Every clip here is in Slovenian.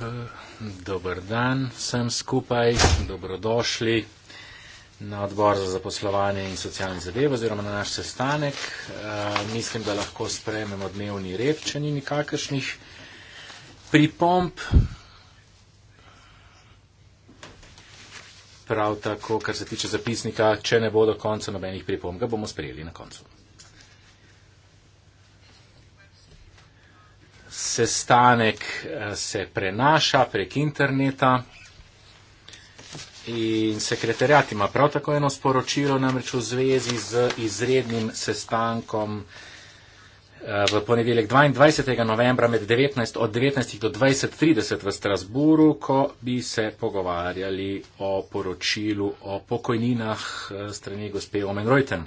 Eh, dober dan vsem skupaj, dobrodošli na odbor za zaposlovanje in socialne zadeve oziroma na naš sestanek. E, mislim, da lahko sprejmemo dnevni red, če ni nikakršnih pripomp. Prav tako, kar se tiče zapisnika, če ne bo do konca nobenih pripomb, ga bomo sprejeli na koncu. sestanek eh, se prenaša prek interneta in sekretarjat ima prav tako eno sporočilo, namreč v zvezi z izrednim sestankom eh, v ponedeljek 22. novembra med 19, od 19. do 20.30 v Strasburu, ko bi se pogovarjali o poročilu o pokojninah eh, strani gospe Omen Reuten.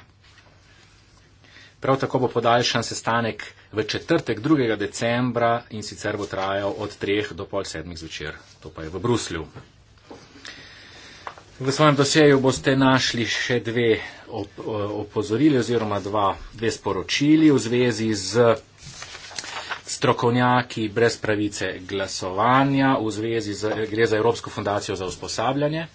Prav tako bo podaljšan sestanek v četrtek 2. decembra in sicer bo trajal od 3. do pol 7. zvečer, to pa je v Bruslju. V svojem dosjeju boste našli še dve op opozorili oziroma dva, dve sporočili v zvezi z strokovnjaki brez pravice glasovanja, v zvezi z, gre za Evropsko fundacijo za usposabljanje.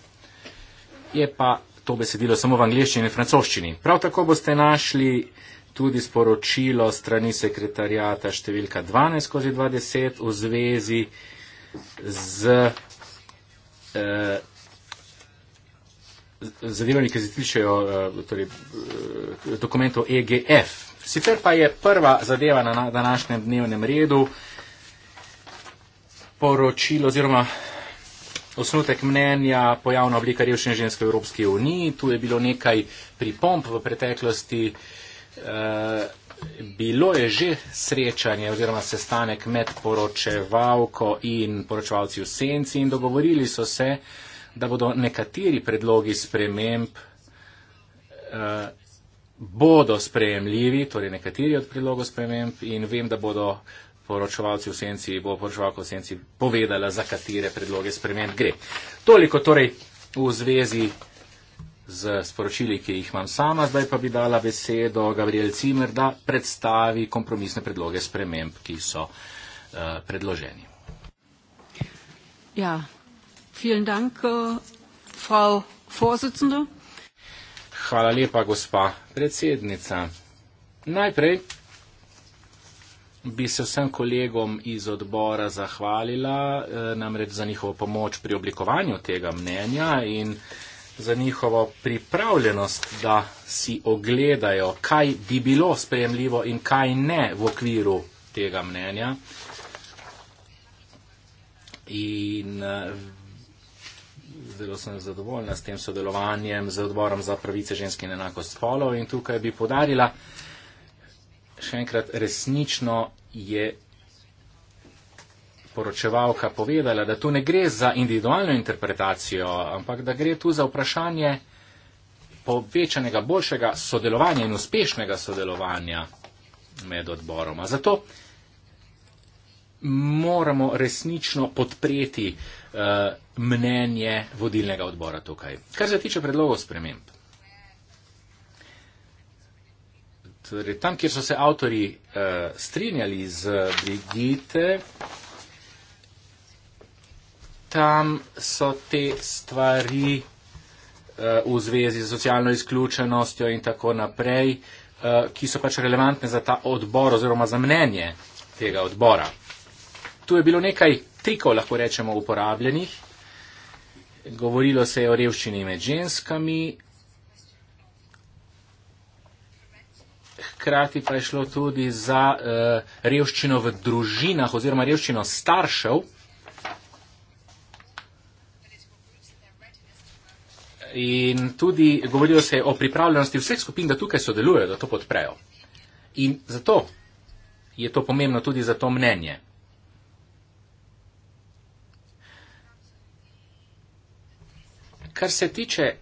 Je pa to besedilo samo v angliščini in francoščini. Prav tako boste našli tudi sporočilo strani sekretarjata številka 12 skozi 20 v zvezi z eh, zadevami, ki se tičejo eh, torej, eh, dokumentov EGF. Sicer pa je prva zadeva na današnjem dnevnem redu poročilo oziroma osnutek mnenja pojavna oblika revščine ženske v Evropski uniji. Tu je bilo nekaj pripomp v preteklosti. Eh, Eh, bilo je že srečanje oziroma sestanek med poročevalko in poročevalci v senci in dogovorili so se, da bodo nekateri predlogi sprememb eh, bodo sprejemljivi, torej nekateri od predlogov sprememb in vem, da bodo poročevalci v senci, bo poročevalka v senci povedala, za katere predloge sprememb gre. Toliko torej v zvezi z sporočili, ki jih imam sama, zdaj pa bi dala besedo Gabriel Cimer, da predstavi kompromisne predloge sprememb, ki so uh, predloženi. Ja, vielen Dank, uh, Frau Vorsitzende. Hvala lepa, gospa predsednica. Najprej bi se vsem kolegom iz odbora zahvalila eh, namreč za njihovo pomoč pri oblikovanju tega mnenja in uh, za njihovo pripravljenost, da si ogledajo, kaj bi bilo sprejemljivo in kaj ne v okviru tega mnenja. In eh, zelo sem zadovoljna s tem sodelovanjem z odborom za pravice ženske in enakost spolov in tukaj bi podarila še enkrat resnično je poročevalka povedala, da tu ne gre za individualno interpretacijo, ampak da gre tu za vprašanje povečanega, boljšega sodelovanja in uspešnega sodelovanja med odboroma. Zato moramo resnično podpreti uh, mnenje vodilnega odbora tukaj. Kar se tiče predlogov sprememb. Torej, tam, kjer so se avtori uh, strinjali z Brigitte, tam so te stvari eh, v zvezi z socialno izključenostjo in tako naprej, eh, ki so pač relevantne za ta odbor oziroma za mnenje tega odbora. Tu je bilo nekaj trikov, lahko rečemo, uporabljenih. Govorilo se je o revščini med ženskami. Hkrati pa je šlo tudi za uh, revščino v družinah oziroma revščino staršev, in tudi govorijo se o pripravljenosti vseh skupin, da tukaj sodelujejo, da to podprejo. In zato je to pomembno tudi za to mnenje. Kar se tiče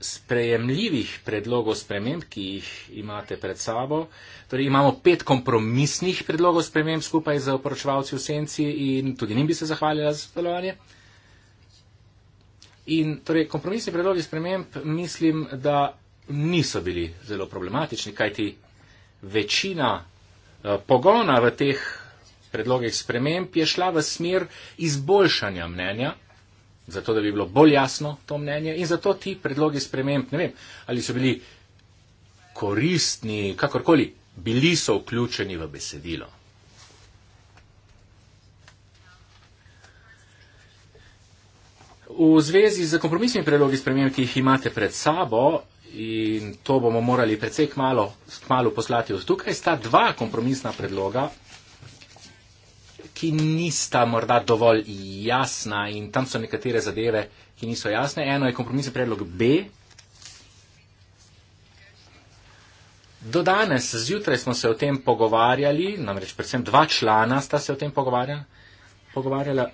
sprejemljivih predlogov sprememb, ki jih imate pred sabo, torej imamo pet kompromisnih predlogov sprememb skupaj z oporočevalci v senci in tudi njim bi se zahvalila za sodelovanje. In torej kompromisi predlogi sprememb mislim, da niso bili zelo problematični, kajti večina eh, pogona v teh predlogih sprememb je šla v smer izboljšanja mnenja, zato da bi bilo bolj jasno to mnenje in zato ti predlogi sprememb, ne vem, ali so bili koristni, kakorkoli, bili so vključeni v besedilo. V zvezi z kompromisnimi predlogi sprememb, ki jih imate pred sabo in to bomo morali precej kmalo, kmalo poslati v tukaj, sta dva kompromisna predloga, ki nista morda dovolj jasna in tam so nekatere zadeve, ki niso jasne. Eno je kompromisni predlog B. Do danes zjutraj smo se o tem pogovarjali, namreč predvsem dva člana sta se o tem pogovarjala. pogovarjala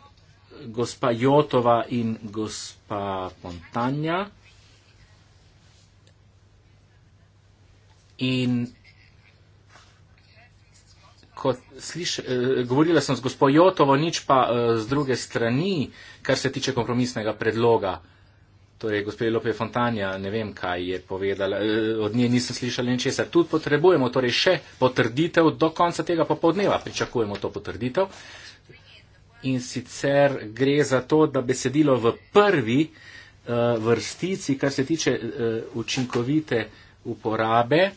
gospa Jotova in gospa Pontanja. In kot sliš, eh, govorila sem z gospo Jotovo, nič pa eh, z druge strani, kar se tiče kompromisnega predloga. Torej, gospe Lope Fontanja, ne vem, kaj je povedala, eh, od nje nisem slišala in česar. Tudi potrebujemo torej še potrditev do konca tega popovdneva, pričakujemo to potrditev. Uh, in sicer gre za to, da besedilo v prvi uh, vrstici, kar se tiče uh, učinkovite uporabe,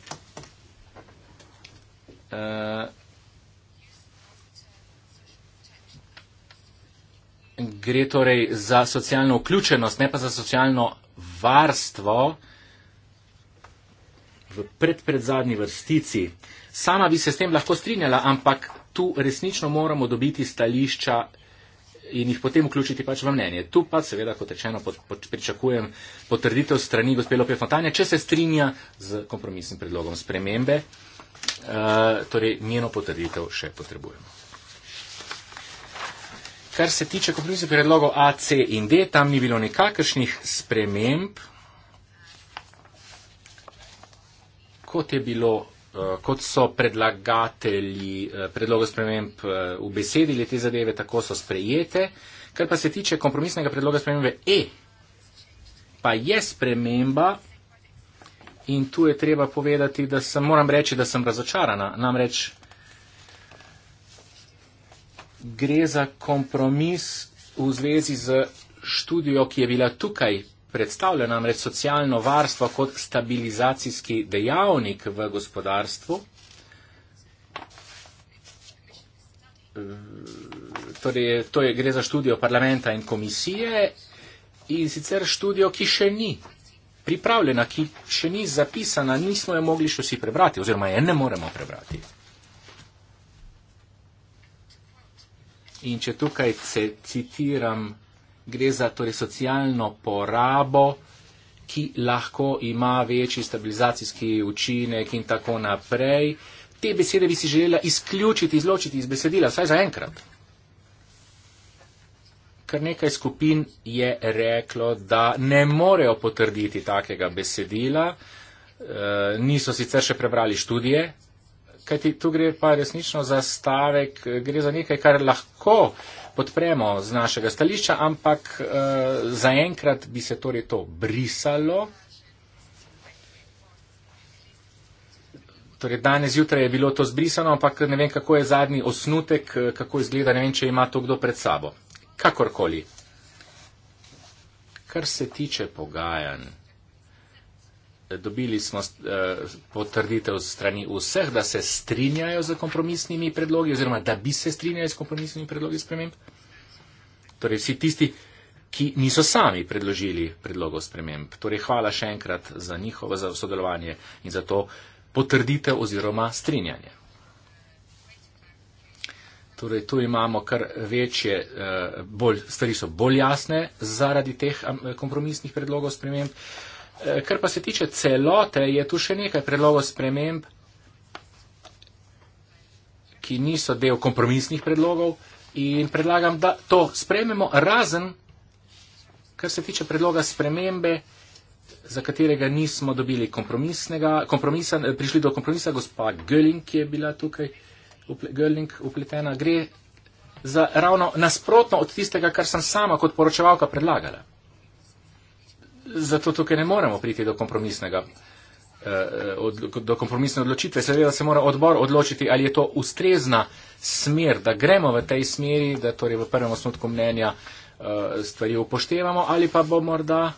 uh, gre torej za socialno vključenost, ne pa za socialno varstvo v predpredzadnji vrstici. Sama bi se s tem lahko strinjala, ampak tu resnično moramo dobiti stališča in jih potem vključiti pač v mnenje. Tu pa seveda, kot rečeno, pod, pod, pričakujem potrditev strani gospe Lope Fontanja, če se strinja z kompromisnim predlogom spremembe, e, torej njeno potrditev še potrebujemo. Kar se tiče kompromisnih predlogov A, C in D, tam ni bilo nekakršnih sprememb, kot je bilo Eh, kot so predlagatelji eh, predloga sprememb ubesedili eh, te zadeve, tako so sprejete. Kar pa se tiče kompromisnega predloga spremembe E, pa je sprememba in tu je treba povedati, da sem, moram reči, da sem razočarana. Namreč gre za kompromis v zvezi z študijo, ki je bila tukaj predstavlja namreč socialno varstvo kot stabilizacijski dejavnik v gospodarstvu. Torej, to je, gre za študijo parlamenta in komisije in sicer študijo, ki še ni pripravljena, ki še ni zapisana, nismo jo mogli še vsi prebrati oziroma je ne moremo prebrati. In če tukaj citiram gre za torej socialno porabo, ki lahko ima večji stabilizacijski učinek in tako naprej. Te besede bi si želela izključiti, izločiti iz besedila, vsaj za enkrat. Kar nekaj skupin je reklo, da ne morejo potrditi takega besedila, e, niso sicer še prebrali študije, kajti tu gre pa resnično za stavek, gre za nekaj, kar lahko podpremo z našega stališča, ampak uh, zaenkrat bi se torej to brisalo. Torej, danes zjutraj je bilo to zbrisano, ampak ne vem, kako je zadnji osnutek, eh, kako izgleda, ne vem, če ima to kdo pred sabo. Kakorkoli. Kar se tiče pogajanj dobili smo eh, potrditev strani vseh, da se strinjajo z kompromisnimi predlogi oziroma da bi se strinjali z kompromisnimi predlogi sprememb. Torej vsi tisti, ki niso sami predložili predlogov sprememb. Torej hvala še enkrat za njihovo za sodelovanje in za to potrditev oziroma strinjanje. Torej, tu imamo kar večje, eh, bolj, stvari so bolj jasne zaradi teh kompromisnih predlogov sprememb. Eh, kar pa se tiče celote, je tu še nekaj predlogov sprememb, ki niso del kompromisnih predlogov in predlagam, da to sprememo razen, kar se tiče predloga spremembe, za katerega nismo dobili kompromisnega, kompromisa, eh, prišli do kompromisa, gospa Gölling, ki je bila tukaj Gölling upletena, gre za ravno nasprotno od tistega, kar sem sama kot poročevalka predlagala zato tukaj ne moremo priti do kompromisnega. Eh, do kompromisne odločitve. Seveda se mora odbor odločiti, ali je to ustrezna smer, da gremo v tej smeri, da torej v prvem osnutku mnenja eh, stvari upoštevamo, ali pa bo morda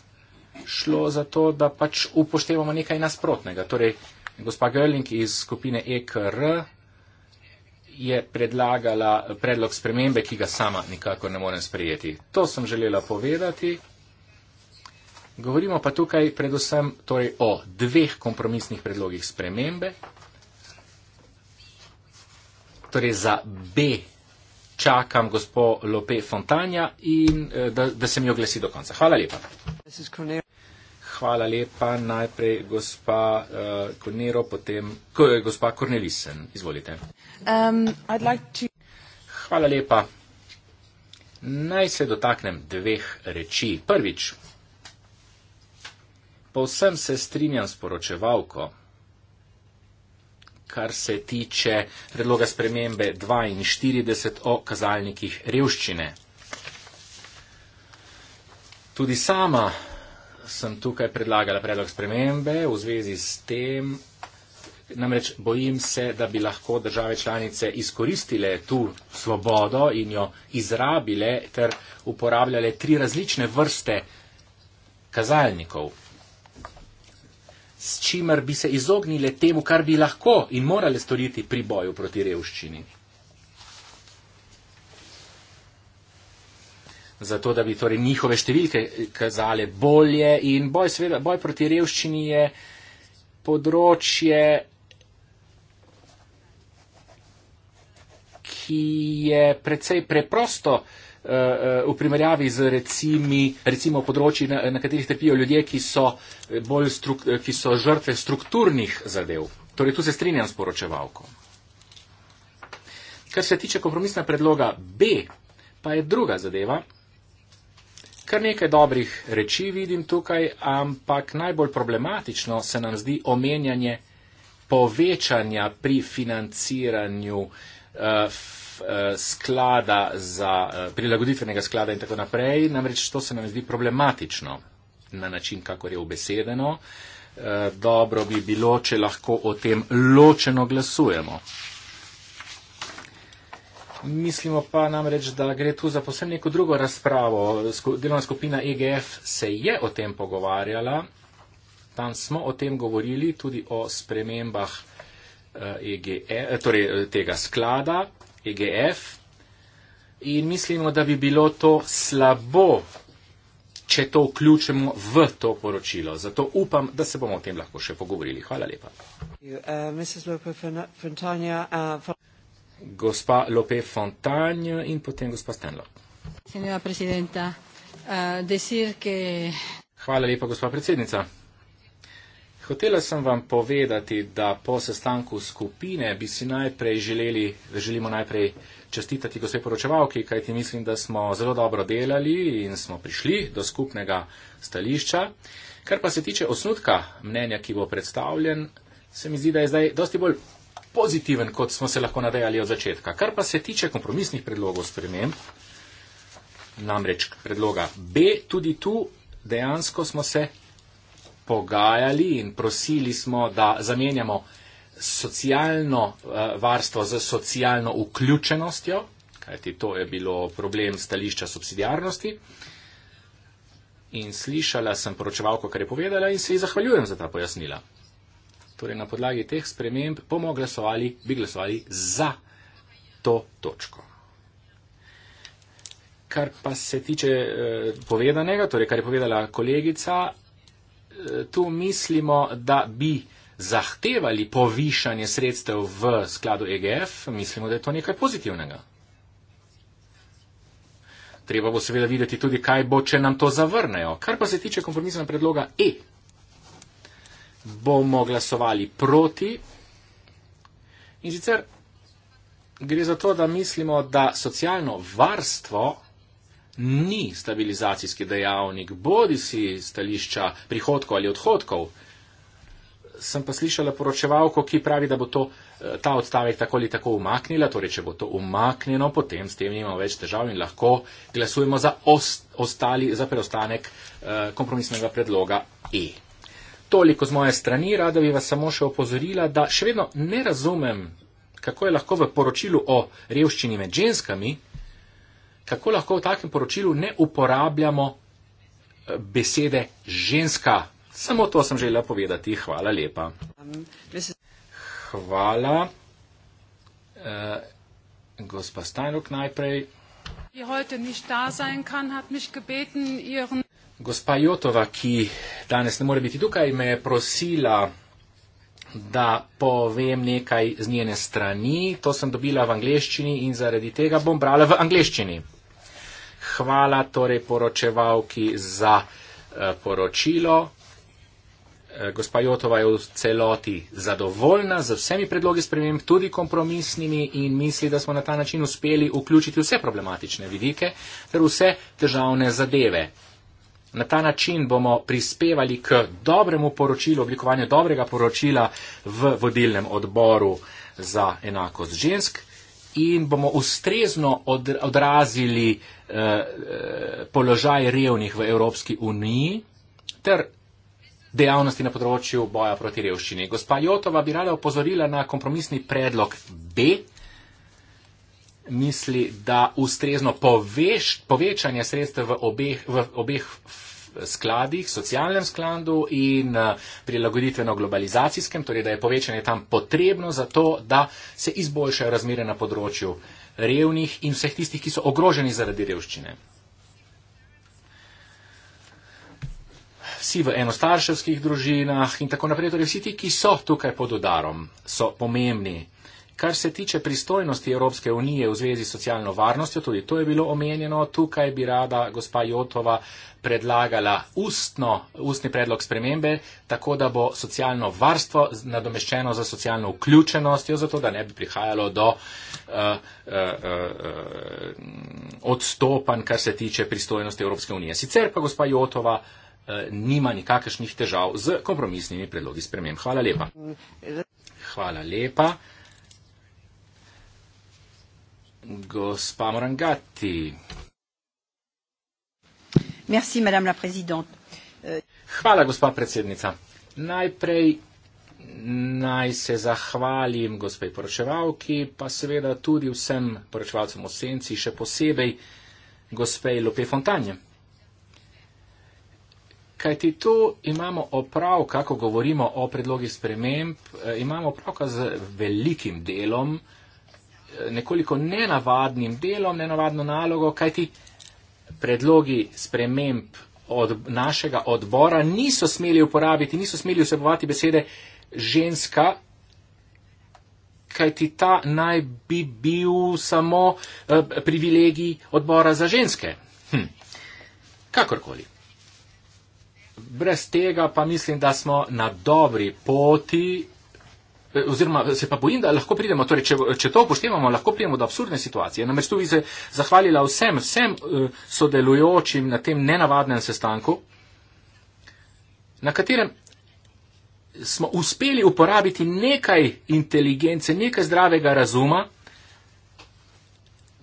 šlo za to, da pač upoštevamo nekaj nasprotnega. Torej, gospa Görling iz skupine EKR je predlagala predlog spremembe, ki ga sama nikakor ne morem sprejeti. To sem želela povedati. Govorimo pa tukaj predvsem torej, o dveh kompromisnih predlogih spremembe. Torej za B čakam gospo Lope Fontanja in eh, da, da se mi oglesi do konca. Hvala lepa. Hvala lepa. Najprej gospa uh, eh, Kornero, potem ko, eh, gospa Kornelisen. Izvolite. Um, like to... Hvala lepa. Naj se dotaknem dveh reči. Prvič, povsem se strinjam s poročevalko. Kar se tiče predloga spremembe 42 o kazalnikih revščine. Tudi sama sem tukaj predlagala predlog spremembe v zvezi s tem, namreč bojim se, da bi lahko države članice izkoristile tu svobodo in jo izrabile ter uporabljale tri različne vrste kazalnikov s čimer bi se izognile temu, kar bi lahko in morale storiti pri boju proti revščini. Zato, da bi torej njihove številke kazale bolje in boj, sveda, boj proti revščini je področje, ki je precej preprosto, Eh, eh, v primerjavi z recimi, recimo področji, na, na katerih trpijo ljudje, ki so, eh, bolj struk, ki so žrtve strukturnih zadev. Torej, tu se strinjam s poročevalkom. Kar se tiče kompromisna predloga B, pa je druga zadeva. Kar nekaj dobrih reči vidim tukaj, ampak najbolj problematično se nam zdi omenjanje povečanja pri financiranju uh, Eh, sklada za, eh, prilagoditvenega sklada in tako naprej, namreč to se nam zdi problematično na način, kakor je obesedeno. Eh, dobro bi bilo, če lahko o tem ločeno glasujemo. Mislimo pa namreč, da gre tu za posebno neko drugo razpravo. Delovna skupina EGF se je o tem pogovarjala, tam smo o tem govorili, tudi o spremembah EGF, e e, torej tega sklada, EGF in mislimo, da bi bilo to slabo, če to vključimo v to poročilo. Zato upam, da se bomo o tem lahko še pogovorili. Hvala lepa. Uh, uh, gospa Lope Fontanja in potem gospa Stenlo. Uh, Hvala lepa, gospa predsednica. Hotela sem vam povedati, da po sestanku skupine bi si najprej želeli, da želimo najprej čestitati gospe poročevalki, kajti mislim, da smo zelo dobro delali in smo prišli do skupnega stališča. Kar pa se tiče osnutka mnenja, ki bo predstavljen, se mi zdi, da je zdaj dosti bolj pozitiven, kot smo se lahko nadejali od začetka. Kar pa se tiče kompromisnih predlogov sprememb, namreč predloga B, tudi tu dejansko smo se pogajali in prosili smo, da zamenjamo socialno eh, varstvo z socialno vključenostjo, kajti to je bilo problem stališča subsidijarnosti. In slišala sem poročevalko, kar je povedala in se ji zahvaljujem za ta pojasnila. Torej na podlagi teh sprememb bomo glasovali, bi glasovali za to točko. Kar pa se tiče eh, povedanega, torej kar je povedala kolegica, tu mislimo, da bi zahtevali povišanje sredstev v skladu EGF, mislimo, da je to nekaj pozitivnega. Treba bo seveda videti tudi, kaj bo, če nam to zavrnejo. Kar pa se tiče kompromisa na predloga E, bomo glasovali proti. In sicer gre za to, da mislimo, da socialno varstvo ni stabilizacijski dejavnik, bodi si stališča prihodkov ali odhodkov. Sem pa slišala poročevalko, ki pravi, da bo to, eh, ta odstavek tako ali tako umaknila, torej če bo to umaknjeno, potem s tem nimamo več težav in lahko glasujemo za, ost, ostali, za preostanek eh, kompromisnega predloga E. Toliko z moje strani, rada bi vas samo še opozorila, da še vedno ne razumem, kako je lahko v poročilu o revščini med ženskami kako lahko v takem poročilu ne uporabljamo eh, besede ženska. Samo to sem želela povedati. Hvala lepa. Hvala. Uh, gospa Steinruck najprej. Gospa Jotova, ki danes ne more biti tukaj, me je prosila, da povem nekaj z njene strani. To sem dobila v angleščini in zaradi tega bom brala v angleščini. Hvala torej poročevalki za eh, poročilo. Eh, gospa Jotova je v celoti zadovoljna z vsemi predlogi sprememb, tudi kompromisnimi, in misli, da smo na ta način uspeli vključiti vse problematične vidike ter vse težavne zadeve. Na ta način bomo prispevali k dobremu poročilu, oblikovanju dobrega poročila v vodilnem odboru za enakost žensk in bomo ustrezno odrazili eh, eh, položaj revnih v Evropski uniji ter dejavnosti na področju boja proti revščini. Gospa Jotova bi rada opozorila na kompromisni predlog B. Misli, da ustrezno poveš, povečanje sredstev v obeh, v obeh skladih, socialnem skladu in eh, prilagoditveno globalizacijskem, torej da je povečanje tam potrebno za to, da se izboljšajo razmere na področju revnih in vseh tistih, ki so ogroženi zaradi revščine. Vsi v enostarševskih družinah in tako naprej, torej vsi ti, ki so tukaj pod udarom, so pomembni Kar se tiče pristojnosti Evropske unije v zvezi s socialno varnostjo, tudi to je bilo omenjeno, tukaj bi rada gospa Jotova predlagala ustno, ustni predlog spremembe, tako da bo socialno varstvo nadomeščeno za socialno vključenostjo, zato da ne bi prihajalo do uh, uh, uh, odstopanj, kar se tiče pristojnosti Evropske unije. Sicer pa gospa Jotova uh, nima nikakršnih težav z kompromisnimi predlogi sprememb. Hvala lepa. Hvala lepa. Gospa Morangati. Merci, madame la présidente. Hvala, gospa predsednica. Najprej naj se zahvalim gospej poročevalki, pa seveda tudi vsem poročevalcem v senci, še posebej gospej Lope Fontanje. Kaj ti tu imamo opravka, ko govorimo o predlogi sprememb, eh, imamo opravka z velikim delom, nekoliko nenavadnim delom, nenavadno nalogo, kajti predlogi sprememb od našega odbora niso smeli uporabiti, niso smeli vsebovati besede ženska, kajti ta naj bi bil samo eh, privilegij odbora za ženske. Hm. Kakorkoli. Brez tega pa mislim, da smo na dobri poti Eh, oziroma se pa bojim, da lahko pridemo, torej, če, če to upoštevamo, lahko pridemo do absurdne situacije. Namreč tu bi se zahvalila vsem, vsem eh, sodelujočim na tem nenavadnem sestanku, na katerem smo uspeli uporabiti nekaj inteligence, nekaj zdravega razuma,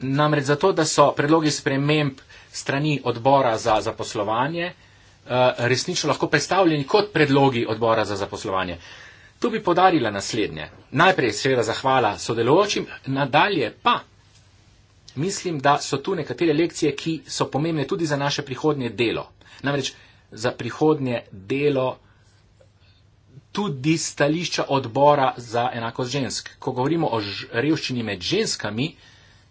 namreč zato, da so predlogi sprememb strani odbora za zaposlovanje eh, resnično lahko predstavljeni kot predlogi odbora za zaposlovanje. Tu bi podarila naslednje. Najprej seveda zahvala sodelujočim, nadalje pa. Mislim, da so tu nekatere lekcije, ki so pomembne tudi za naše prihodnje delo. Namreč za prihodnje delo tudi stališča odbora za enakost žensk. Ko govorimo o revščini med ženskami,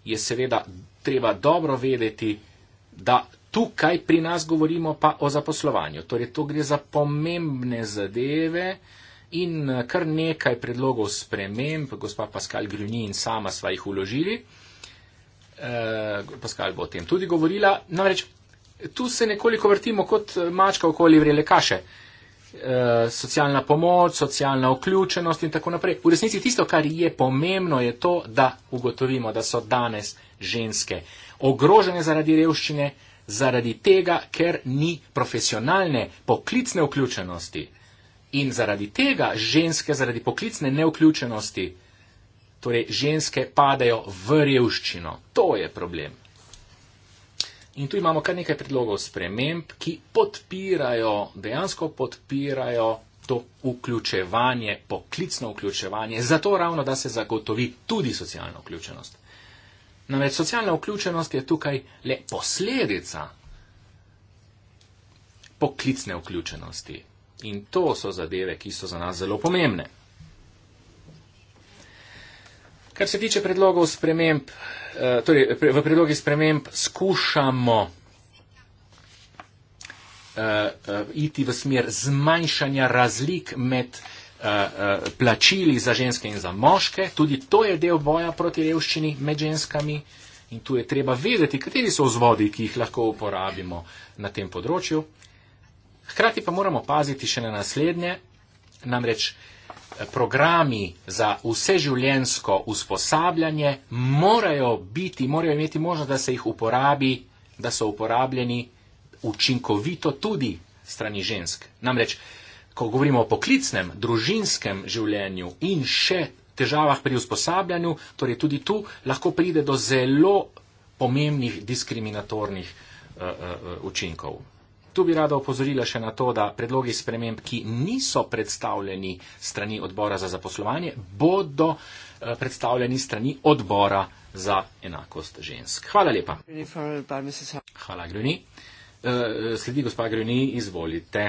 je seveda treba dobro vedeti, da tukaj pri nas govorimo pa o zaposlovanju. Torej, to gre za pomembne zadeve in eh, kar nekaj predlogov sprememb, gospa Pascal Grunji in sama sva jih uložili. Eh, Pascal bo o tem tudi govorila. Namreč tu se nekoliko vrtimo kot eh, mačka okoli vrele kaše. Socialna pomoč, socialna vključenost in tako naprej. V resnici tisto, kar je pomembno, je to, da ugotovimo, da so danes ženske ogrožene zaradi revščine, zaradi tega, ker ni profesionalne poklicne vključenosti. In zaradi tega ženske, zaradi poklicne neuključenosti, torej ženske padejo v revščino. To je problem. In tu imamo kar nekaj predlogov sprememb, ki podpirajo, dejansko podpirajo to vključevanje, poklicno vključevanje, zato ravno, da se zagotovi tudi socialna vključenost. Namreč socialna vključenost je tukaj le posledica poklicne vključenosti. In to so zadeve, ki so za nas zelo pomembne. Kar se tiče predlogov sprememb, eh, torej v predlogi sprememb skušamo eh, eh, iti v smer zmanjšanja razlik med plačili za ženske in za moške. Tudi to je del boja proti revščini med ženskami in tu je treba vedeti, kateri so vzvodi, ki jih lahko uporabimo na tem področju. Hkrati pa moramo paziti še na naslednje, namreč eh, programi za vseživljensko usposabljanje morajo biti, morajo imeti možnost, da se jih uporabi, da so uporabljeni učinkovito tudi strani žensk. Namreč, ko govorimo o poklicnem, družinskem življenju in še težavah pri usposabljanju, torej tudi tu lahko pride do zelo pomembnih diskriminatornih uh, uh, učinkov. Tu bi rada opozorila še na to, da predlogi sprememb, ki niso predstavljeni strani odbora za zaposlovanje, bodo eh, predstavljeni strani odbora za enakost žensk. Hvala lepa. Hvala, Grjuni. Eh, eh, sledi gospa Grjuni, izvolite.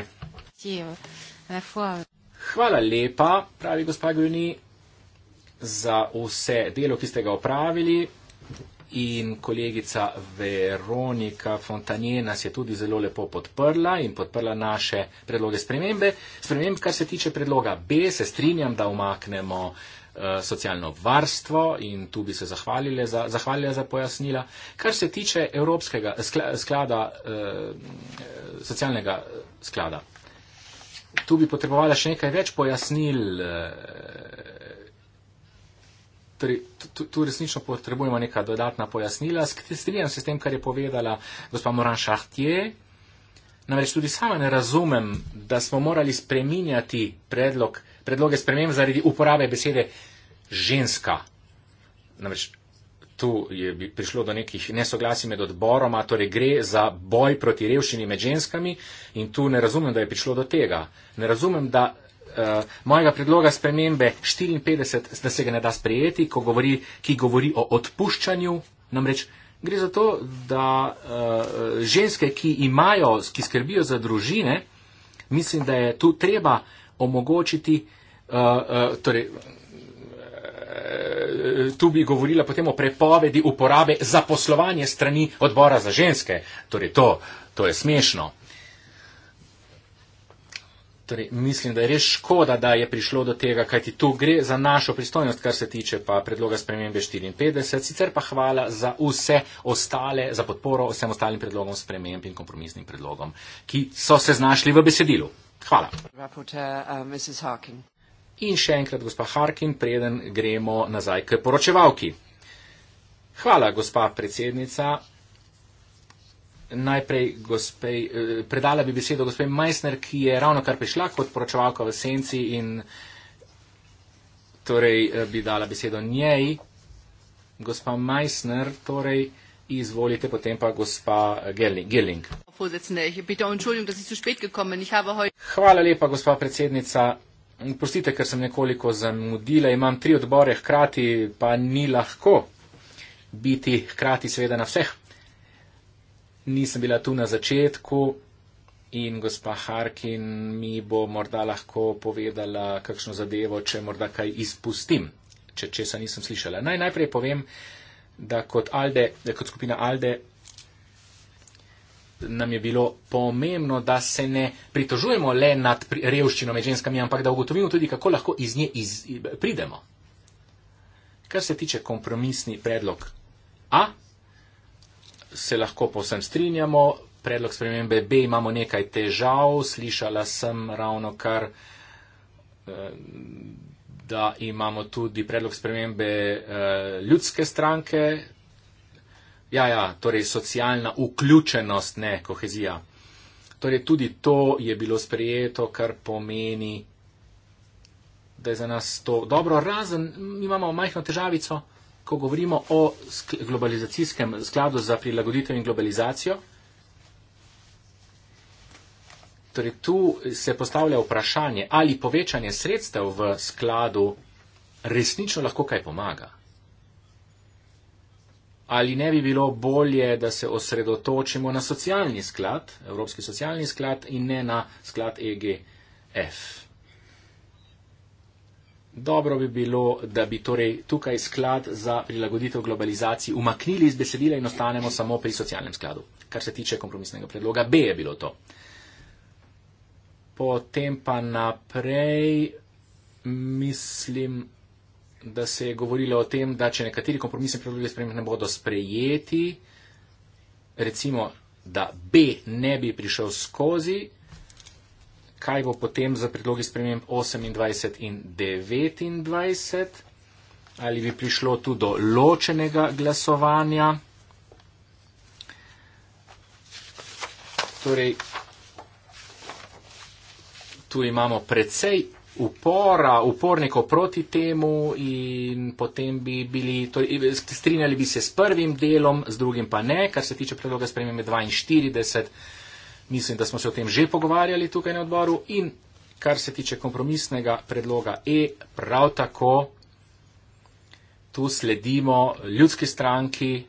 Hvala lepa, pravi gospa Grjuni, za vse delo, ki ste ga opravili in kolegica Veronika Fontanje nas je tudi zelo lepo podprla in podprla naše predloge spremembe. Spremembe, kar se tiče predloga B, se strinjam, da umaknemo eh, socialno varstvo in tu bi se zahvalile za, zahvalile za pojasnila. Kar se tiče Evropskega eh, sklada, eh, socialnega sklada, tu bi potrebovala še nekaj več pojasnil tu resnično potrebujemo neka dodatna pojasnila. Strinjam se s tem, kar je povedala gospa Moran Šahtje. Namreč tudi sama ne razumem, da smo morali spreminjati predlog, predloge sprememb zaradi uporabe besede ženska. Namreč tu je prišlo do nekih nesoglasij med odboroma, torej gre za boj proti revščini med ženskami in tu ne razumem, da je prišlo do tega. Ne razumem, da uh, mojega predloga spremembe 54, da se ga ne da sprejeti, govori, ki govori o odpuščanju. Namreč gre za to, da uh, ženske, ki imajo, ki skrbijo za družine, mislim, da je tu treba omogočiti, uh, uh, torej, Tu bi govorila potem o prepovedi uporabe za poslovanje strani odbora za ženske. Torej, to, to je smešno. Torej, mislim, da je res škoda, da je prišlo do tega, kajti tu gre za našo pristojnost, kar se tiče pa predloga spremembe 54. Sicer pa hvala za vse ostale, za podporo vsem ostalim predlogom sprememb in kompromisnim predlogom, ki so se znašli v besedilu. Hvala. Uh, in še enkrat, gospa Harkin, preden gremo nazaj k poročevalki. Hvala, gospa predsednica najprej gospej, eh, predala bi besedo gospej Meissner, ki je ravno kar prišla kot poročevalka v senci in torej eh, bi dala besedo njej. Gospa Meissner, torej izvolite potem pa gospa eh, Gelling. Hvala lepa, gospa predsednica. Prostite, ker sem nekoliko zamudila. Imam tri odbore hkrati, pa ni lahko biti hkrati seveda na vseh nisem bila tu na začetku in gospa Harkin mi bo morda lahko povedala kakšno zadevo, če morda kaj izpustim, če česa nisem slišala. Naj najprej povem, da kot, Alde, da kot skupina Alde nam je bilo pomembno, da se ne pritožujemo le nad revščino med ženskami, ampak da ugotovimo tudi, kako lahko iz nje iz, pridemo. Kar se tiče kompromisni predlog A, se lahko povsem strinjamo. Predlog spremembe B imamo nekaj težav. Slišala sem ravno kar, eh, da imamo tudi predlog spremembe eh, ljudske stranke. Ja, ja, torej socialna vključenost, ne kohezija. Torej tudi to je bilo sprejeto, kar pomeni, da je za nas to dobro, razen imamo majhno težavico ko govorimo o globalizacijskem skladu za prilagoditev in globalizacijo? Torej, tu se postavlja vprašanje, ali povečanje sredstev v skladu resnično lahko kaj pomaga. Ali ne bi bilo bolje, da se osredotočimo na socialni sklad, Evropski socialni sklad in ne na sklad EGF? Dobro bi bilo, da bi torej tukaj sklad za prilagoditev globalizaciji umaknili iz besedila in ostanemo samo pri socialnem skladu, kar se tiče kompromisnega predloga. B je bilo to. Potem pa naprej mislim, da se je govorilo o tem, da če nekateri kompromisni predlogi ne bodo sprejeti, recimo, da B ne bi prišel skozi, kaj bo potem za predlogi sprememb 28 in 29, ali bi prišlo tu do ločenega glasovanja. Torej, tu imamo precej upora, upornikov proti temu in potem bi bili, torej, strinjali bi se s prvim delom, s drugim pa ne, kar se tiče predloga spremembe 42. Mislim, da smo se o tem že pogovarjali tukaj na odboru in kar se tiče kompromisnega predloga E, prav tako tu sledimo ljudski stranki,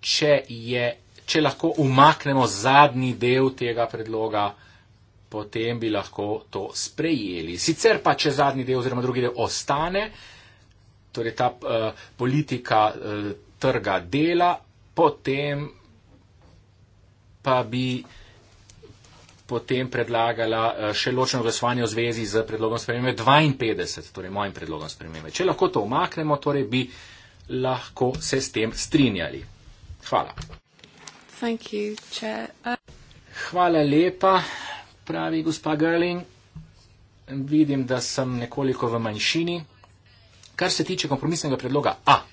če, je, če lahko umaknemo zadnji del tega predloga, potem bi lahko to sprejeli. Sicer pa, če zadnji del oziroma drugi del ostane, torej ta uh, politika uh, trga dela, potem pa bi potem predlagala eh, še ločeno glasovanje v zvezi z predlogom spremembe 52, torej mojim predlogom spremembe. Če lahko to omaknemo, torej bi lahko se s tem strinjali. Hvala. You, uh... Hvala lepa, pravi gospa Gerling. Vidim, da sem nekoliko v manjšini. Kar se tiče kompromisnega predloga A. Ah.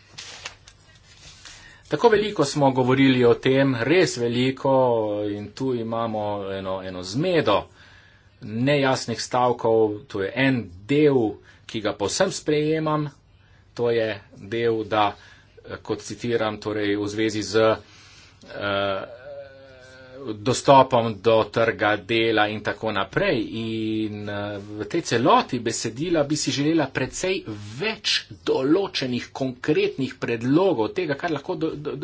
Tako veliko smo govorili o tem, res veliko in tu imamo eno, eno zmedo nejasnih stavkov, to je en del, ki ga povsem sprejemam, to je del, da, kot citiram, torej v zvezi z. Uh, dostopom do trga dela in tako naprej. In eh, v tej celoti besedila bi si želela precej več določenih konkretnih predlogov tega, kar lahko do, do,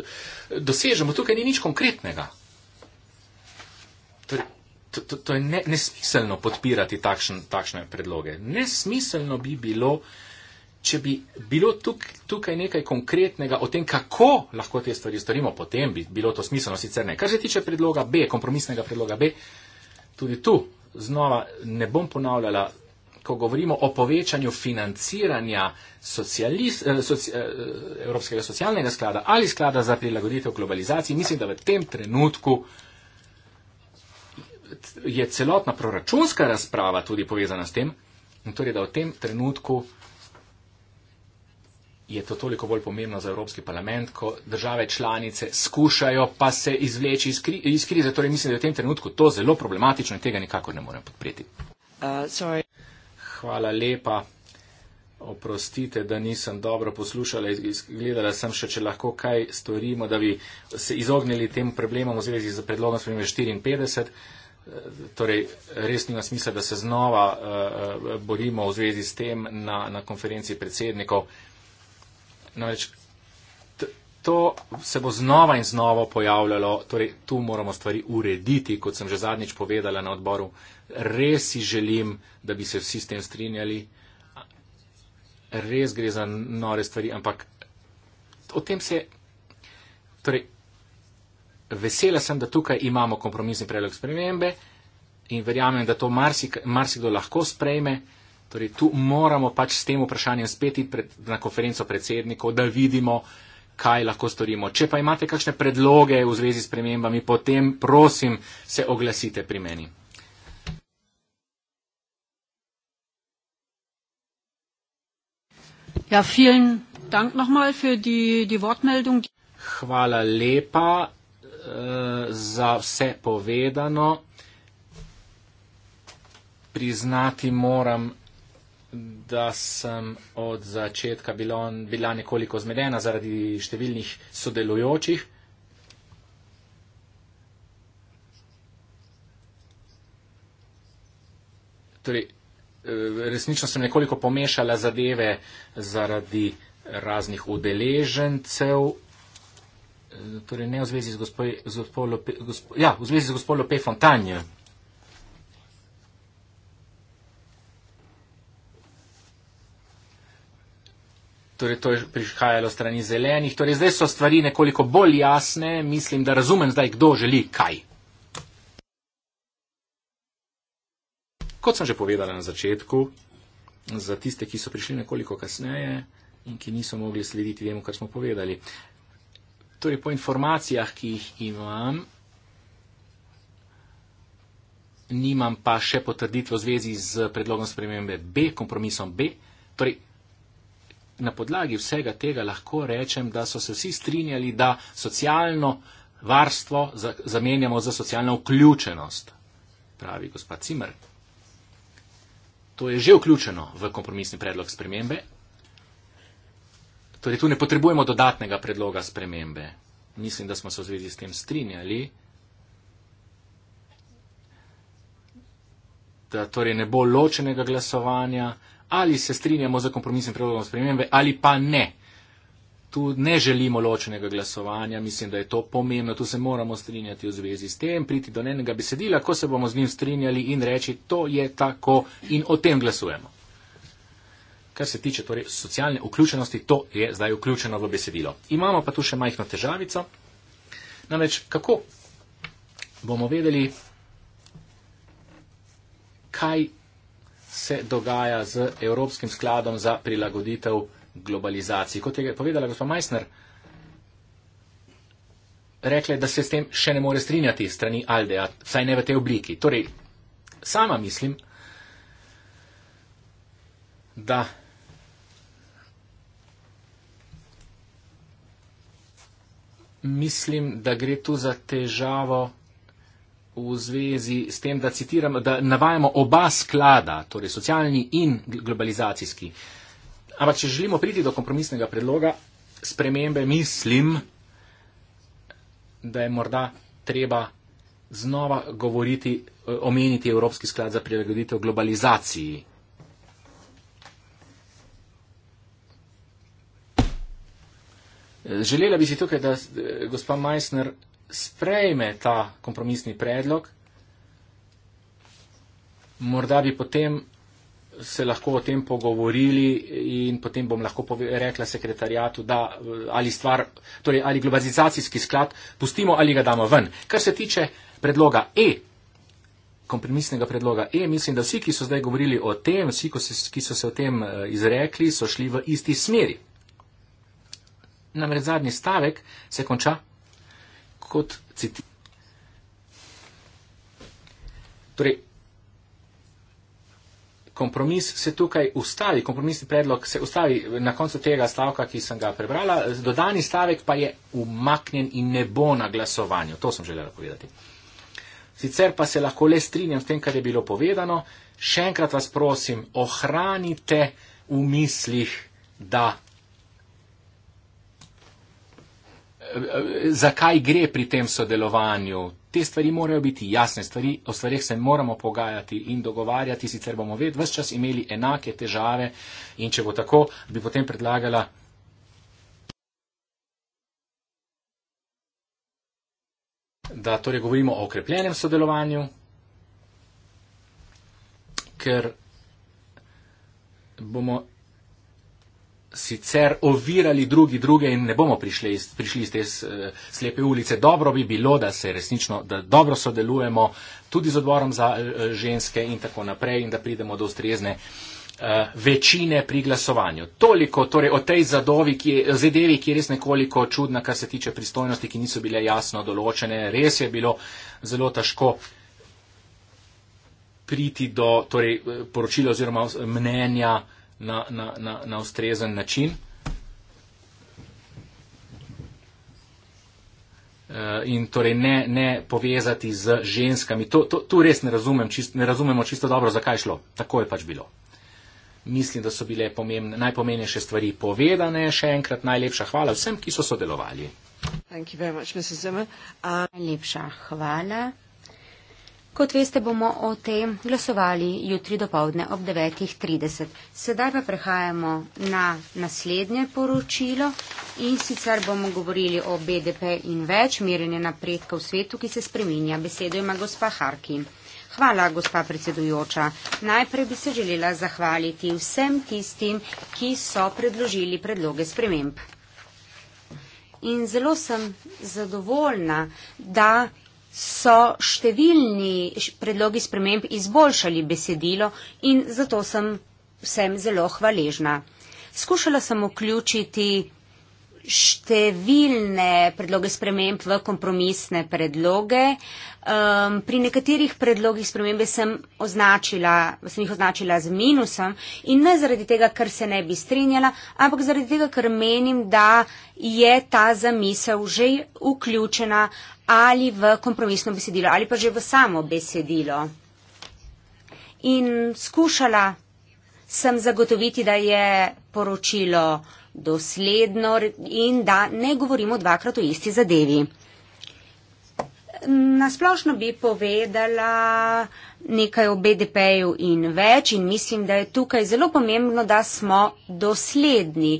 dosežemo. Tukaj ni nič konkretnega. To, to, to je ne, nesmiselno podpirati takšne, takšne predloge. Nesmiselno bi bilo. Uh, če bi bilo tuk, tukaj nekaj konkretnega o tem, kako lahko te stvari storimo, potem bi bilo to smiselno, sicer ne. Kar se tiče predloga B, kompromisnega predloga B, tudi tu znova ne bom ponavljala. Ko govorimo o povečanju financiranja socialis, eh, soci, eh, Evropskega socialnega sklada ali sklada za prilagoditev globalizaciji, mislim, da v tem trenutku je celotna proračunska razprava tudi povezana s tem, torej da v tem trenutku uh, je to toliko bolj pomembno za Evropski parlament, ko države članice skušajo pa se izvleči iz, kri iz krize. Torej mislim, da je v tem trenutku to zelo problematično in tega nikakor ne morem podpreti. Uh, Hvala lepa. Oprostite, da nisem dobro poslušala in gledala sem še, če lahko kaj storimo, da bi se izognili tem problemom v zvezi z predlogom spremembe 54. Eh, torej, res nima smisla, da se znova uh, borimo v zvezi s tem na, na konferenci predsednikov. Uh, Namreč to se bo znova in znova pojavljalo, torej tu moramo stvari urediti, kot sem že zadnjič povedala na odboru. Res si želim, da bi se vsi s tem strinjali. Res gre za nore stvari, ampak o tem se. Torej, Vesela sem, da tukaj imamo kompromisni predlog spremembe in verjamem, da to marsikdo marsik lahko sprejme. Torej, tu moramo pač s tem vprašanjem speti pred, na konferenco predsednikov, da vidimo, kaj lahko storimo. Če pa imate kakšne predloge v zvezi s premembami, potem prosim se oglasite pri meni. Ja, dank für die, die Hvala lepa uh, za vse povedano. Priznati moram, da sem od začetka bila, bila nekoliko zmedena zaradi številnih sodelujočih. Torej, eh, resnično sem nekoliko pomešala zadeve zaradi raznih udeležencev. Eh, torej, ne v zvezi z gospodom gospo, ja, gospo Lope Fontanjem. torej to je prihajalo strani zelenih. Torej zdaj so stvari nekoliko bolj jasne, mislim, da razumem zdaj, kdo želi kaj. Kot sem že povedala na začetku, za tiste, ki so prišli nekoliko kasneje in ki niso mogli slediti temu, kar smo povedali. Torej po informacijah, ki jih imam, nimam pa še potrditve v zvezi z predlogom spremembe B, kompromisom B. Torej, na podlagi vsega tega lahko rečem, da so se vsi strinjali, da socialno varstvo zamenjamo za socialno vključenost, pravi gospod Cimer. To je že vključeno v kompromisni predlog spremembe. Torej, tu ne potrebujemo dodatnega predloga spremembe. Mislim, da smo se v zvezi s tem strinjali, da torej ne bo ločenega glasovanja, ali se strinjamo za kompromisnim predlogom spremembe ali pa ne. Tu ne želimo ločenega glasovanja, mislim, da je to pomembno, tu se moramo strinjati v zvezi s tem, priti do enega besedila, ko se bomo z njim strinjali in reči, to je tako in o tem glasujemo. Kar se tiče torej socialne vključenosti, to je zdaj vključeno v besedilo. Imamo pa tu še majhno težavico. Namreč, kako bomo vedeli, kaj se dogaja z Evropskim skladom za prilagoditev globalizaciji. Kot je povedala gospod Meissner, rekle, da se s tem še ne more strinjati strani Aldeja, vsaj ne v tej obliki. Torej, sama mislim, da mislim, da gre tu za težavo v zvezi s tem, da citiram, da navajamo oba sklada, torej socialni in globalizacijski. Ampak, če želimo priti do kompromisnega predloga spremembe, mislim, da je morda treba znova govoriti, eh, omeniti Evropski sklad za prilagoditev globalizaciji. Eh, želela bi si tukaj, da eh, gospa Meissner sprejme ta kompromisni predlog, morda bi potem se lahko o tem pogovorili in potem bom lahko rekla sekretarjatu, da ali stvar, torej ali globalizacijski sklad pustimo ali ga damo ven. Kar se tiče predloga E, kompromisnega predloga E, mislim, da vsi, ki so zdaj govorili o tem, vsi, ki so se o tem eh, izrekli, so šli v isti smeri. Namreč zadnji stavek se konča kot citi. Torej, kompromis se tukaj ustavi, kompromisni predlog se ustavi na koncu tega stavka, ki sem ga prebrala. Dodani stavek pa je umaknjen in ne bo na glasovanju. To sem želela povedati. Sicer pa se lahko le strinjam s tem, kar je bilo povedano. Še enkrat vas prosim, ohranite v mislih, da zakaj gre pri tem sodelovanju. Te stvari morajo biti jasne, stvari, o stvarih se moramo pogajati in dogovarjati, sicer bomo ved, vse čas imeli enake težave in če bo tako, bi potem predlagala. Da torej govorimo o okrepljenem sodelovanju, ker bomo sicer ovirali drugi druge in ne bomo prišli, prišli iz te eh, slepe ulice. Dobro bi bilo, da se resnično, da dobro sodelujemo tudi z odborom za eh, eh, ženske in tako naprej in da pridemo do ustrezne večine pri glasovanju. Toliko torej o tej zadovi, ki je, zadevi, ki je res nekoliko čudna, kar se tiče pristojnosti, ki niso bile jasno določene. Res je bilo zelo težko priti do torej, poročila oziroma mnenja na, na, na, na ustrezen način. Eh, in torej ne, ne povezati z ženskami. To, to, tu res ne, razumem, čist, ne razumemo čisto dobro, zakaj šlo. Tako je pač bilo. Mislim, da so bile pomembne, najpomembnejše stvari povedane. Še enkrat najlepša hvala vsem, ki so sodelovali. Uh, najlepša hvala. Kot veste, bomo o tem glasovali jutri do povdne ob 9.30. Sedaj pa prehajamo na naslednje poročilo in sicer bomo govorili o BDP in več merjenje napredka v svetu, ki se spreminja. Besedo ima gospa Harki. Hvala, gospa predsedujoča. Najprej bi se želela zahvaliti vsem tistim, ki so predložili predloge sprememb. In zelo sem zadovoljna, da so številni predlogi sprememb izboljšali besedilo in zato sem vsem zelo hvaležna. Skušala sem vključiti številne predloge sprememb v kompromisne predloge. Um, pri nekaterih predlogih spremembe sem, označila, sem jih označila z minusom in ne zaradi tega, ker se ne bi strinjala, ampak zaradi tega, ker menim, da je ta zamisel že vključena uh, ali v kompromisno besedilo ali pa že v samo besedilo. In skušala sem zagotoviti, da je poročilo dosledno in da ne govorimo dvakrat o isti zadevi. Nasplošno bi povedala nekaj o BDP-ju in več in mislim, da je tukaj zelo pomembno, da smo dosledni.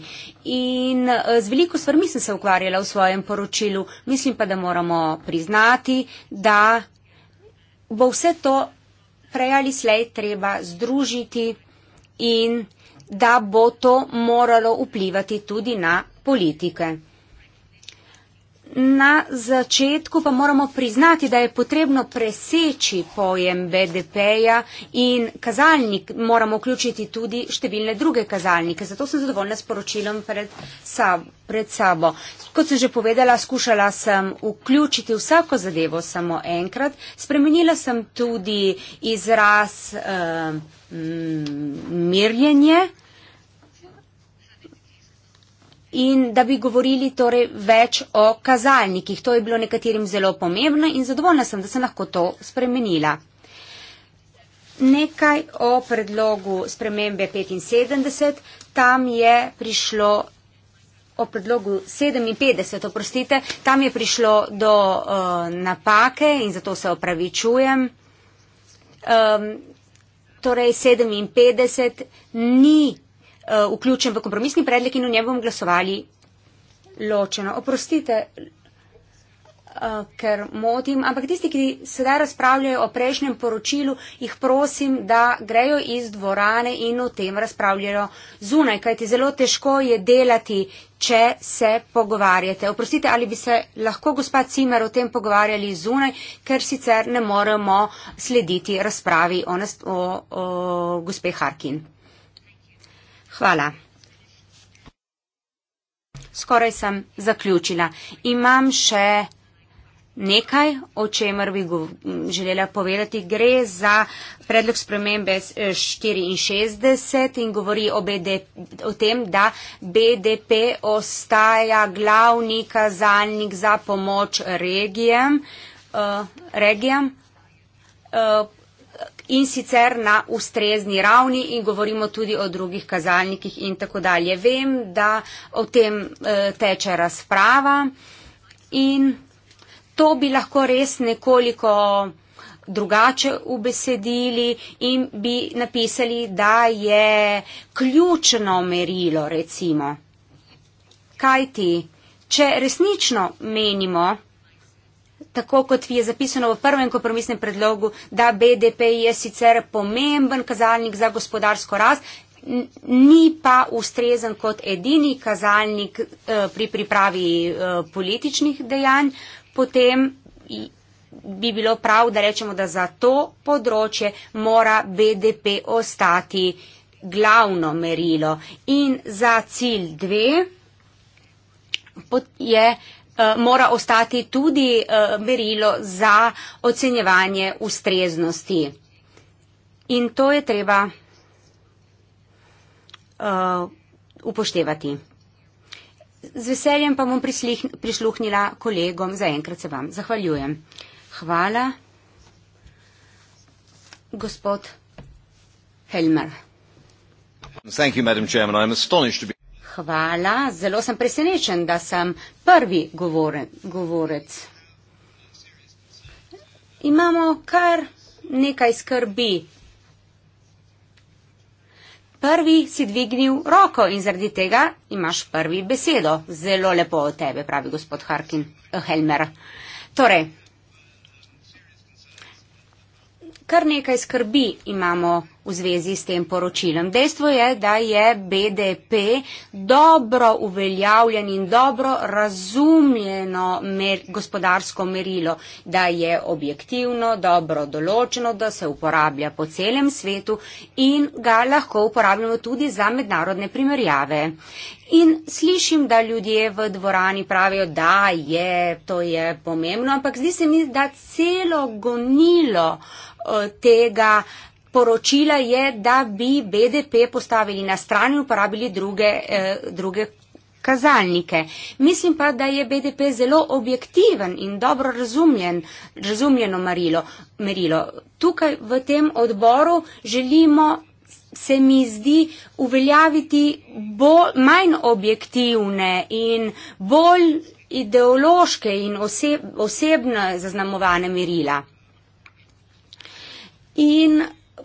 In eh, z veliko stvarmi sem se ukvarjala v svojem poročilu, mislim pa, da moramo priznati, da bo vse to prej ali slej treba združiti in da bo to moralo vplivati tudi na politike. Na začetku pa moramo priznati, da je potrebno preseči pojem BDP-ja in kazalnik moramo vključiti tudi številne druge kazalnike. Zato sem zadovoljna s poročilom pred, sab, pred sabo. Kot sem že povedala, skušala sem vključiti vsako zadevo samo enkrat. Spremenila sem tudi izraz eh, mirjenje in da bi govorili torej več o kazalnikih. To je bilo nekaterim zelo pomembno in zadovoljna sem, da sem lahko to spremenila. Nekaj o predlogu spremembe 75. Tam je prišlo o predlogu 57, oprostite, tam je prišlo do uh, napake in zato se opravičujem. Um, torej 57 ni Eh, vključen v kompromisni predlog in v njem bomo glasovali ločeno. Oprostite, eh, ker motim, ampak tisti, ki sedaj razpravljajo o prejšnjem poročilu, jih prosim, da grejo iz dvorane in o tem razpravljajo zunaj, kajti zelo težko je delati, če se pogovarjate. Oprostite, ali bi se lahko gospa Cimer o tem pogovarjali zunaj, ker sicer ne moremo slediti razpravi o, nas, o, o gospe Harkin. Hvala. Skoraj sem zaključila. Imam še nekaj, o čemer bi želela povedati. Gre za predlog spremembe 64 eh, in govori o, BDP, o tem, da BDP ostaja glavni kazalnik za pomoč regijam. Uh, regijam. Uh, in sicer na ustrezni ravni in govorimo tudi o drugih kazalnikih in tako dalje. Vem, da o tem eh, teče razprava in to bi lahko res nekoliko drugače ubesedili in bi napisali, da je ključno merilo, recimo. Kaj ti? Če resnično menimo, tako kot je zapisano v prvem kompromisnem predlogu, da BDP je sicer pomemben kazalnik za gospodarsko rast, ni pa ustrezen kot edini kazalnik eh, pri pripravi eh, političnih dejanj, potem bi bilo prav, da rečemo, da za to področje mora BDP ostati glavno merilo. In za cilj dve je Eh, mora ostati tudi eh, merilo za ocenjevanje ustreznosti. In to je treba eh, upoštevati. Z veseljem pa bom prisluhnila kolegom, zaenkrat se vam zahvaljujem. Hvala, gospod Helmer. Thank you, Madam Chairman. I am astonished to be hvala. Zelo sem presenečen, da sem prvi govore, govorec. Imamo kar nekaj skrbi. Prvi si dvignil roko in zaradi tega imaš prvi besedo. Zelo lepo od tebe, pravi gospod Harkin eh, Helmer. Torej, kar nekaj skrbi imamo v zvezi s tem poročilom. Dejstvo je, da je BDP dobro uveljavljen in dobro razumljeno mer gospodarsko merilo, da je objektivno, dobro določeno, da se uporablja po celem svetu in ga lahko uporabljamo tudi za mednarodne primerjave. In slišim, da ljudje v dvorani pravijo, da je, to je pomembno, ampak zdi se mi, da celo gonilo Eh, tega poročila je, da bi BDP postavili na stran in uporabili druge, eh, druge kazalnike. Mislim pa, da je BDP zelo objektiven in dobro razumljen, razumljeno marilo, merilo. Tukaj v tem odboru želimo se mi zdi uveljaviti bolj, manj objektivne in bolj ideološke in oseb, osebno zaznamovane merila. In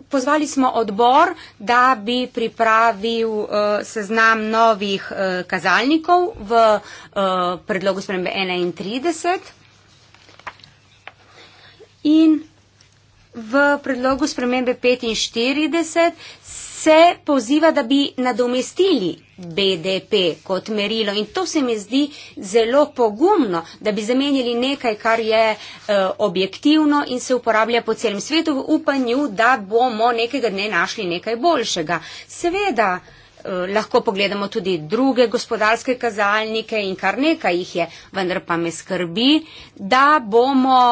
pozvali smo odbor, da bi pripravil uh, seznam novih uh, kazalnikov v uh, predlogu spremembe 31. In v predlogu spremembe 45 se poziva, da bi nadomestili BDP kot merilo in to se mi zdi zelo pogumno, da bi zamenjali nekaj, kar je e, objektivno in se uporablja po celem svetu v upanju, da bomo nekega dne našli nekaj boljšega. Seveda e, lahko pogledamo tudi druge gospodarske kazalnike in kar nekaj jih je, vendar pa me skrbi, da bomo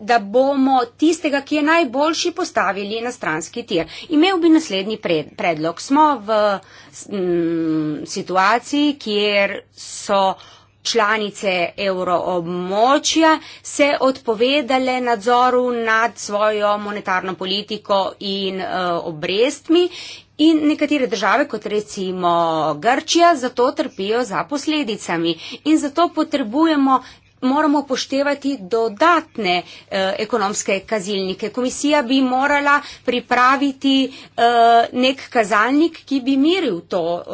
da bomo tistega, ki je najboljši, postavili na stranski tir. Imel bi naslednji pred, predlog. Smo v m, mm, situaciji, kjer so članice euroobmočja se odpovedale nadzoru nad svojo monetarno politiko in e, obrestmi in nekatere države, kot recimo Grčija, zato trpijo za posledicami in zato potrebujemo moramo poštevati dodatne eh, ekonomske kazilnike. Komisija bi morala pripraviti eh, nek kazalnik, ki bi miril to eh,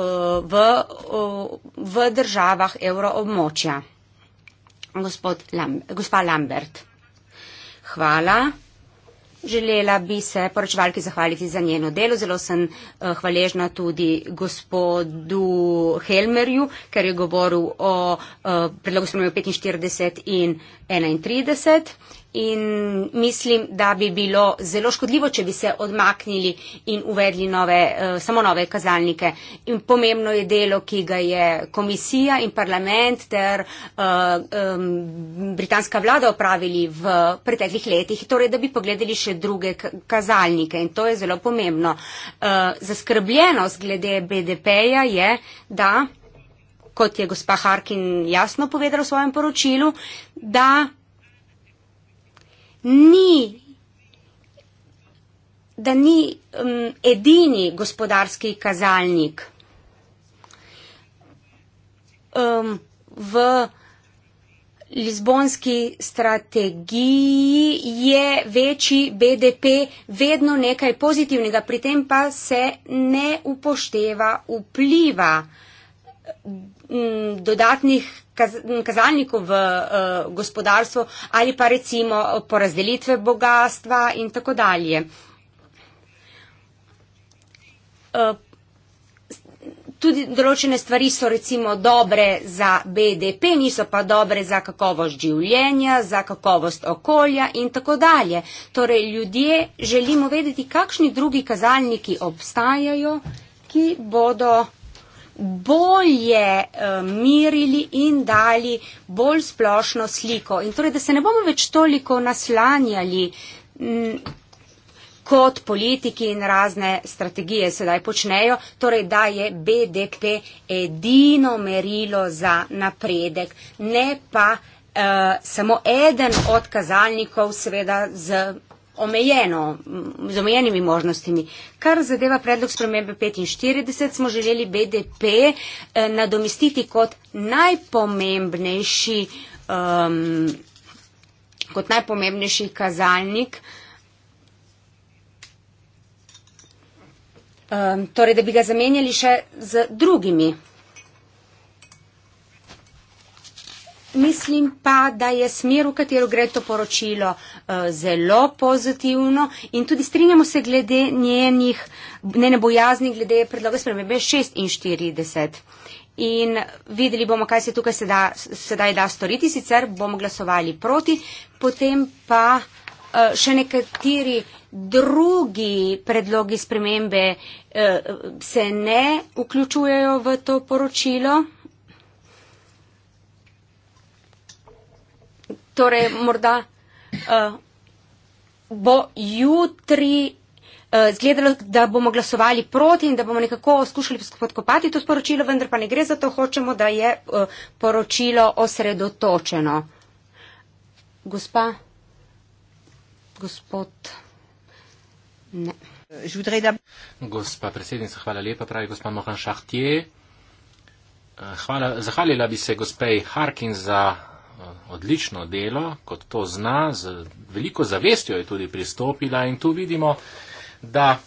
v, eh, v državah evroobmočja. Gospod Lam, gospa Lambert. Hvala. Želela bi se poročevalki zahvaliti za njeno delo. Zelo sem eh, hvaležna tudi gospodu Helmerju, ker je govoril o eh, predlogu spremembe 45 in 31 in mislim, da bi bilo zelo škodljivo, če bi se odmaknili in uvedli nove, eh, samo nove kazalnike. In pomembno je delo, ki ga je komisija in parlament ter um, britanska vlada opravili v preteklih letih, torej da bi pogledali še druge kazalnike in to je zelo pomembno. Uh, zaskrbljenost glede BDP-ja je, da kot je gospa Harkin jasno povedala v svojem poročilu, da ni, da ni um, edini gospodarski kazalnik um, v Lizbonski strategiji je večji BDP vedno nekaj pozitivnega, pri tem pa se ne upošteva vpliva dodatnih kazalnikov v eh, gospodarstvu ali pa recimo porazdelitve bogatstva in tako dalje. Eh, tudi določene stvari so recimo dobre za BDP, niso pa dobre za kakovost življenja, za kakovost okolja in tako dalje. Torej ljudje želimo vedeti, kakšni drugi kazalniki obstajajo, ki bodo bolje eh, merili in dali bolj splošno sliko. In torej, da se ne bomo več toliko naslanjali mm, kot politiki in razne strategije sedaj počnejo, torej da je BDP edino merilo za napredek, ne pa uh, samo eden od kazalnikov, seveda z omejeno, z omejenimi možnostmi. Kar zadeva predlog spremembe 45, smo želeli BDP eh, nadomestiti kot najpomembnejši, um, kot najpomembnejši kazalnik. Um, torej, da bi ga zamenjali še z drugimi mislim pa, da je smer, v katero gre to poročilo, eh, zelo pozitivno in tudi strinjamo se glede njenih, njene bojazni, glede predloga spremembe 46. In videli bomo, kaj se tukaj sedaj, sedaj da storiti, sicer bomo glasovali proti, potem pa eh, še nekateri drugi predlogi spremembe eh, se ne vključujejo v to poročilo. torej morda uh, bo jutri eh, izgledalo, uh, da bomo glasovali proti in da bomo nekako skušali podkopati to sporočilo, vendar pa ne gre za to, hočemo, da je uh, poročilo osredotočeno. Gospa, gospod, ne. Gospa predsednica, hvala lepa, pravi gospa Mohan Šahtje. Zahvalila bi se gospej Harkin za Eh, odlično delo, kot to zna, z veliko zavestjo je tudi pristopila in tu vidimo, da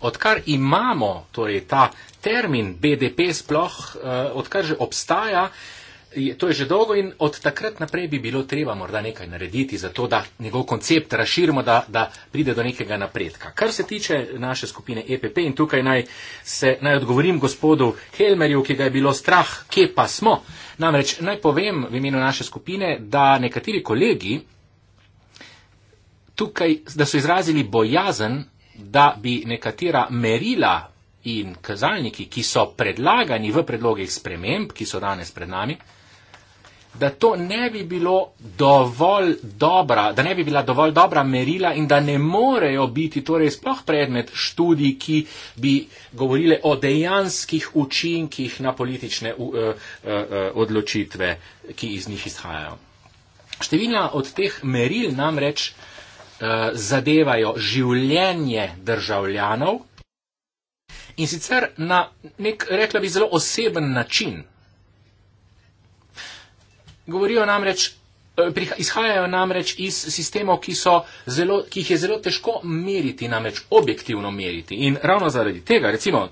odkar imamo torej ta termin BDP sploh, eh, odkar že obstaja, je, to je že dolgo in od takrat naprej bi bilo treba morda nekaj narediti za to, da njegov koncept raširimo, da, da pride do nekega napredka. Kar se tiče naše skupine EPP in tukaj naj, se, naj odgovorim gospodu Helmerju, ki ga je bilo strah, kje pa smo. Namreč naj povem v imenu naše skupine, da nekateri kolegi tukaj, da so izrazili bojazen, da bi nekatera merila in kazalniki, ki so predlagani v predlogih sprememb, ki so danes pred nami, da to ne bi bilo dovolj dobra, da ne bi bila dovolj dobra merila in da ne morejo biti torej sploh predmet študij, ki bi govorile o dejanskih učinkih na politične uh, uh, uh, odločitve, ki iz njih izhajajo. Številna od teh meril namreč uh, zadevajo življenje državljanov, in sicer na nek, rekla bi, zelo oseben način. Govorijo namreč, eh, izhajajo namreč iz sistemov, ki, so zelo, ki jih je zelo težko meriti, namreč objektivno meriti. In ravno zaradi tega, recimo,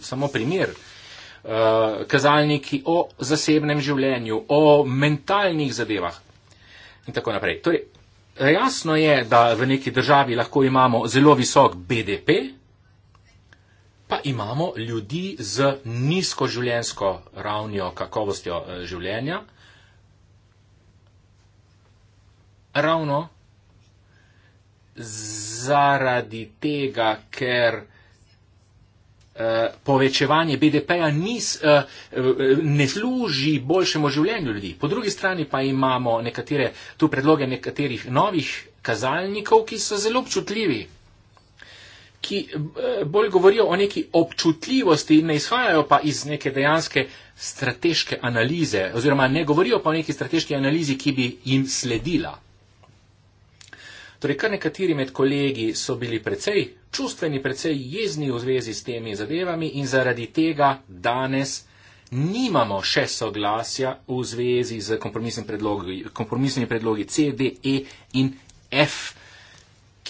samo primer, eh, kazalniki o zasebnem življenju, o mentalnih zadevah in tako naprej. Torej, jasno je, da v neki državi lahko imamo zelo visok BDP, pa imamo ljudi z nizko življensko ravnjo kakovostjo eh, življenja, ravno zaradi tega, ker eh, povečevanje BDP-ja eh, ne služi boljšemu življenju ljudi. Po drugi strani pa imamo nekatere, tu predloge nekaterih novih kazalnikov, ki so zelo občutljivi ki eh, bolj govorijo o neki občutljivosti, ne izhajajo pa iz neke dejanske strateške analize, oziroma ne govorijo pa o neki strateški analizi, ki bi jim sledila. Torej, kar nekateri med kolegi so bili precej čustveni, precej jezni v zvezi s temi zadevami in zaradi tega danes nimamo še soglasja v zvezi z kompromisnimi predlogi, kompromisnimi predlogi C, D, E in F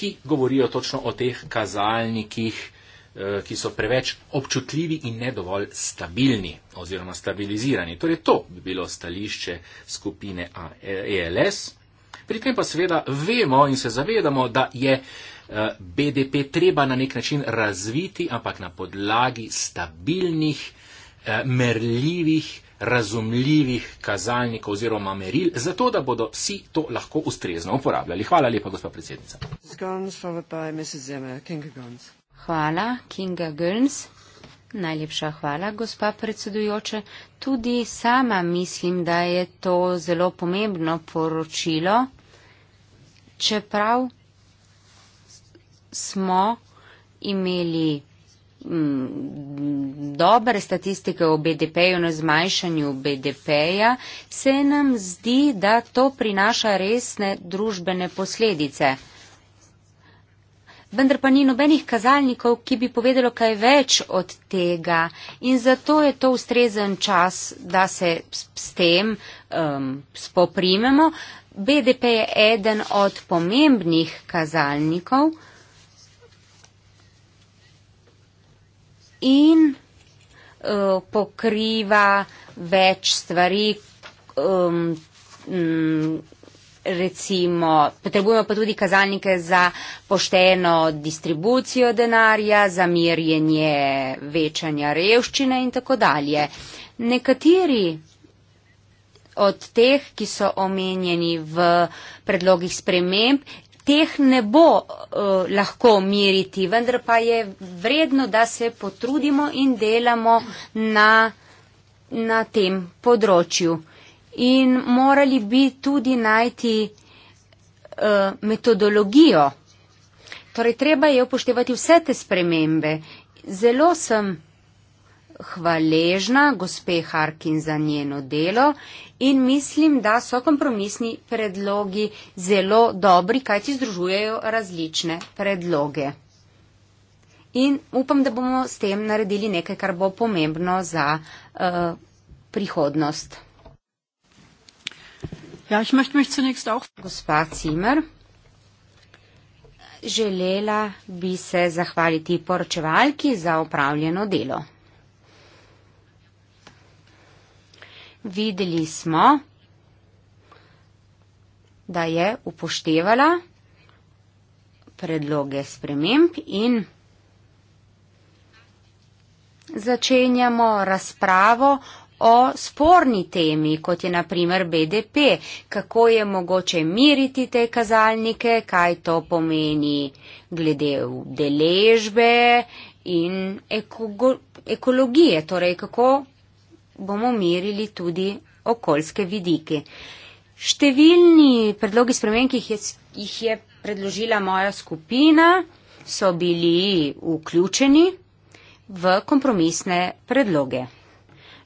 ki govorijo točno o teh kazalnikih, eh, ki so preveč občutljivi in nedovolj stabilni oziroma stabilizirani. Torej, to bi bilo stališče skupine ALS. E, e Pri tem pa seveda vemo in se zavedamo, da je eh, BDP treba na nek način razviti, ampak na podlagi stabilnih, eh, merljivih, razumljivih kazalnikov oziroma meril, zato da bodo vsi to lahko ustrezno uporabljali. Hvala lepa, gospa predsednica. Hvala, Kinga Gönns. Najlepša hvala, gospa predsedujoče. Tudi sama mislim, da je to zelo pomembno poročilo, čeprav smo imeli Mm, dobre statistike o BDP-ju, na zmanjšanju BDP-ja, se nam zdi, da to prinaša resne družbene posledice. Vendar pa ni nobenih kazalnikov, ki bi povedalo kaj več od tega in zato je to ustrezen čas, da se s tem um, spoprimemo. BDP je eden od pomembnih kazalnikov, in uh, pokriva več stvari. Um, mm, recimo, potrebujemo pa tudi kazalnike za pošteno distribucijo denarja, za mirjenje večanja revščine in tako dalje. Nekateri od teh, ki so omenjeni v predlogih sprememb, teh ne bo uh, lahko miriti, vendar pa je vredno, da se potrudimo in delamo na, na tem področju. In morali bi tudi najti uh, metodologijo. Torej, treba je upoštevati vse te spremembe. Zelo sem hvaležna gospe Harkin za njeno delo in mislim, da so kompromisni predlogi zelo dobri, kajti združujejo različne predloge. In upam, da bomo s tem naredili nekaj, kar bo pomembno za uh, prihodnost. Ja, ich möchte mich zunächst auch. Gospa Zimmer, želela bi se zahvaliti poročevalki za upravljeno delo. videli smo, da je upoštevala predloge sprememb in začenjamo razpravo o sporni temi, kot je na primer BDP, kako je mogoče miriti te kazalnike, kaj to pomeni glede deležbe in ekologije, torej kako bomo merili tudi okoljske vidike. Številni predlogi spremen, ki jih je, jih je predložila moja skupina, so bili vključeni v kompromisne predloge.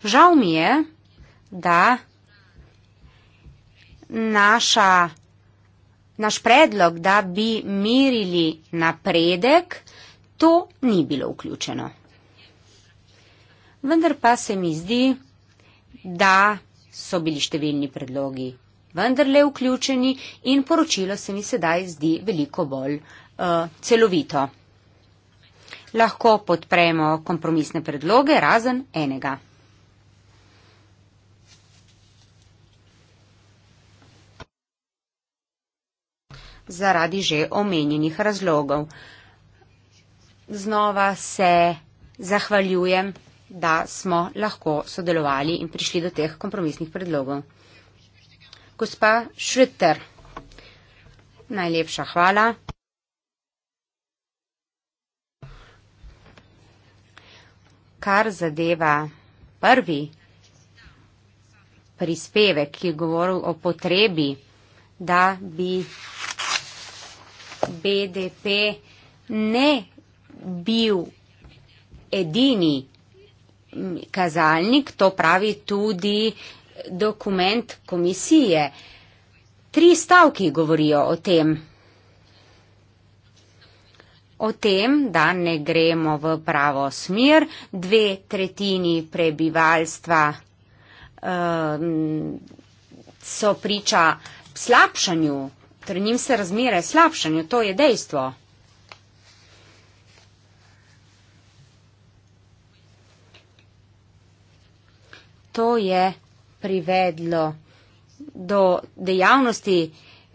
Žal mi je, da naša, naš predlog, da bi merili napredek, to ni bilo vključeno. Vendar pa se mi zdi, da so bili številni predlogi vendarle vključeni in poročilo se mi sedaj zdi veliko bolj uh, celovito. Lahko podpremo kompromisne predloge razen enega. Zaradi že omenjenih razlogov. Znova se zahvaljujem da smo lahko sodelovali in prišli do teh kompromisnih predlogov. Gospa Šrter, najlepša hvala. Kar zadeva prvi prispevek, ki je govoril o potrebi, da bi BDP ne bil edini kazalnik, to pravi tudi dokument komisije. Tri stavki govorijo o tem. O tem, da ne gremo v pravo smer, dve tretjini prebivalstva um, so priča slabšanju, trnim torej se razmere slabšanju, to je dejstvo. to je privedlo do dejavnosti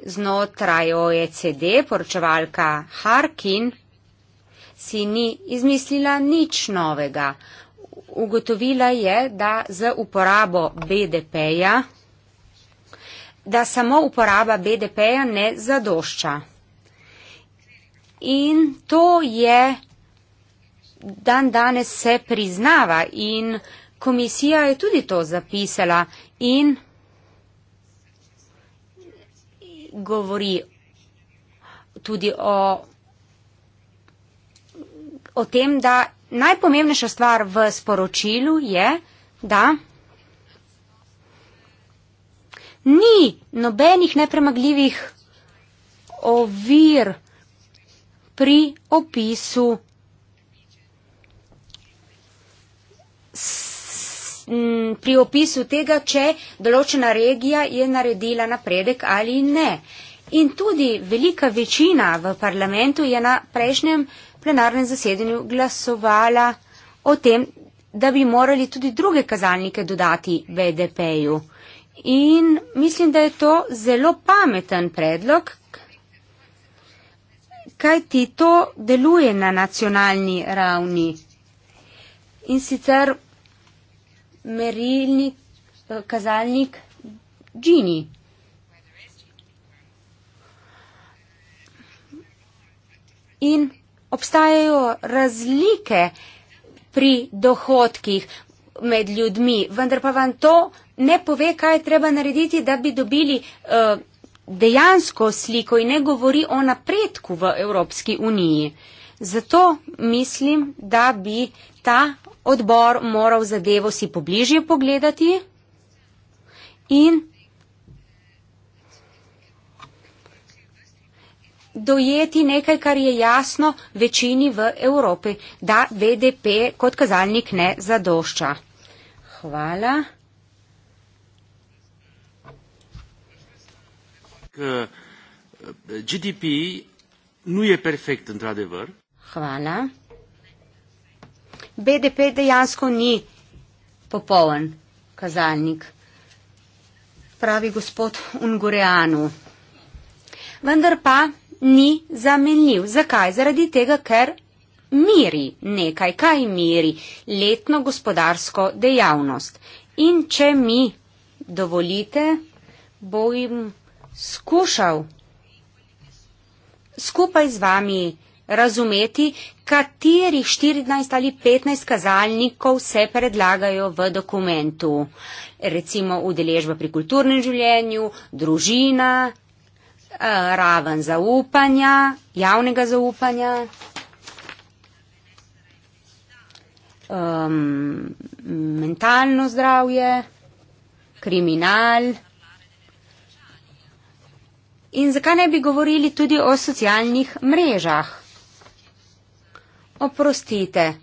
znotraj OECD, poročevalka Harkin si ni izmislila nič novega. Ugotovila je, da z uporabo BDP-ja, da samo uporaba BDP-ja ne zadošča. In to je, dan danes se priznava in Komisija je tudi to zapisala in govori tudi o, o tem, da najpomembnejša stvar v sporočilu je, da ni nobenih nepremagljivih ovir pri opisu m, mm, pri opisu tega, če določena regija je naredila napredek ali ne. In tudi velika večina v parlamentu je na prejšnjem plenarnem zasedanju glasovala o tem, da bi morali tudi druge kazalnike dodati BDP-ju. In mislim, da je to zelo pameten predlog, kaj ti to deluje na nacionalni ravni. In sicer merilnik, eh, kazalnik Gini. In obstajajo razlike pri dohodkih med ljudmi, vendar pa vam to ne pove, kaj je treba narediti, da bi dobili uh, dejansko sliko in ne govori o napredku v Evropski uniji. Zato mislim, da bi ta odbor moral zadevo si pobližje pogledati in dojeti nekaj, kar je jasno večini v Evropi, da VDP kot kazalnik ne zadošča. Hvala. Eh, GDP nu je perfekt, Hvala. BDP dejansko ni popoln kazalnik, pravi gospod Ungureanu. Vendar pa ni zamenljiv. Zakaj? Zaradi tega, ker miri nekaj, kaj miri letno gospodarsko dejavnost. In če mi dovolite, bo jim skušal skupaj z vami razumeti, katerih 14 ali 15 kazalnikov se predlagajo v dokumentu. Recimo udeležba pri kulturnem življenju, družina, eh, raven zaupanja, javnega zaupanja. Um, mentalno zdravje, kriminal. In zakaj ne bi govorili tudi o socialnih mrežah? Oprostite.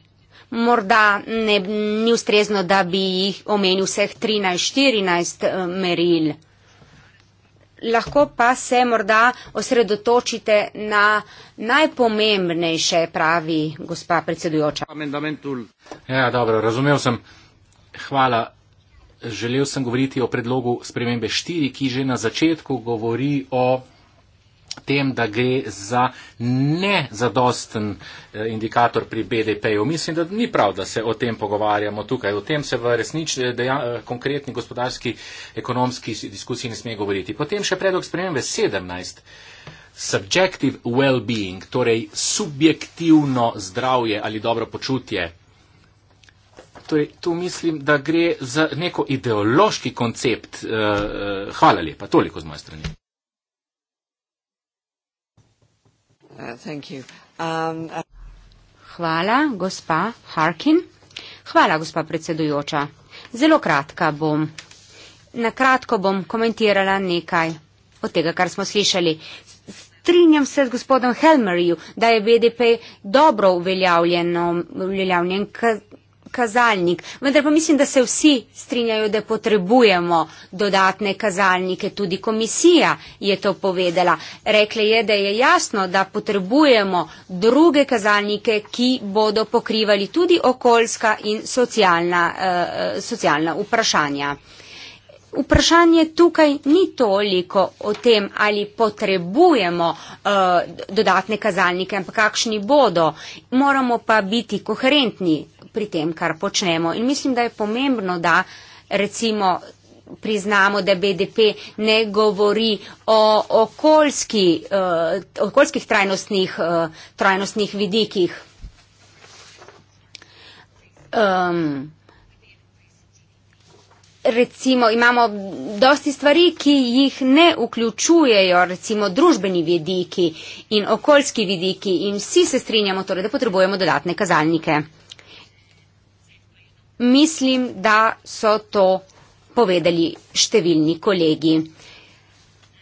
Morda ne, ni ustrezno, da bi jih omenil vseh 13-14 eh, meril. Lahko pa se morda osredotočite na najpomembnejše, pravi gospa predsedujoča. Ja, dobro, razumel sem. Hvala. Želel sem govoriti o predlogu spremembe 4, ki že na začetku govori o tem, da gre za nezadosten eh, indikator pri BDP-ju. Mislim, da ni prav, da se o tem pogovarjamo tukaj. O tem se v resnični, eh, eh, konkretni gospodarski, ekonomski diskusiji ne sme govoriti. Potem še predlog spremembe 17. Subjective well-being, torej subjektivno zdravje ali dobro počutje. Torej, tu mislim, da gre za neko ideološki koncept. Hvala lepa, toliko z moje strani. Uh, um, uh, Hvala, gospa Harkin. Hvala, gospa predsedujoča. Zelo kratka bom. Na kratko bom komentirala nekaj od tega, kar smo slišali. Strinjam se z gospodom Helmerju, da je BDP dobro uveljavljen, kazalnik. Vendar pa mislim, da se vsi strinjajo, da potrebujemo dodatne kazalnike. Tudi komisija je to povedala. Rekla je, da je jasno, da potrebujemo druge kazalnike, ki bodo pokrivali tudi okoljska in socialna, eh, socialna vprašanja. Vprašanje tukaj ni toliko o tem, ali potrebujemo uh, dodatne kazalnike, ampak kakšni bodo. Moramo pa biti koherentni, pri tem, kar počnemo. In mislim, da je pomembno, da recimo priznamo, da BDP ne govori o okoljski, uh, okoljskih trajnostnih, uh, trajnostnih vidikih. Um, recimo imamo dosti stvari, ki jih ne vključujejo, recimo družbeni vidiki in okoljski vidiki in vsi se strinjamo torej, da potrebujemo dodatne kazalnike mislim, da so to povedali številni kolegi.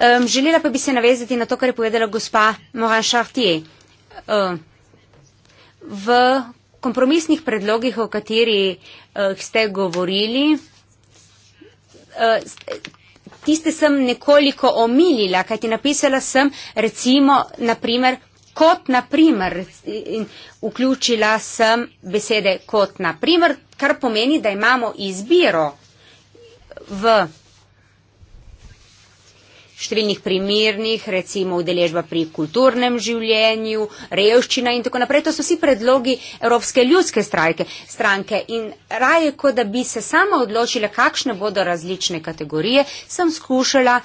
Um, želela pa bi se navezati na to, kar je povedala gospa Moran Chartier. Um, v kompromisnih predlogih, o katerih eh, uh, ste govorili, uh, tiste sem nekoliko omilila, kajti napisala sem recimo, naprimer, kot naprimer, vključila sem besede kot naprimer, kar pomeni, da imamo izbiro v številnih primirnih, recimo udeležba pri kulturnem življenju, revščina in tako naprej. To so vsi predlogi Evropske ljudske strajke, stranke in raje, kot da bi se sama odločila, kakšne bodo različne kategorije, sem skušala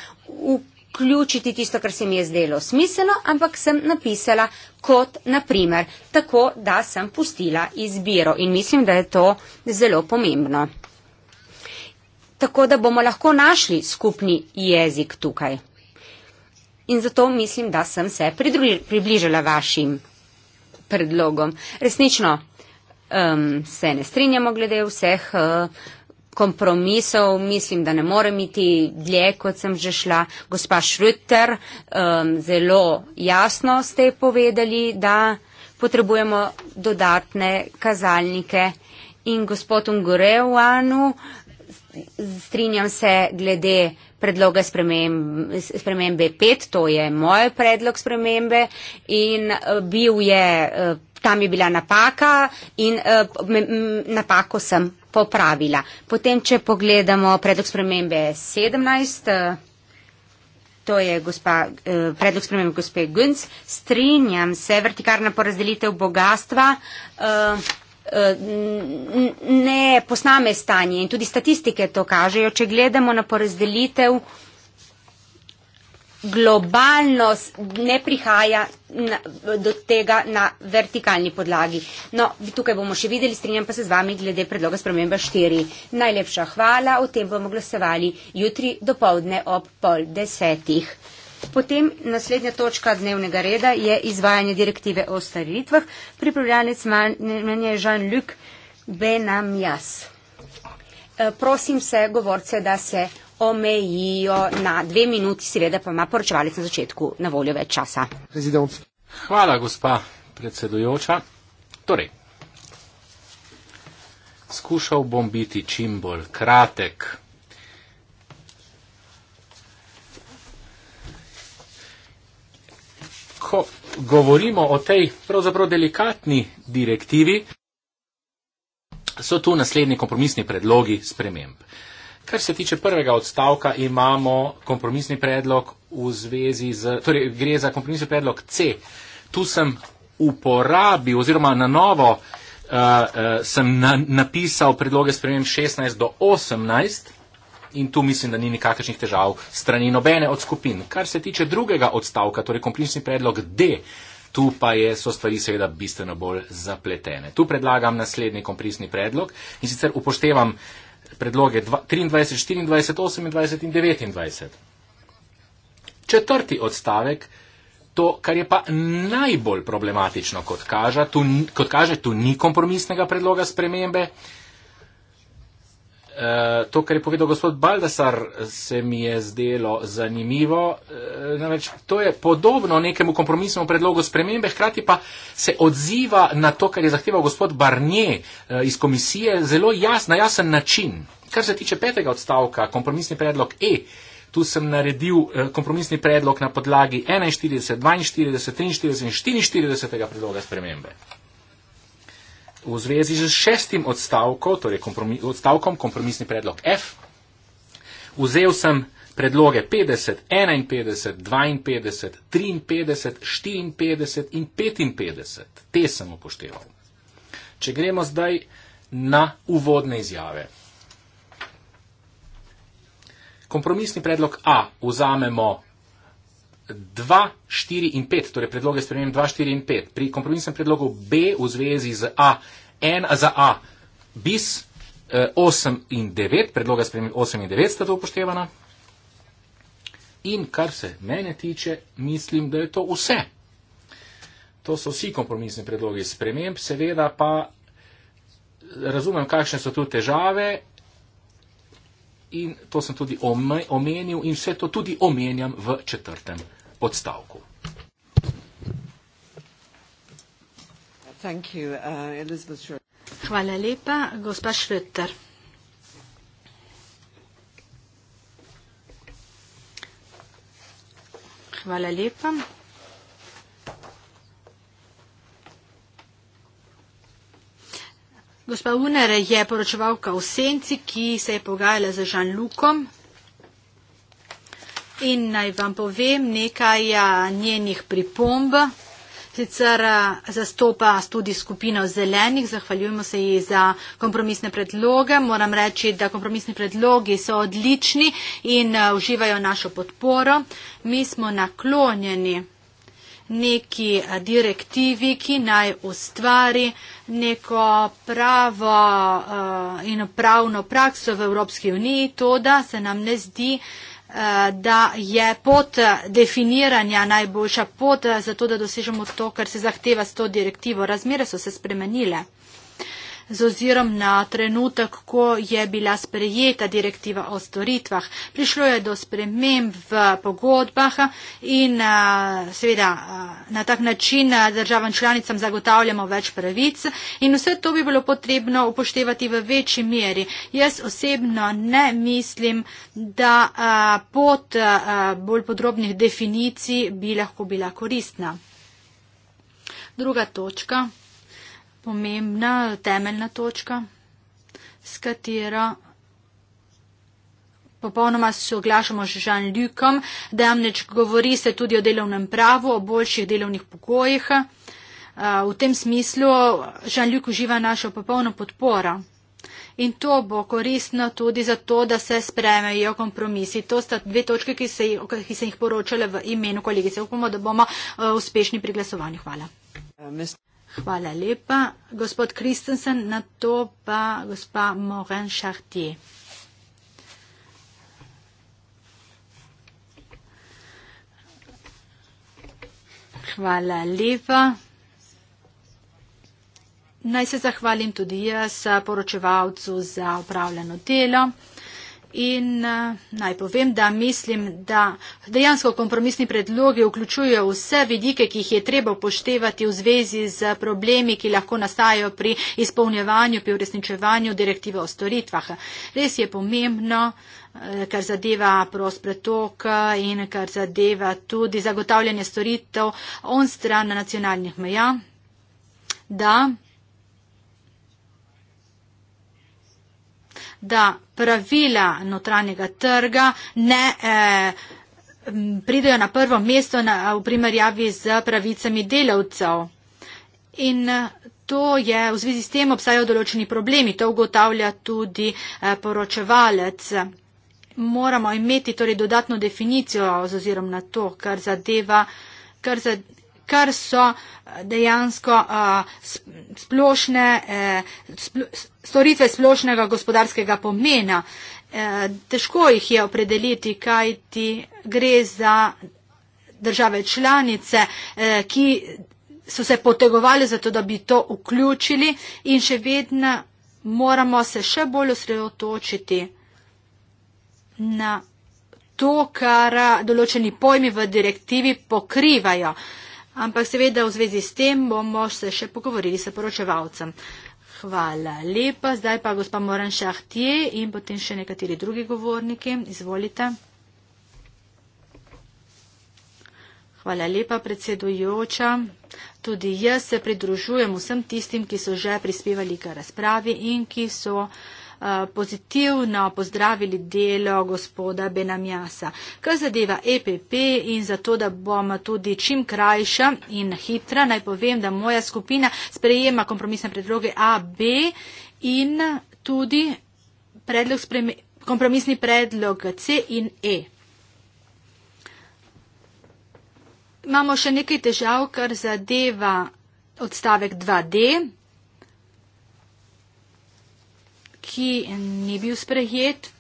vključiti tisto, kar se mi je zdelo smiselno, ampak sem napisala kot naprimer, tako da sem pustila izbiro in mislim, da je to zelo pomembno. Tako da bomo lahko našli skupni jezik tukaj. In zato mislim, da sem se približala vašim predlogom. Resnično um, se ne strinjamo glede vseh. Uh, kompromisov, mislim, da ne morem iti dlje, kot sem že šla. Gospa Šrutter, um, zelo jasno ste povedali, da potrebujemo dodatne kazalnike. In gospod Ungurevanu, strinjam se glede predloga spremembe, spremembe 5, to je moj predlog spremembe in uh, bil je, uh, tam je bila napaka in uh, napako sem popravila. Potem, če pogledamo predlog spremembe 17, eh, to je gospa, eh, predlog spremembe gospe Günc, strinjam se, vertikarna porazdelitev bogatstva. Eh, ne posname stanje in tudi statistike to kažejo. Če gledamo na porazdelitev globalnost ne prihaja na, do tega na vertikalni podlagi. No, tukaj bomo še videli, strinjam pa se z vami glede predloga spremembe 4. Najlepša hvala, o tem bomo glasovali jutri do povdne ob pol desetih. Potem naslednja točka dnevnega reda je izvajanje direktive o starilitvah. Pripravljanec manj je Jean-Luc Benamjas. Eh, prosim se govorce, da se omejijo na dve minuti, seveda pa ima poročevalec na začetku na voljo več časa. Hvala, gospa predsedujoča. Torej, skušal bom biti čim bolj kratek. Ko govorimo o tej pravzaprav delikatni direktivi, so tu naslednji kompromisni predlogi sprememb. Kar se tiče prvega odstavka, imamo kompromisni predlog v zvezi z, torej gre za kompromisni predlog C. Tu sem uporabil oziroma na novo uh, uh, sem na, napisal predloge spremem 16 do 18 in tu mislim, da ni nikakršnih težav strani nobene od skupin. Kar se tiče drugega odstavka, torej kompromisni predlog D, tu pa je, so stvari seveda bistveno bolj zapletene. Tu predlagam naslednji kompromisni predlog in sicer upoštevam predloge 23, 24, 28 in 29. Četrti odstavek, to, kar je pa najbolj problematično, kot kaže, tu, kot kaže, tu ni kompromisnega predloga spremembe, uh, Eh, to, kar je povedal gospod Baldasar, se mi je zdelo zanimivo. E, namreč to je podobno nekemu kompromisnemu predlogu spremembe, hkrati pa se odziva na to, kar je zahteval gospod Barnier eh, iz komisije, zelo jas, na jasen način. Kar se tiče petega odstavka, kompromisni predlog E. Tu sem naredil kompromisni predlog na podlagi 41, 42, 43 in 44. predloga spremembe v zvezi z šestim odstavkom, torej kompromis, odstavkom kompromisni predlog F, vzel sem predloge 50, 51, 52, 53, 54 in 55. Te sem upošteval. Če gremo zdaj na uvodne izjave. Kompromisni predlog A vzamemo 2, 4 in 5, torej predloge spremenim 2, 4 in 5. Pri kompromisnem predlogu B v zvezi z A, N za A, bis 8 eh, in 9, predloga spremenim 8 in 9 sta to upoštevana. In kar se mene tiče, mislim, da je to vse. To so vsi kompromisni predlogi sprememb, seveda pa razumem, kakšne so tu težave in to sem tudi omenil in vse to tudi omenjam v četrtem podstavku. You, uh, Hvala lepa, gospa Šveter. Hvala lepa. Gospa Unare je poročevalka v senci, ki se je pogajala z Žan Lukom. In naj vam povem nekaj ja, njenih pripomb. Sicer eh, zastopa tudi skupino zelenih, zahvaljujemo se ji za kompromisne predloge. Moram reči, da kompromisni predlogi so odlični in eh, uživajo našo podporo. Mi smo naklonjeni neki eh, direktivi, ki naj ustvari neko pravo in pravno prakso v Evropski uniji, to da se nam ne zdi Eh, da je pot definiranja najboljša pot eh, za to, da dosežemo to, kar se zahteva s to direktivo. Razmere so se spremenile z ozirom na trenutek, ko je bila sprejeta direktiva o storitvah. Prišlo je do sprememb v pogodbah in seveda na tak način državam članicam zagotavljamo več pravic in vse to bi bilo potrebno upoštevati v večji meri. Jaz osebno ne mislim, da pot bolj podrobnih definicij bi lahko bila koristna. Druga točka pomembna, temeljna točka, s katero popolnoma se oglašamo z Žanljukom, da nam neč govori se tudi o delovnem pravu, o boljših delovnih pogojih. V tem smislu Žanljuk uživa našo popolno podporo. In to bo koristno tudi za to, da se spremejo kompromisi. To sta dve točke, ki se, ki se jih poročale v imenu kolegice. Upamo, da bomo uh, uspešni pri glasovanju. Hvala. Uh, Hvala lepa, gospod Kristensen, na to pa gospa Moren Chartier. Hvala lepa. Naj se zahvalim tudi jaz poročevalcu za upravljeno delo. In uh, naj povem, da mislim, da dejansko kompromisni predlogi vključujejo vse vidike, ki jih je treba upoštevati v zvezi z problemi, ki lahko nastajajo pri izpolnjevanju, pri uresničevanju direktive o storitvah. Res je pomembno, eh, kar zadeva prost pretok eh, in kar zadeva tudi zagotavljanje storitev on stran nacionalnih meja, da da pravila notranjega trga ne eh, pridejo na prvo mesto na, v primerjavi z pravicami delavcev. In eh, to je, v zvezi s tem obstajajo določeni problemi, to ugotavlja tudi eh, poročevalec. Moramo imeti torej dodatno definicijo oziroma na to, kar zadeva, kar, za, kar so eh, dejansko eh, splošne, eh, storitve splošnega gospodarskega pomena. Težko jih je opredeliti, kaj ti gre za države članice, ki so se potegovali za to, da bi to vključili in še vedno moramo se še bolj osredotočiti na to, kar določeni pojmi v direktivi pokrivajo ampak seveda v zvezi s tem bomo se še pogovorili s poročevalcem. Hvala lepa. Zdaj pa gospa Moran Šahtije in potem še nekateri drugi govorniki. Izvolite. Hvala lepa, predsedujoča. Tudi jaz se pridružujem vsem tistim, ki so že prispevali k razpravi in ki so uh, Eh, pozitivno pozdravili delo gospoda Benamjasa. Kar zadeva EPP in zato, da bom tudi čim krajša in hitra, naj povem, da moja skupina sprejema kompromisne predloge A, B in tudi predlog spreme, kompromisni predlog C in E. Imamo še nekaj težav, kar zadeva odstavek 2D. ki ni bil sprejet,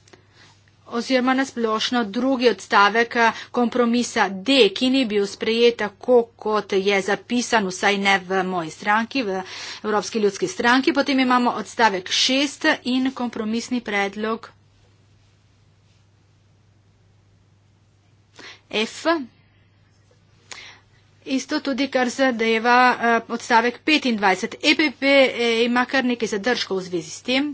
oziroma nasplošno drugi odstavek eh, kompromisa D, ki ni bil sprejet tako, kot je zapisan, vsaj ne v moji stranki, v Evropski ljudski stranki. Potem imamo odstavek 6 in kompromisni predlog F. Isto tudi, kar zadeva eh, odstavek 25. EPP eh, ima kar nekaj zadržkov v zvezi s tem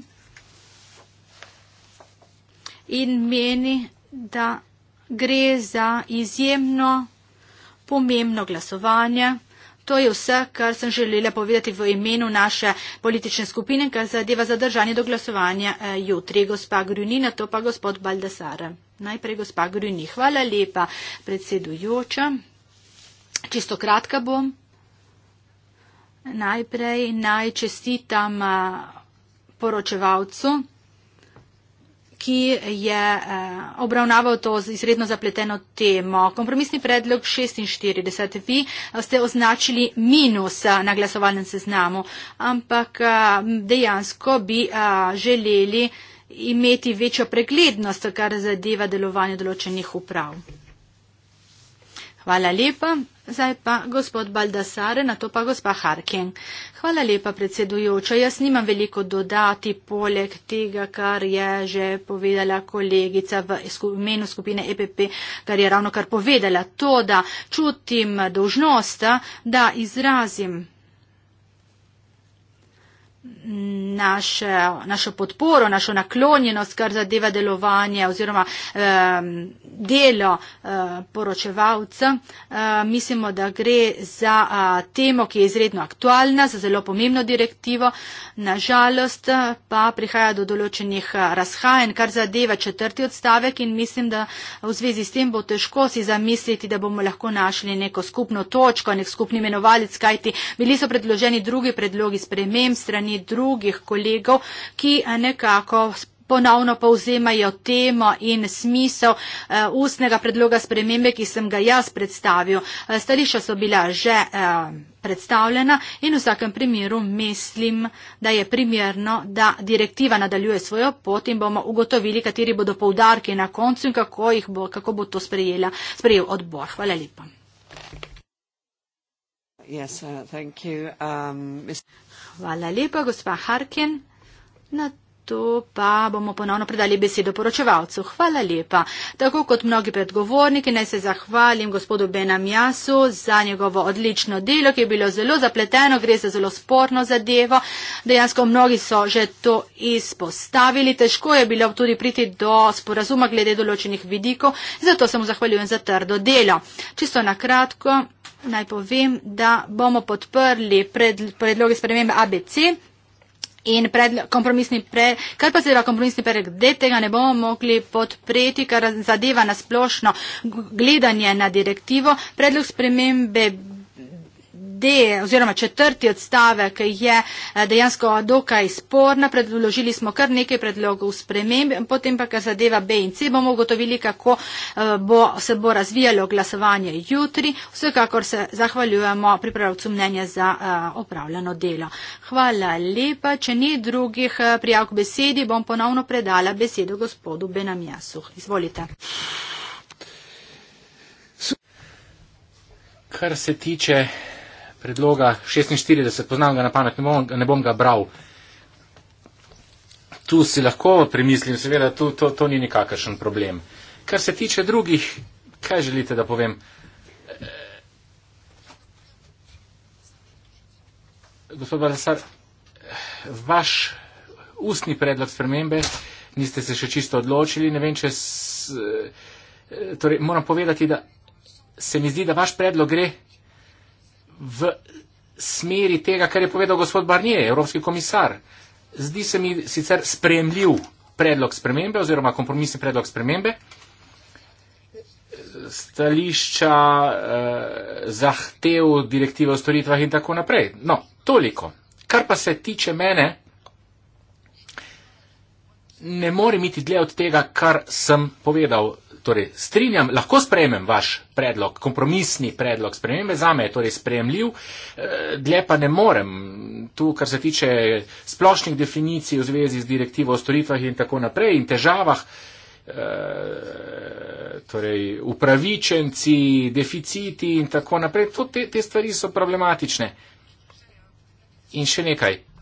in meni, da gre za izjemno pomembno glasovanje. To je vse, kar sem želela povedati v imenu naše politične skupine, kar zadeva zadržanje do glasovanja eh, jutri. Gospa Grunina, to pa gospod Baldasar. Najprej gospa Gruni. Hvala lepa, predsedujoča. Čisto kratka bom. Najprej naj čestitam eh, poročevalcu ki je eh, obravnaval to izredno zapleteno temo. Kompromisni predlog 46. Vi eh, ste označili minus eh, na glasovalnem seznamu, ampak dejansko bi želeli imeti večjo preglednost, kar zadeva delovanje določenih uprav. Hvala lepa. Zdaj pa gospod Baldasare, na to pa gospa Harkin. Hvala lepa, predsedujoča. Jaz nimam veliko dodati poleg tega, kar je že povedala kolegica v imenu skupine EPP, kar je ravno kar povedala. To, da čutim dožnost, da izrazim naše, našo podporo, našo naklonjenost, kar zadeva delovanje oziroma eh, delo eh, poročevalca. Eh, mislimo, da gre za eh, temo, ki je izredno aktualna, za zelo pomembno direktivo. Nažalost eh, pa prihaja do določenih eh, razhajen, kar zadeva četrti odstavek in mislim, da v zvezi s tem bo težko si zamisliti, da bomo lahko našli neko skupno točko, nek skupni imenovalec, kajti bili so predloženi drugi predlogi sprememb strani drugih kolegov, ki eh, nekako ponovno povzemajo temo in smisel uh, ustnega predloga spremembe, ki sem ga jaz predstavil. Uh, stališča so bila že uh, predstavljena in v vsakem primeru mislim, da je primerno, da direktiva nadaljuje svojo pot in bomo ugotovili, kateri bodo povdarki na koncu in kako, bo, kako bo to sprejela, sprejel odbor. Hvala lepa. Yes, uh, Hvala lepa, gospa Harkin. Na to pa bomo ponovno predali besedo poročevalcu. Hvala lepa. Tako kot mnogi predgovorniki, naj se zahvalim gospodu Benamjasu za njegovo odlično delo, ki je bilo zelo zapleteno, gre za zelo sporno zadevo. Dejansko mnogi so že to izpostavili. Težko je bilo tudi priti do sporazuma glede določenih vidikov, zato se mu zahvaljujem za trdo delo. Čisto na kratko. Naj povem, da bomo podprli predloge spremembe ABC. In pred, kompromisni pre, kar pa zadeva kompromisni predlog, da tega ne bomo mogli podpreti, kar zadeva na splošno gledanje na direktivo, predlog spremembe glede oziroma četrti odstavek je eh, dejansko dokaj sporna. Predložili smo kar nekaj predlogov sprememb, potem pa kar zadeva B in C bomo ugotovili, kako eh, bo, se bo razvijalo glasovanje jutri. Vsekakor se zahvaljujemo pripravcu mnenja za eh, opravljeno delo. Hvala lepa. Če ni drugih prijav k besedi, bom ponovno predala besedo gospodu Benamjasu. Izvolite. Kar se tiče predloga 46, poznam ga na pamet, ne bom, ne bom ga bral. Tu si lahko premislim, seveda, to, to, to ni nikakršen problem. Kar se tiče drugih, kaj želite, da povem? Gospod Balasar, vaš ustni predlog spremembe, niste se še čisto odločili, ne vem, če. S, eh, torej, moram povedati, da se mi zdi, da vaš predlog gre v smeri tega, kar je povedal gospod Barnier, evropski komisar. Zdi se mi sicer spremljiv predlog spremembe oziroma kompromisni predlog spremembe. Stališča eh, zahtev direktive o storitvah in tako naprej. No, toliko. Kar pa se tiče mene, ne more miti dlje od tega, kar sem povedal torej strinjam, lahko sprejmem vaš predlog, kompromisni predlog spremembe, za me je torej sprejemljiv, eh, dlje pa ne morem. Tu, kar se tiče splošnih definicij v zvezi z direktivo o storitvah in tako naprej in težavah, eh, torej upravičenci, deficiti in tako naprej, to, te, te stvari so problematične. In še nekaj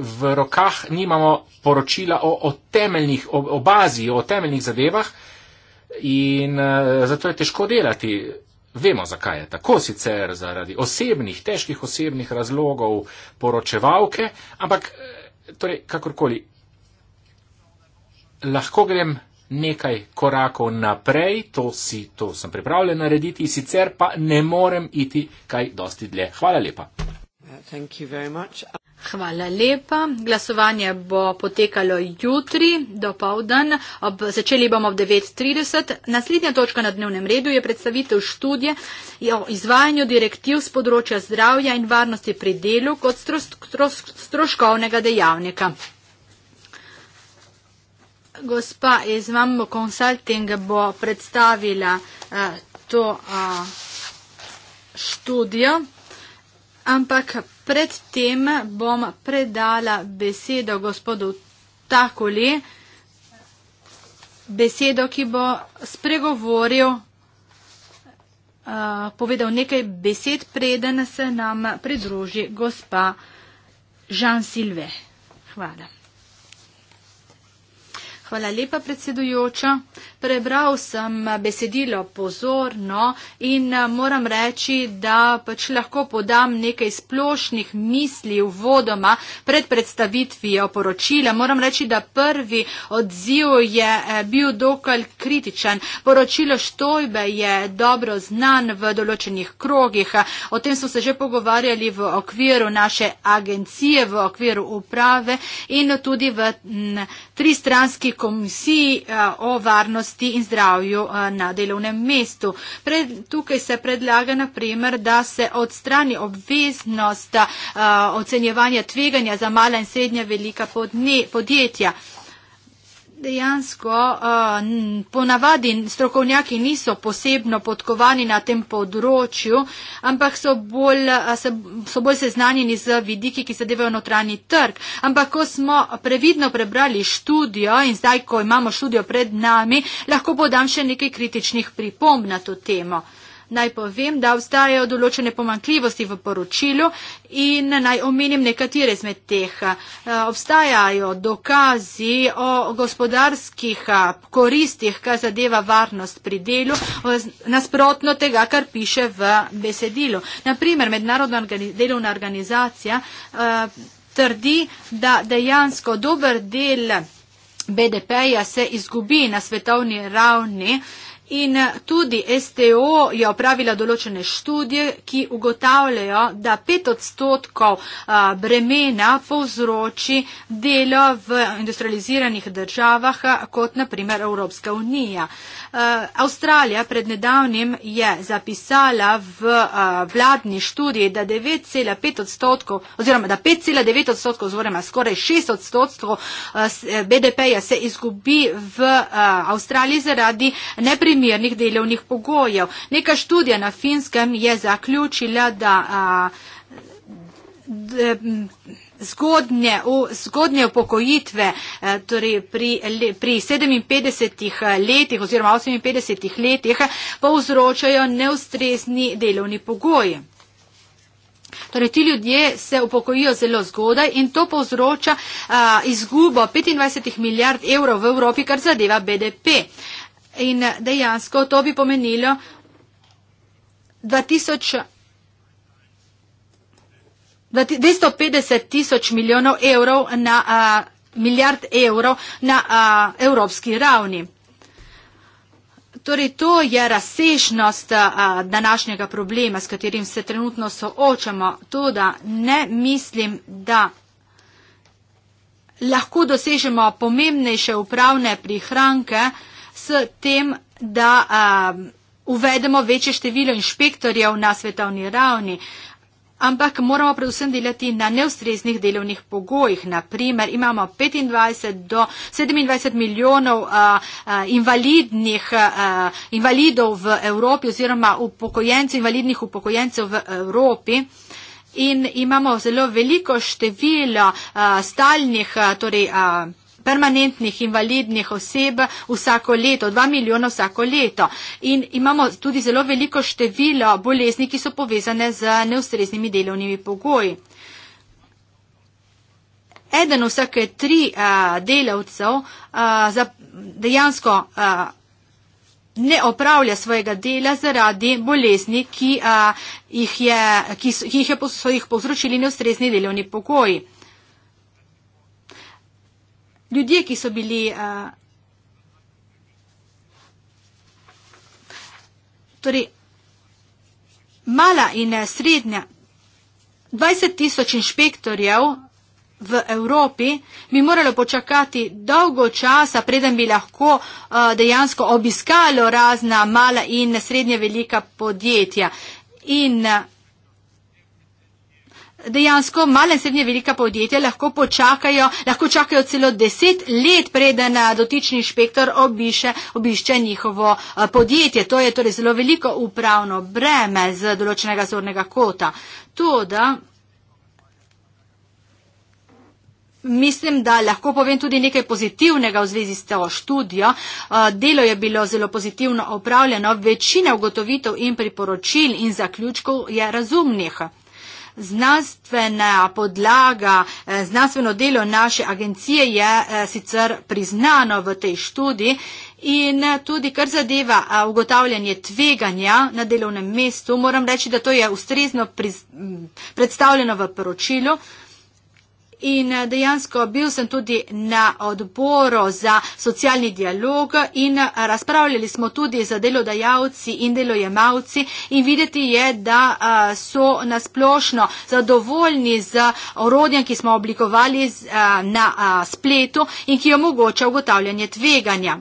v rokah nimamo poročila o, o temeljnih obazi, o, o temeljnih zadevah in uh, zato je težko delati. Vemo, zakaj je tako sicer, zaradi osebnih, težkih osebnih razlogov poročevalke, ampak eh, torej, kakorkoli, lahko grem nekaj korakov naprej, to, si, to sem pripravljen narediti, sicer pa ne morem iti kaj dosti dlje. Hvala lepa. Hvala lepa. Glasovanje bo potekalo jutri do povdan. Začeli bomo ob 9.30. Naslednja točka na dnevnem redu je predstavitev študije o izvajanju direktiv z področja zdravja in varnosti pri delu kot stroškovnega dejavnika. Gospa iz Mambo Consulting bo predstavila eh, to eh, študijo, ampak Predtem bom predala besedo gospodu Takuli, besedo, ki bo spregovoril, eh, povedal nekaj besed, preden se nam pridruži gospa Žan Silve. Hvala. Hvala lepa, predsedujoča prebral sem besedilo pozorno in eh, moram reči, da pač lahko podam nekaj splošnih misli v vodoma pred predstavitvijo poročila. Moram reči, da prvi odziv je eh, bil dokaj kritičen. Poročilo Štojbe je dobro znan v določenih krogih. O tem smo se že pogovarjali v okviru naše agencije, v okviru uprave in tudi v tristranski komisiji eh, o varnosti varnosti in zdravju eh, na delovnem mestu. Pred, tukaj se predlaga, na primer, da se odstrani obveznost eh, ocenjevanja tveganja za mala in srednja velika podne, podjetja dejansko ponavadi strokovnjaki niso posebno podkovani na tem področju, ampak so bolj, so bolj seznanjeni z vidiki, ki zadevajo notranji trg. Ampak ko smo previdno prebrali študijo in zdaj, ko imamo študijo pred nami, lahko podam še nekaj kritičnih pripomb na to temo. Naj povem, da obstajajo določene pomankljivosti v poročilu in naj omenim nekatere zmed teh. Eh, obstajajo dokazi o gospodarskih eh, koristih, kar zadeva varnost pri delu, nasprotno tega, kar piše v besedilu. Naprimer, mednarodna delovna organizacija eh, trdi, da dejansko dober del BDP-ja se izgubi na svetovni ravni. In eh, tudi STO je opravila določene študije, ki ugotavljajo, da pet odstotkov eh, bremena povzroči delo v industrializiranih državah, eh, kot naprimer Evropska unija. Avstralija pred nedavnim je zapisala v vladni študiji, da 9,5 odstotkov oziroma da 5,9 odstotkov oziroma skoraj 6 odstotkov BDP-ja se izgubi v Avstraliji zaradi neprimernosti primernih delovnih pogojev. Neka študija na finskem je zaključila, da a, d, zgodnje, u, zgodnje upokojitve, a, torej pri, le, pri 57 letih oziroma 58 letih, povzročajo neustresni delovni pogoji. Torej, ti ljudje se upokojijo zelo zgodaj in to povzroča a, izgubo 25 milijard evrov v Evropi, kar zadeva BDP. A, in dejansko to bi pomenilo 2000, 250 tisoč milijonov evrov na a, milijard evrov na a, evropski ravni. Torej, to je razsežnost današnjega problema, s katerim se trenutno soočamo. To, da ne mislim, da lahko dosežemo pomembnejše upravne prihranke, a, s tem, da um, uvedemo večje število inšpektorjev na svetovni ravni. Ampak moramo predvsem delati na neustreznih delovnih pogojih. Naprimer, imamo 25 do 27 milijonov uh uh, uh, uh, invalidov v Evropi oziroma upokojencev, invalidnih upokojencev v Evropi. In imamo zelo veliko število uh, stalnih, uh, torej. Uh, permanentnih invalidnih oseb vsako leto, 2 milijona vsako leto. In imamo tudi zelo veliko število bolezni, ki so povezane z neustreznimi delovnimi pogoji. Eden vsake tri a, eh, delavcev a, eh, za, dejansko a, eh, ne opravlja svojega dela zaradi bolezni, ki, a, jih, je, ki so, jih, je, so jih povzročili neustrezni delovni pogoji ljudje, ki so bili eh, torej, mala in eh, srednja, 20 tisoč inšpektorjev v Evropi bi moralo počakati dolgo časa, preden bi lahko eh, dejansko obiskalo razna mala in srednje velika podjetja. In dejansko male in srednje velika podjetja lahko počakajo, lahko čakajo celo deset let, preden eh, dotični inšpektor obiše, obišče njihovo eh, podjetje. To je torej zelo veliko upravno breme z določenega zornega kota. Toda, Mislim, da lahko povem tudi nekaj pozitivnega v zvezi s to študijo. Eh, delo je bilo zelo pozitivno opravljeno, večina ugotovitev in priporočil in zaključkov je razumnih znanstvena podlaga, eh, znanstveno delo naše agencije je eh, sicer priznano v tej študiji. In eh, tudi, kar zadeva ugotavljanje tveganja na delovnem mestu, moram reči, da to je ustrezno predstavljeno v poročilu. In eh, dejansko bil sem tudi na odboru za socialni dialog in eh, razpravljali smo tudi za delodajalci in delojemalci in videti je, da eh, so nasplošno zadovoljni z orodjem, ki smo oblikovali na spletu in ki omogoča ugotavljanje tveganja.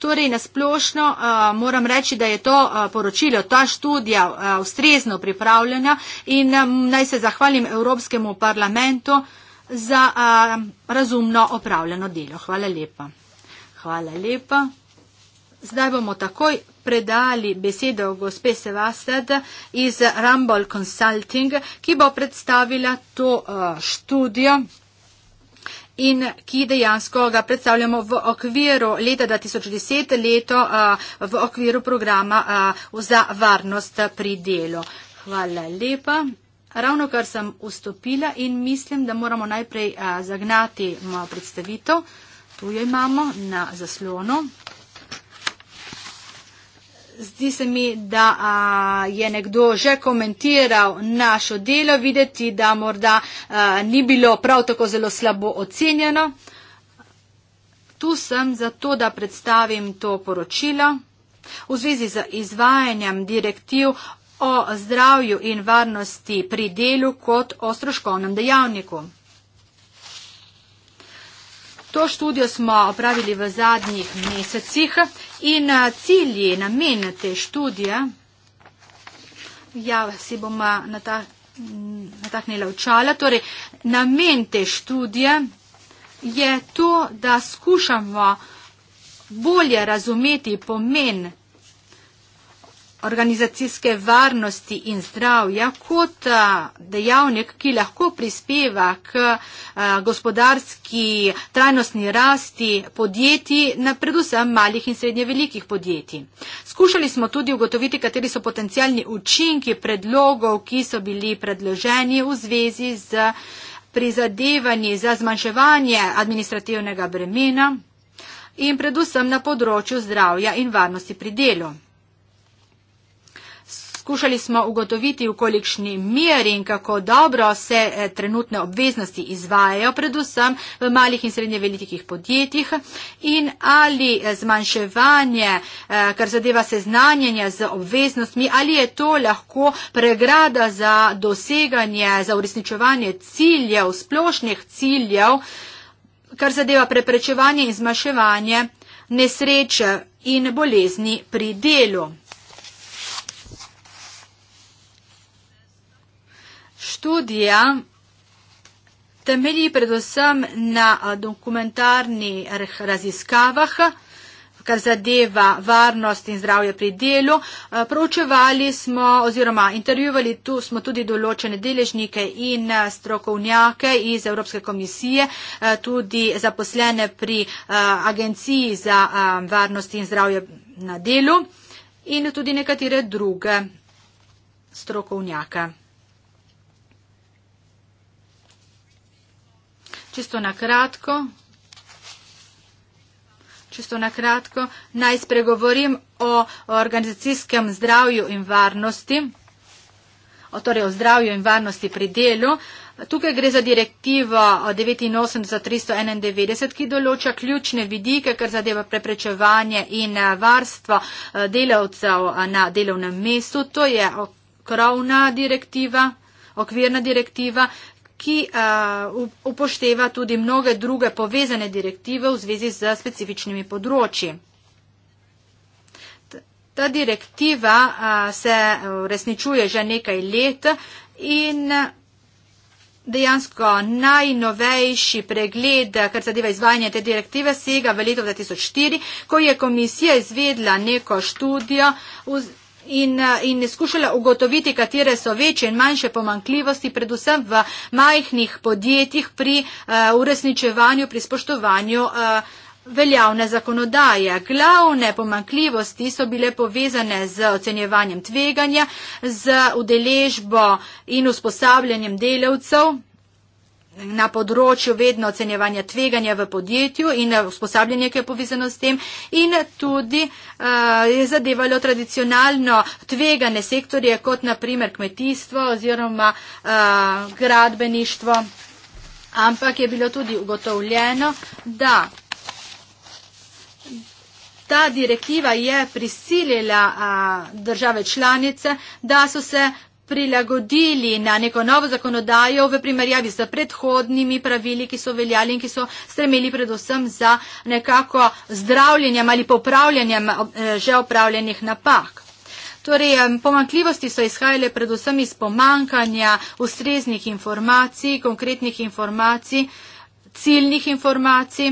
Torej, nasplošno eh, moram reči, da je to eh, poročilo, ta študija eh, ustrezno pripravljena in naj se zahvalim Evropskemu parlamentu za razumno opravljeno delo. Hvala lepa. Hvala lepa. Zdaj bomo takoj predali besedo gospe Sevastad iz Rumble Consulting, ki bo predstavila to študijo in ki dejansko ga predstavljamo v okviru leta 2010 leto v okviru programa za varnost pri delu. Hvala lepa. Ravno kar sem vstopila in mislim, da moramo najprej zagnati predstavitev. Tu jo imamo na zaslonu zdi se mi, da a, je nekdo že komentiral našo delo, videti, da morda a, ni bilo prav tako zelo slabo ocenjeno. Tu sem zato, da predstavim to poročilo v zvezi z izvajanjem direktiv o zdravju in varnosti pri delu kot o stroškovnem dejavniku. To študijo smo opravili v zadnjih mesecih in eh, cilji namen te študije, ja, si bom eh, nataknila očala, torej namen te študije je to, da skušamo bolje razumeti pomen organizacijske varnosti in zdravja kot dejavnik, ki lahko prispeva k gospodarski trajnostni rasti podjetij, predvsem malih in srednje velikih podjetij. Skušali smo tudi ugotoviti, kateri so potencijalni učinki predlogov, ki so bili predloženi v zvezi z prizadevanji za zmanjševanje administrativnega bremena in predvsem na področju zdravja in varnosti pri delu. Skušali smo ugotoviti, v kolikšni meri in kako dobro se eh, trenutne obveznosti izvajajo, predvsem v malih in srednje velikih podjetjih in ali eh, zmanjševanje, eh, kar zadeva seznanjenja z obveznostmi, ali je to lahko pregrada za doseganje, za uresničevanje ciljev, splošnih ciljev, kar zadeva preprečevanje in zmanjševanje nesreče in bolezni pri delu. študija temelji predvsem na dokumentarnih raziskavah, kar zadeva varnost in zdravje pri delu. Proučevali smo oziroma intervjuvali tu smo tudi določene deležnike in strokovnjake iz Evropske komisije, tudi zaposlene pri Agenciji za varnost in zdravje na delu in tudi nekatere druge strokovnjake. čisto na kratko, čisto na kratko, naj spregovorim o organizacijskem zdravju in varnosti, o, torej o zdravju in varnosti pri delu. Tukaj gre za direktivo 89391, ki določa ključne vidike, kar zadeva preprečevanje in eh, varstvo eh, delavcev eh, na delovnem mestu. To je okrovna direktiva, okvirna direktiva, ki a, upošteva tudi mnoge druge povezane direktive v zvezi z specifičnimi področji. Ta direktiva a, se resničuje že nekaj let in dejansko najnovejši pregled, kar zadeva izvajanje te direktive, sega v letu 2004, ko je komisija izvedla neko študijo. V, in, eh, in skušala ugotoviti, katere so večje in manjše pomankljivosti, predvsem v majhnih podjetjih pri eh, uresničevanju, pri spoštovanju eh, veljavne zakonodaje. Glavne pomankljivosti so bile povezane z ocenjevanjem tveganja, z udeležbo in usposabljanjem delavcev na področju vedno ocenjevanja tveganja v podjetju in eh, usposabljanje, ki je povezano s tem in tudi uh, je zadevalo tradicionalno tvegane sektorje, kot naprimer kmetijstvo oziroma uh, gradbeništvo. Ampak je bilo tudi ugotovljeno, da ta direktiva je prisilila a, države članice, da so se prilagodili na neko novo zakonodajo v primerjavi s predhodnimi pravili, ki so veljali in ki so stremeli predvsem za nekako zdravljenjem ali popravljanjem eh, že opravljenih napak. Torej, pomankljivosti so izhajale predvsem iz pomankanja ustreznih informacij, konkretnih informacij, ciljnih informacij.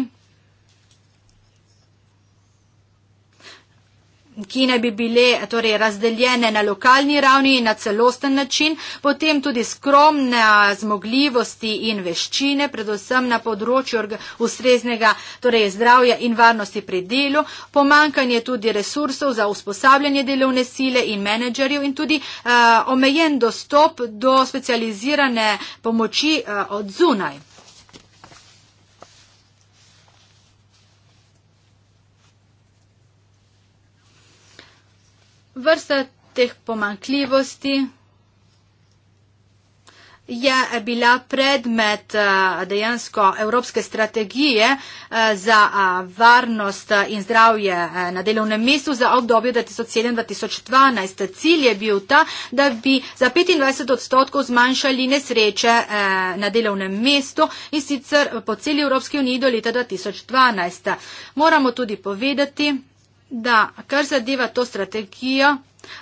ki ne bi bile torej, razdeljene na lokalni ravni in na celosten način, potem tudi skromne zmogljivosti in veščine, predvsem na področju ustreznega torej, zdravja in varnosti pri delu, pomankanje tudi resursov za usposabljanje delovne sile in menedžerjev in tudi uh, omejen dostop do specializirane pomoči uh, od zunaj. Vrsta teh pomankljivosti je bila predmet eh, dejansko evropske strategije eh, za eh, varnost in zdravje na delovnem mestu za obdobje 2007-2012. Cilj je bil ta, da bi za 25 odstotkov zmanjšali nesreče na delovnem mestu in sicer po celi Evropski uniji do leta 2012. Moramo tudi povedati, da kar zadeva to strategijo,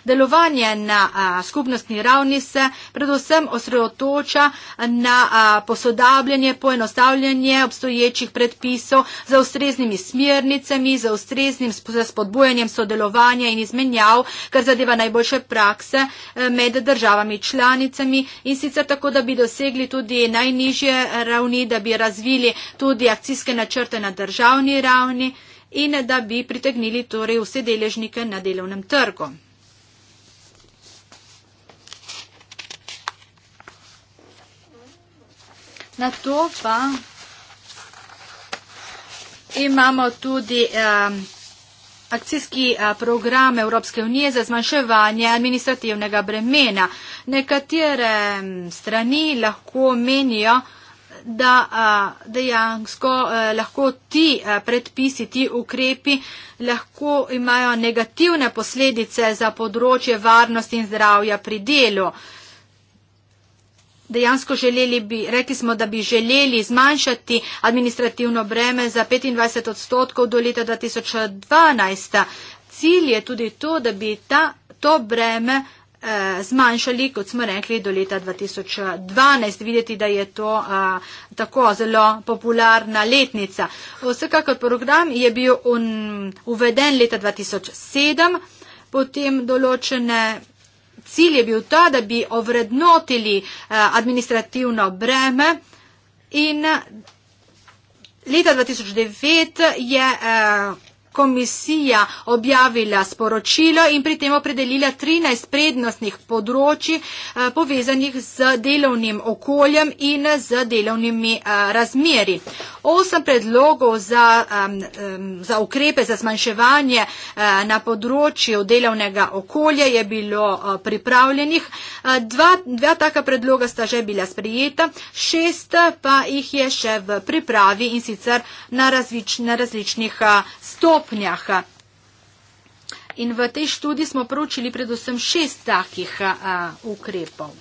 delovanje na a, skupnostni ravni se predvsem osredotoča na a, posodabljanje, poenostavljanje obstoječih predpisov za ustreznimi smernicami, za ustreznim spodbujanjem sodelovanja in izmenjav, kar zadeva najboljše prakse e, med državami članicami in sicer tako, da bi dosegli tudi najnižje ravni, da bi razvili tudi akcijske načrte na državni ravni in da bi pritegnili torej vse deležnike na delovnem trgu. Na to pa imamo tudi um, akcijski uh, program Evropske unije za zmanjševanje administrativnega bremena. Nekatere mm, strani lahko menijo, da dejansko lahko ti predpisi, ti ukrepi lahko imajo negativne posledice za področje varnosti in zdravja pri delu. Dejansko želeli bi, rekli smo, da bi želeli zmanjšati administrativno breme za 25 odstotkov do leta 2012. Cilj je tudi to, da bi ta, to breme Eh, zmanjšali, kot smo rekli, do leta 2012. Videti, da je to a, eh, tako zelo popularna letnica. Vsekakor program je bil un, uveden leta 2007, potem določene. Cilj je bil ta, da bi ovrednotili a, eh, administrativno breme in leta 2009 je. A, komisija objavila sporočilo in pri tem opredelila 13 prednostnih področji eh, povezanih z delovnim okoljem in z delovnimi eh, razmeri. Osem predlogov za, za ukrepe za zmanjševanje eh, na področju delovnega okolja je bilo pripravljenih. Dva, dva taka predloga sta že bila sprejeta, šest pa jih je še v pripravi in sicer na, različ, na različnih stopnjah. In v tej študiji smo pročili predvsem šest takih a, ukrepov.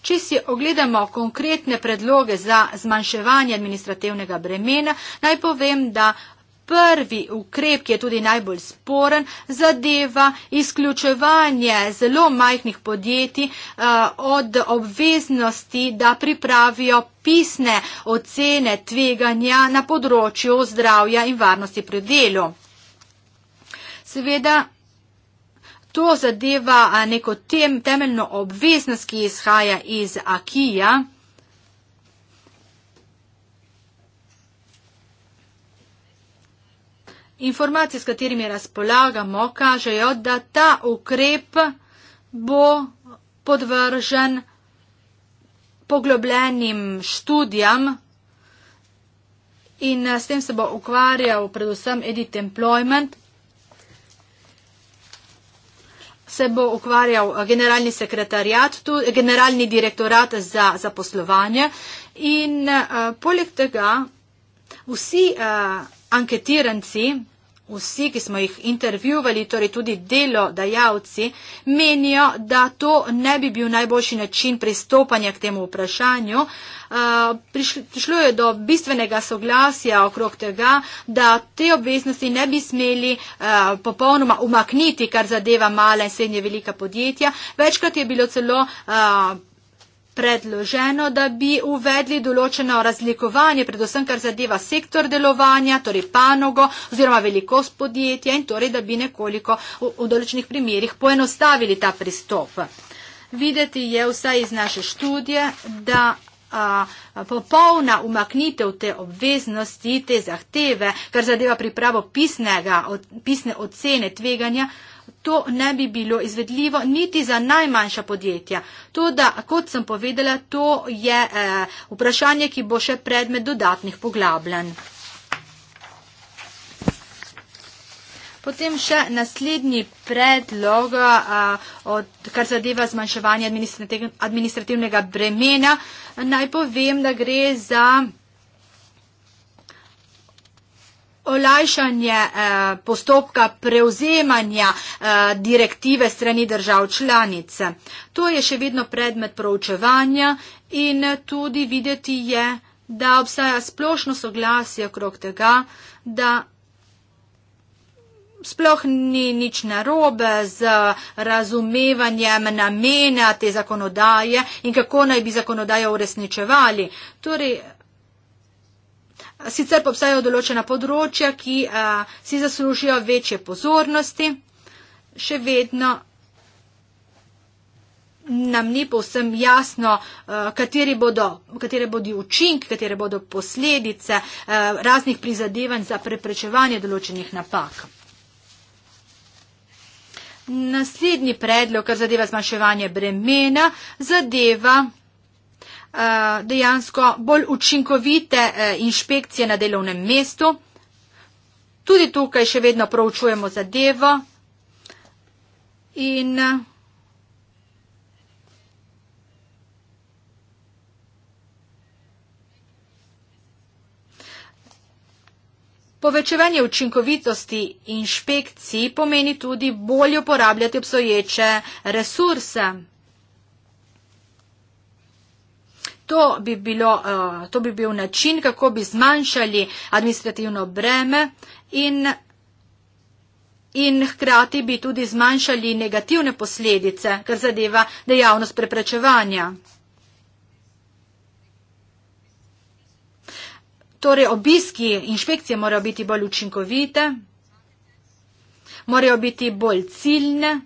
Če si ogledamo konkretne predloge za zmanjševanje administrativnega bremena, naj povem, da prvi ukrep, ki je tudi najbolj sporen, zadeva izključevanje zelo majhnih podjetij eh, od obveznosti, da pripravijo pisne ocene tveganja na področju zdravja in varnosti pri delu. Seveda, to zadeva eh, neko tem, temeljno obveznost, ki izhaja iz akija. informacije, s katerimi razpolagamo, kažejo, da ta ukrep bo podvržen poglobljenim študijam in eh, s tem se bo ukvarjal predvsem Edit Employment, se bo ukvarjal eh, generalni sekretarjat, tu, eh, generalni direktorat za zaposlovanje in uh, poleg tega vsi uh, anketiranci, vsi, ki smo jih intervjuvali, torej tudi delodajalci, menijo, da to ne bi bil najboljši način pristopanja k temu vprašanju. Eh, prišlo je do bistvenega soglasja okrog tega, da te obveznosti ne bi smeli eh, popolnoma umakniti, kar zadeva male in srednje velika podjetja. Večkrat je bilo celo eh, predloženo, da bi uvedli določeno razlikovanje, predvsem kar zadeva sektor delovanja, torej panogo oziroma velikost podjetja in torej, da bi nekoliko v, v določenih primerjih poenostavili ta pristop. Videti je vsaj iz naše študije, da a, popolna umaknitev te obveznosti, te zahteve, kar zadeva pripravo pisnega, od, pisne ocene tveganja, to ne bi bilo izvedljivo niti za najmanjša podjetja. To, da, kot sem povedala, to je eh, vprašanje, ki bo še predmet dodatnih poglabljanj. Potem še naslednji predlog, a, eh, od, kar zadeva zmanjševanje administrativnega bremena. Naj povem, da gre za. olajšanje eh, postopka prevzemanja eh, direktive strani držav članice. To je še vedno predmet proučevanja in tudi videti je, da obstaja splošno soglasje okrog tega, da sploh ni nič narobe z razumevanjem namena te zakonodaje in kako naj bi zakonodajo uresničevali. Torej, Sicer pa obstajajo določena področja, ki a, si zaslužijo večje pozornosti, še vedno nam ni povsem jasno, kateri bodo, katere bodo učinki, katere bodo posledice raznih prizadevanj za preprečevanje določenih napak. Naslednji predlog, kar zadeva zmanjševanje bremena, zadeva Eh, dejansko bolj učinkovite eh, inšpekcije na delovnem mestu. Tudi tukaj še vedno proučujemo zadevo in eh, povečevanje učinkovitosti inšpekcij pomeni tudi bolje uporabljati obsoječe resurse. to bi, bilo, eh, to bi bil način, kako bi zmanjšali administrativno breme in, in hkrati bi tudi zmanjšali negativne posledice, kar zadeva dejavnost preprečevanja. Torej, obiski inšpekcije morajo biti bolj učinkovite, morajo biti bolj ciljne.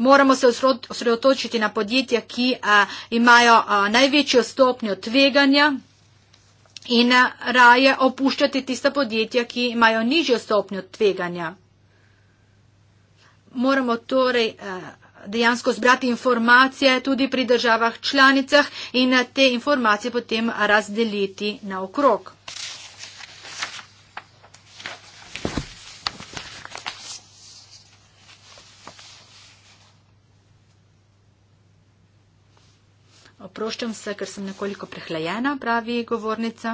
Moramo se osredotočiti na podjetja, ki a, imajo a, največjo stopnjo tveganja in a, raje opuščati tista podjetja, ki imajo nižjo stopnjo tveganja. Moramo torej a, dejansko zbrati informacije tudi pri državah članicah in a, te informacije potem razdeliti na okrog. Oproščam se, ker sem nekoliko prehlajena, pravi govornica.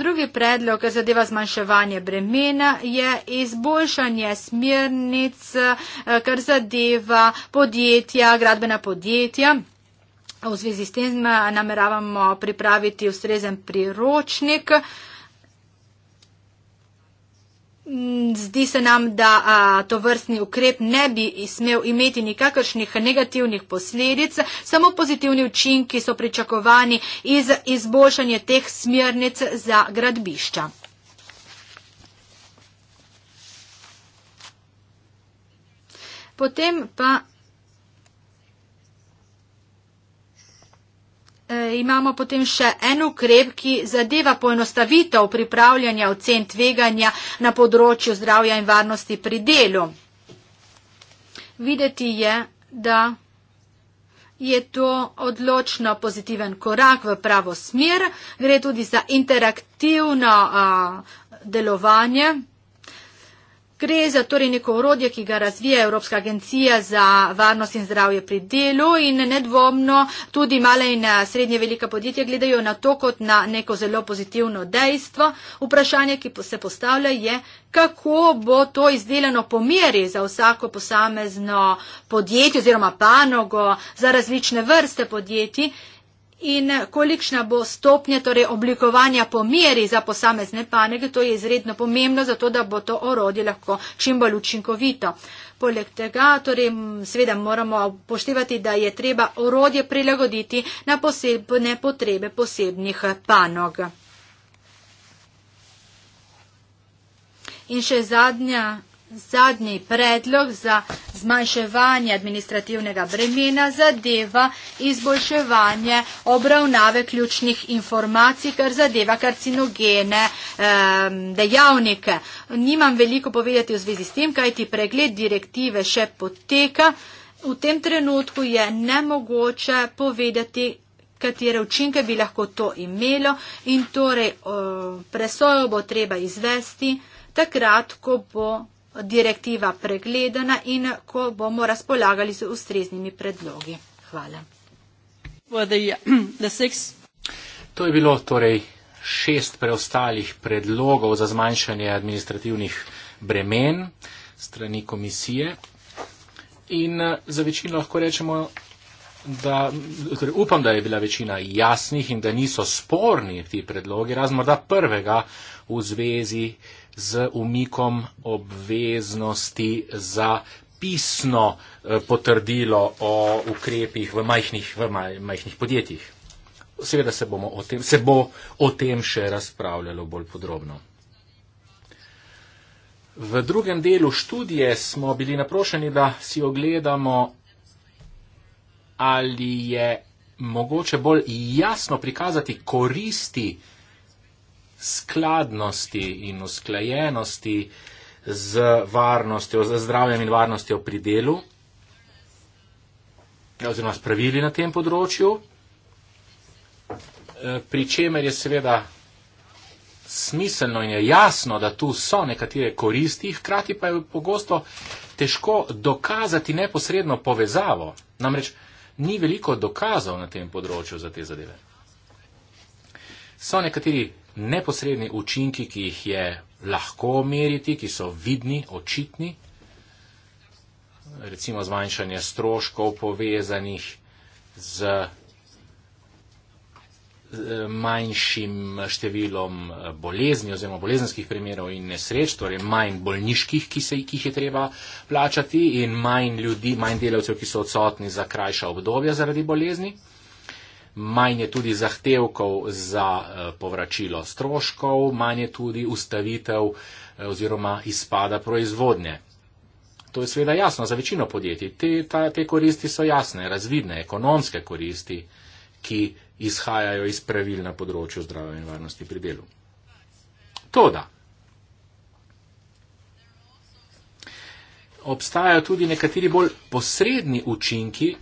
Drugi predlog, ki zadeva zmanjševanje bremena, je izboljšanje smernic, eh, kar zadeva podjetja, gradbena podjetja. V zvezi s tem eh, nameravamo pripraviti ustrezen priročnik. Uh, Mm, zdi se nam, da a, to vrstni ukrep ne bi smel imeti nikakršnih negativnih posledic, samo pozitivni učinki so pričakovani iz izboljšanja teh smernic za gradbišča. Potem pa Eh, imamo potem še en ukrep, ki zadeva poenostavitev pripravljanja ocen tveganja na področju zdravja in varnosti pri delu. Videti je, da je to odločno pozitiven korak v pravo smer. Gre tudi za interaktivno a, eh, delovanje. Gre za torej neko orodje, ki ga razvija Evropska agencija za varnost in zdravje pri delu in nedvomno tudi male in eh, srednje velika podjetja gledajo na to kot na neko zelo pozitivno dejstvo. Vprašanje, ki se postavlja, je, kako bo to izdelano po meri za vsako posamezno podjetje oziroma panogo, za različne vrste podjetij in eh, kolikšna bo stopnja torej oblikovanja po meri za posamezne panege, to je izredno pomembno, zato da bo to orodje lahko čim bolj učinkovito. Poleg tega, torej, seveda moramo poštevati, da je treba orodje prilagoditi na posebne potrebe posebnih panog. In še zadnja Zadnji predlog za zmanjševanje administrativnega bremena zadeva izboljševanje obravnave ključnih informacij, kar zadeva karcinogene eh, dejavnike. Nimam veliko povedati v zvezi s tem, kajti pregled direktive še poteka. V tem trenutku je nemogoče povedati katere učinke bi lahko to imelo in torej presojo bo treba izvesti takrat, ko bo direktiva pregledana in ko bomo razpolagali z ustreznimi predlogi. Hvala. To je bilo torej šest preostalih predlogov za zmanjšanje administrativnih bremen strani komisije. In eh, za večino lahko rečemo, da torej upam, da je bila večina jasnih in da niso sporni ti predlogi, razen morda prvega v zvezi z umikom obveznosti za pisno eh, potrdilo o ukrepih v majhnih, v majhnih podjetjih. Seveda se, tem, se bo o tem še razpravljalo bolj podrobno. V drugem delu študije smo bili naprošeni, da si ogledamo, ali je mogoče bolj jasno prikazati koristi skladnosti in usklajenosti z varnostjo, z zdravjem in varnostjo pri delu, oziroma s pravili na tem področju, eh, pri čemer je seveda smiselno in je jasno, da tu so nekatere koristi, hkrati pa je pogosto težko dokazati neposredno povezavo. Namreč ni veliko dokazov na tem področju za te zadeve. So nekateri neposredni učinki, ki jih je lahko meriti, ki so vidni, očitni, recimo zmanjšanje stroškov povezanih z manjšim številom eh, bolezni oziroma bolezenskih primerov in nesreč, torej manj bolniških, ki se jih je treba plačati in manj ljudi, manj delavcev, ki so odsotni za krajša obdobja zaradi bolezni manj je tudi zahtevkov za eh, povračilo stroškov, manj je tudi ustavitev eh, oziroma izpada proizvodnje. To je sveda jasno za večino podjetij. Te, ta, te koristi so jasne, razvidne, ekonomske koristi, ki izhajajo iz pravil na področju zdravja in varnosti pri delu. Toda, obstajajo tudi nekateri bolj posredni učinki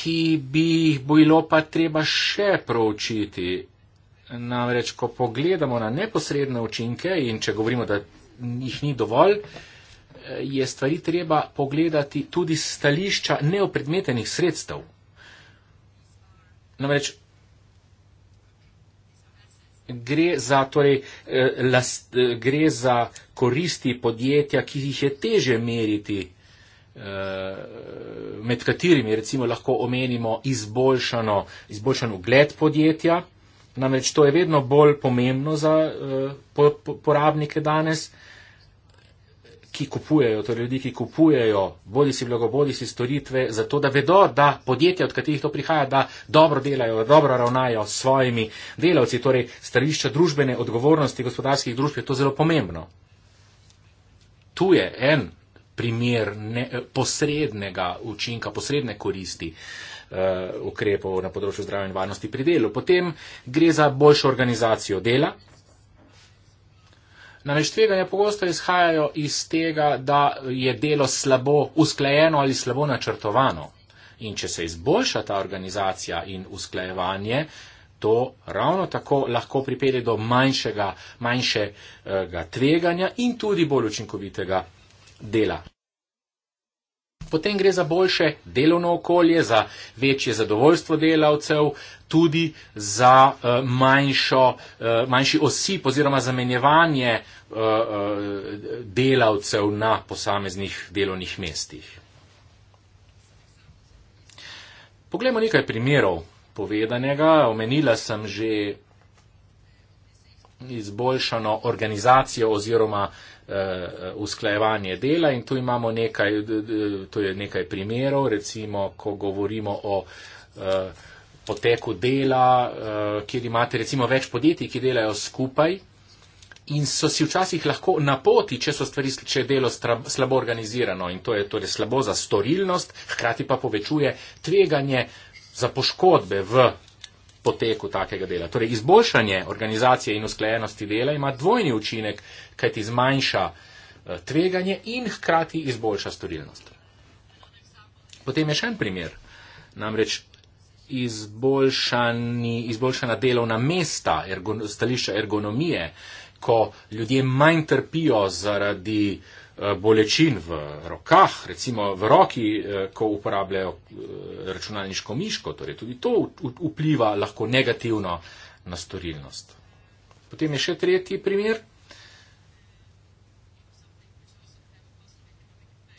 ki bi jih bilo pa treba še proučiti. Namreč, ko pogledamo na neposredne učinke in če govorimo, da jih ni dovolj, je stvari treba pogledati tudi z stališča neopredmetenih sredstev. Namreč, gre za, torej, eh, last, eh, gre za koristi podjetja, ki jih je teže meriti. Eh, med katerimi recimo lahko omenimo izboljšano, izboljšan ugled podjetja. Namreč to je vedno bolj pomembno za eh, porabnike danes, ki kupujejo, torej ljudi, ki kupujejo bodi si blago, bodi si storitve, zato da vedo, da podjetja, od katerih to prihaja, da dobro delajo, dobro ravnajo s svojimi delavci. Torej, stališča družbene odgovornosti gospodarskih družb je to zelo pomembno. Tu je en primer ne, posrednega učinka, posredne koristi uh, ukrepov na področju zdravja in varnosti pri delu. Potem gre za boljšo organizacijo dela. Namreč tveganja pogosto izhajajo iz tega, da je delo slabo usklajeno ali slabo načrtovano. In če se izboljša ta organizacija in usklajevanje, to ravno tako lahko pripelje do manjšega, manjšega eh, tveganja in tudi bolj učinkovitega dela. Potem gre za boljše delovno okolje, za večje zadovoljstvo delavcev, tudi za eh, manjšo, eh, manjši osip oziroma zamenjevanje eh, delavcev na posameznih delovnih mestih. Poglejmo nekaj primerov povedanega. Omenila sem že izboljšano organizacijo oziroma eh, eh, usklajevanje dela in tu imamo nekaj, tu je nekaj primerov, recimo, ko govorimo o eh, poteku dela, kjer imate recimo več podjetij, ki delajo skupaj in so si včasih lahko na poti, če, stvari, če je delo slabo organizirano in to je torej slabo za storilnost, hkrati pa povečuje tveganje za poškodbe v poteku takega dela. Torej, izboljšanje organizacije in usklajenosti dela ima dvojni učinek, kaj ti zmanjša eh, tveganje in hkrati izboljša storilnost. Potem je še en primer, namreč izboljšana delovna mesta, ergon, stališča ergonomije, ko ljudje manj trpijo zaradi uh, Eh, bolečin v rokah, recimo v roki, eh, ko uporabljajo eh, računalniško miško, torej tudi to vpliva lahko negativno na storilnost. Potem je še tretji primer,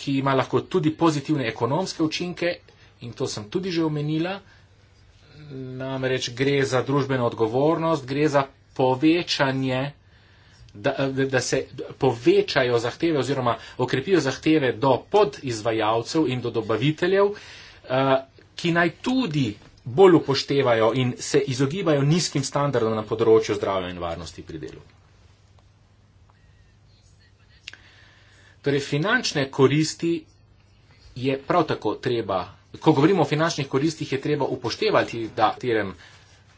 ki ima lahko tudi pozitivne ekonomske učinke in to sem tudi že omenila, namreč gre za družbeno odgovornost, gre za povečanje da, da se povečajo zahteve oziroma okrepijo zahteve do podizvajalcev in do dobaviteljev, eh, ki naj tudi bolj upoštevajo in se izogibajo nizkim standardom na področju zdravja in varnosti pri delu. Torej, finančne koristi je prav tako treba, ko govorimo o finančnih koristih, je treba upoštevati, da terem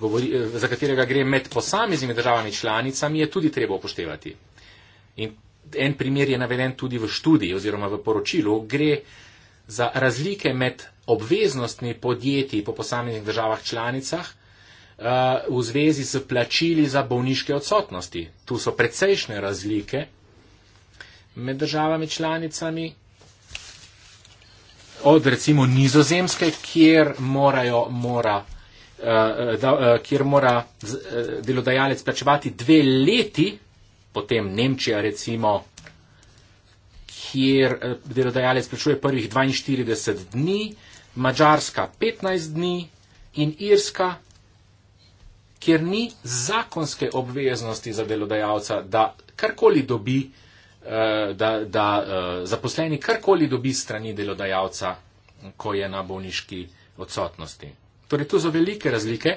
govori, eh, za katerega gre med posameznimi državami članicami, je tudi treba upoštevati. In en primer je naveden tudi v študiji oziroma v poročilu. Gre za razlike med obveznostmi podjetij po posameznih državah članicah eh, v zvezi s plačili za bolniške odsotnosti. Tu so precejšnje razlike med državami članicami. Od recimo nizozemske, kjer morajo, mora Eh, da, eh, kjer mora eh, delodajalec plačevati dve leti, potem Nemčija recimo, kjer delodajalec plačuje prvih 42 dni, Mačarska 15 dni in Irska, kjer ni zakonske obveznosti za delodajalca, da karkoli dobi, da, da zaposleni karkoli dobi strani delodajalca, ko je na bolniški odsotnosti. Torej, to so velike razlike.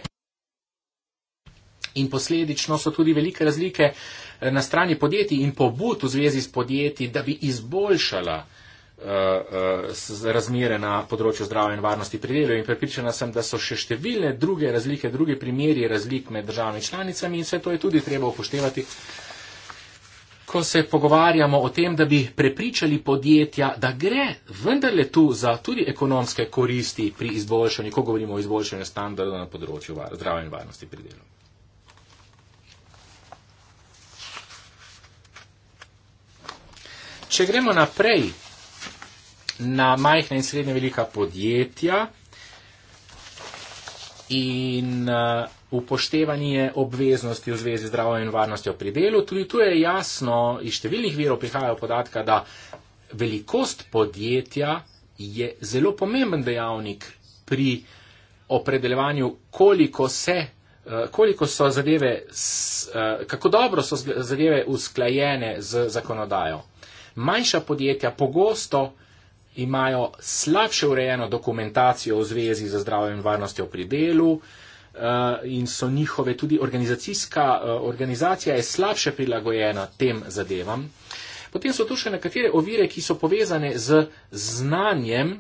In posledično so tudi velike razlike eh, na strani podjetij in pobud v zvezi s podjetji, da bi izboljšala uh, uh, razmere na področju zdravja in varnosti pri delu. In prepričana sem, da so še številne druge razlike, druge primeri razlik med državami članicami in vse to je tudi treba upoštevati ko se pogovarjamo o tem, da bi prepričali podjetja, da gre vendarle tu za tudi ekonomske koristi pri izboljšanju, ko govorimo o izboljšanju standarda na področju var, zdravja in varnosti pri delu. Če gremo naprej na majhna in srednja velika podjetja in eh, upoštevanje obveznosti v zvezi z zdravjem in varnostjo pri delu. Tudi tu je jasno, iz številnih virov prihajajo podatka, da velikost podjetja je zelo pomemben dejavnik pri opredeljevanju, koliko se. Eh, koliko so zadeve, eh, kako dobro so zadeve usklajene z zakonodajo. Manjša podjetja pogosto imajo slabše urejeno dokumentacijo v zvezi z zdravjem in varnostjo pri delu, Eh, in so njihove tudi organizacijska eh, organizacija je slabše prilagojena tem zadevam. Potem so tu še nekatere ovire, ki so povezane z znanjem,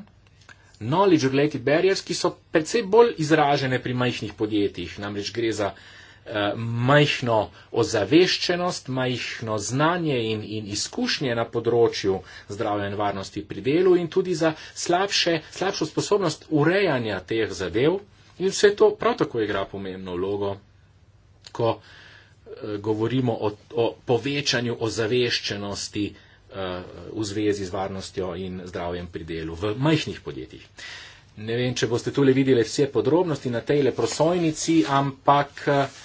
knowledge related barriers, ki so predvsej bolj izražene pri majhnih podjetjih. Namreč gre za eh, majhno ozaveščenost, majhno znanje in, in izkušnje na področju zdravja in varnosti pri delu in tudi za slabše, slabšo sposobnost urejanja teh zadev. In vse to prav tako igra pomembno vlogo, ko eh, govorimo o, o povečanju ozaveščenosti eh, v zvezi z varnostjo in zdravjem pri delu v majhnih podjetjih. Ne vem, če boste tule videli vse podrobnosti na tej leprosojnici, ampak eh,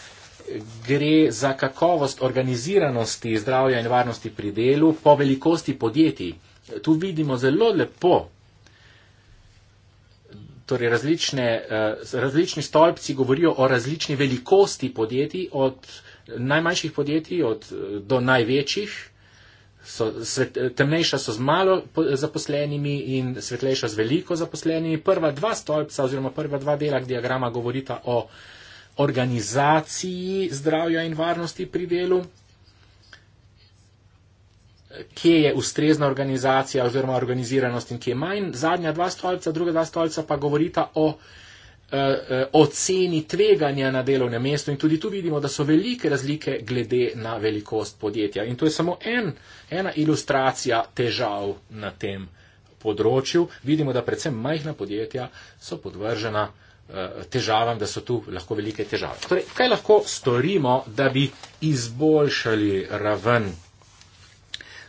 gre za kakovost organiziranosti zdravja in varnosti pri delu po velikosti podjetij. Tu vidimo zelo lepo torej različne, eh, različni stolpci govorijo o različni velikosti podjetij, od najmanjših podjetij od, eh, do največjih. So, svet, eh, temnejša so z malo zaposlenimi in svetlejša z veliko zaposlenimi. Prva dva stolpca oziroma prva dva dela diagrama govorita o organizaciji zdravja in varnosti pri delu, kje je ustrezna organizacija oziroma organiziranost in kje manj. Zadnja dva stolca, druga dva stolca pa govorita o eh, eh, oceni tveganja na delovnem mestu in tudi tu vidimo, da so velike razlike glede na velikost podjetja. In to je samo en, ena ilustracija težav na tem področju. Vidimo, da predvsem majhna podjetja so podvržena eh, težavam, da so tu lahko velike težave. Torej, kaj lahko storimo, da bi izboljšali raven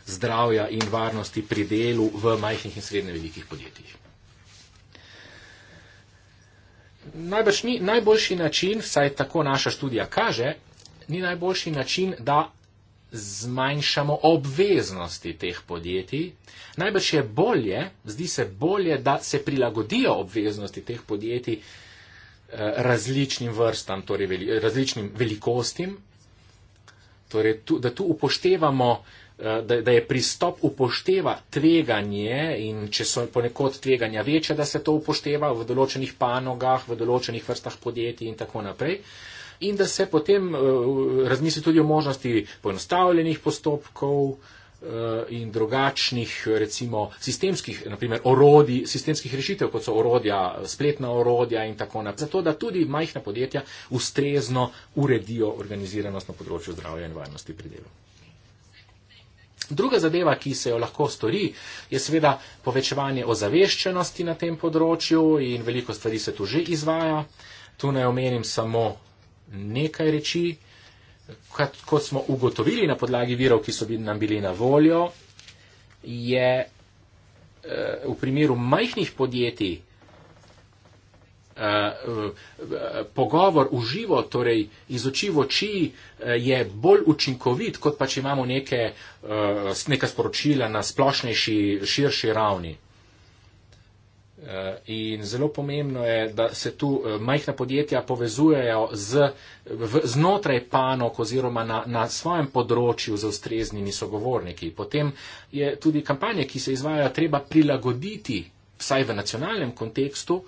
zdravja in varnosti pri delu v majhnih in srednje velikih podjetjih. Najbrž ni najboljši način, vsaj tako naša študija kaže, ni najboljši način, da zmanjšamo obveznosti teh podjetij. Najbrž je bolje, zdi se bolje, da se prilagodijo obveznosti teh podjetij eh, različnim vrstam, torej veli, različnim velikostim, torej tu, da tu upoštevamo uh, Eh, da, da je pristop upošteva tveganje in če so ponekod tveganja večja, da se to upošteva v določenih panogah, v določenih vrstah podjetij in tako naprej. In da se potem eh, razmisli tudi o možnosti poenostavljenih postopkov eh, in drugačnih, recimo, sistemskih, naprimer, orodij, sistemskih rešitev, kot so orodja, spletna orodja in tako naprej, zato da tudi majhna podjetja ustrezno uredijo organiziranost na področju zdravja in varnosti pri delu. Druga zadeva, ki se jo lahko stori, je seveda povečevanje ozaveščenosti na tem področju in veliko stvari se tu že izvaja. Tu naj omenim samo nekaj reči. Kot smo ugotovili na podlagi virov, ki so nam bili na voljo, je eh, v primeru majhnih podjetij pogovor v živo, torej iz oči v oči, eh, je bolj učinkovit, kot pa če imamo neke, eh, neka sporočila na splošnejši, širši ravni. Eh, in zelo pomembno je, da se tu majhna podjetja povezujejo z, v, znotraj panok oziroma na, na svojem področju z ustreznimi sogovorniki. Potem je tudi kampanje, ki se izvajajo, treba prilagoditi, vsaj v nacionalnem kontekstu, uh,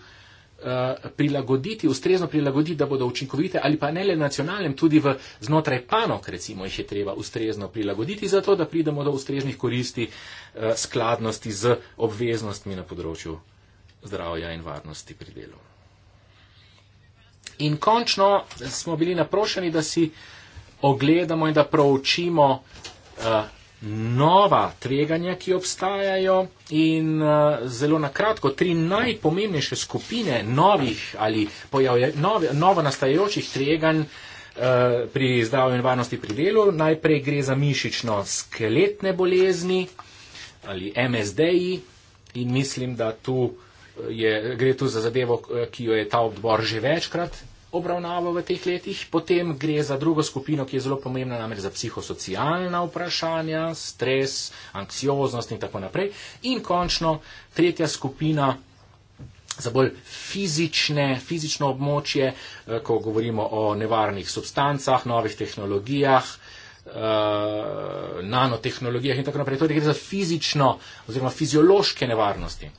Eh, prilagoditi, ustrezno prilagoditi, da bodo učinkovite ali pa ne le nacionalnem, tudi v znotraj panok, recimo, jih je treba ustrezno prilagoditi, zato da pridemo do ustreznih koristi eh, skladnosti z obveznostmi na področju zdravja in varnosti pri delu. In končno smo bili naprošeni, da si ogledamo in da proučimo eh, nova tveganja, ki obstajajo in eh, zelo na kratko tri najpomembnejše skupine novih ali pojavlja, nove, novo nastajajočih tveganj eh, pri zdravju in varnosti pri delu. Najprej gre za mišično-skeletne bolezni ali MSDI in mislim, da tu eh, je, gre tu za zadevo, ki jo je ta odbor že večkrat obravnava v teh letih. Potem gre za drugo skupino, ki je zelo pomembna, namreč za psihosocialna vprašanja, stres, anksioznost in tako naprej. In končno tretja skupina za bolj fizične, fizično območje, eh, ko govorimo o nevarnih substancah, novih tehnologijah, eh, nanotehnologijah in tako naprej. Torej gre za fizično oziroma fiziološke nevarnosti.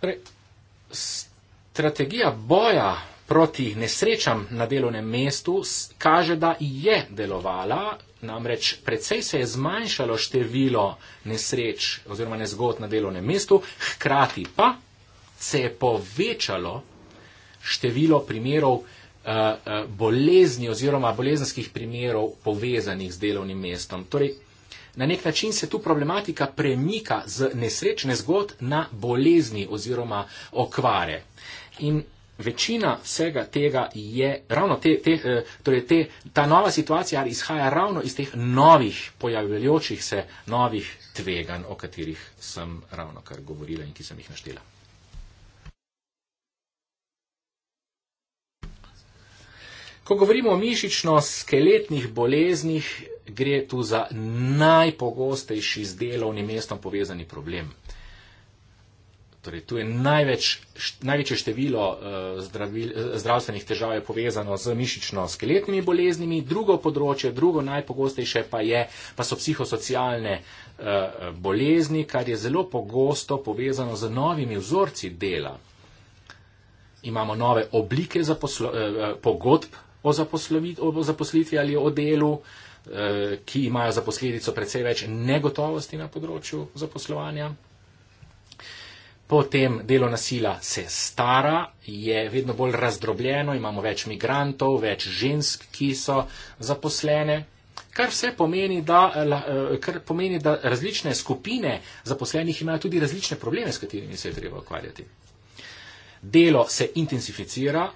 Pre, torej, s Strategija boja proti nesrečam na delovnem mestu kaže, da je delovala, namreč precej se je zmanjšalo število nesreč oziroma nezgod na delovnem mestu, hkrati pa se je povečalo število primerov uh, bolezni oziroma bolezenskih primerov povezanih z delovnim mestom. Torej, na nek način se tu problematika premika z nesrečne zgod na bolezni oziroma okvare. In večina vsega tega je ravno te, te, eh, torej te, ta nova situacija izhaja ravno iz teh novih, pojavljajočih se novih tveganj, o katerih sem ravno kar govorila in ki sem jih naštela. Ko govorimo o mišično-skeletnih boleznih, gre tu za najpogostejši z delovnim mestom povezani problem. Torej, tu je največ, največje število eh, zdravil, eh, zdravstvenih težav povezano z mišično-skeletnimi boleznimi. Drugo področje, drugo najpogostejše pa, je, pa so psihosocialne eh, bolezni, kar je zelo pogosto povezano z novimi vzorci dela. Imamo nove oblike zaposlo, pogodb o, zaposlovi, o zaposlitvi ali o delu, ki imajo za posledico precej več negotovosti na področju zaposlovanja. Potem delovna sila se stara, je vedno bolj razdrobljeno, imamo več migrantov, več žensk, ki so zaposlene, kar vse pomeni, da, eh, kar pomeni, da različne skupine zaposlenih imajo tudi različne probleme, s katerimi se je treba ukvarjati. Delo se intensificira,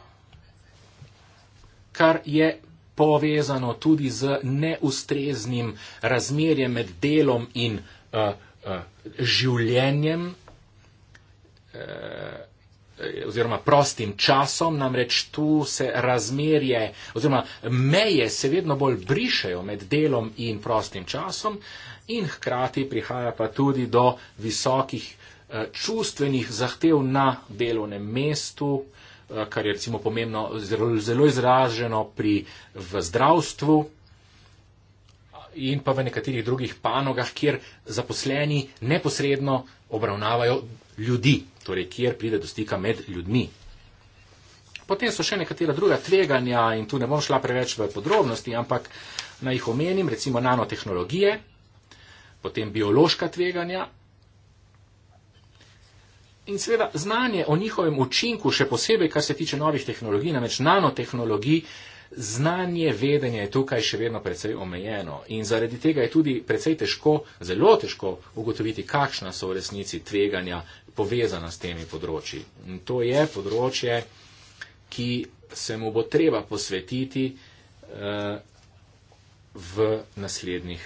kar je povezano tudi z neustreznim razmerjem med delom in uh, uh, življenjem Eh, oziroma prostim časom, namreč tu se razmerje oziroma meje se vedno bolj brišejo med delom in prostim časom in hkrati prihaja pa tudi do visokih eh, čustvenih zahtev na delovnem mestu, eh, kar je recimo pomembno, zelo, zelo izraženo pri v zdravstvu in pa v nekaterih drugih panogah, kjer zaposleni neposredno obravnavajo ljudi torej kjer pride do stika med ljudmi. Potem so še nekatera druga tveganja in tu ne bom šla preveč v podrobnosti, ampak naj jih omenim, recimo nanotehnologije, potem biološka tveganja in seveda znanje o njihovem učinku, še posebej, kar se tiče novih tehnologij, namreč nanotehnologij, znanje, vedenje je tukaj še vedno precej omejeno in zaradi tega je tudi precej težko, zelo težko ugotoviti, kakšna so v resnici tveganja povezana s temi področji. In to je področje, ki se mu bo treba posvetiti eh, v naslednjih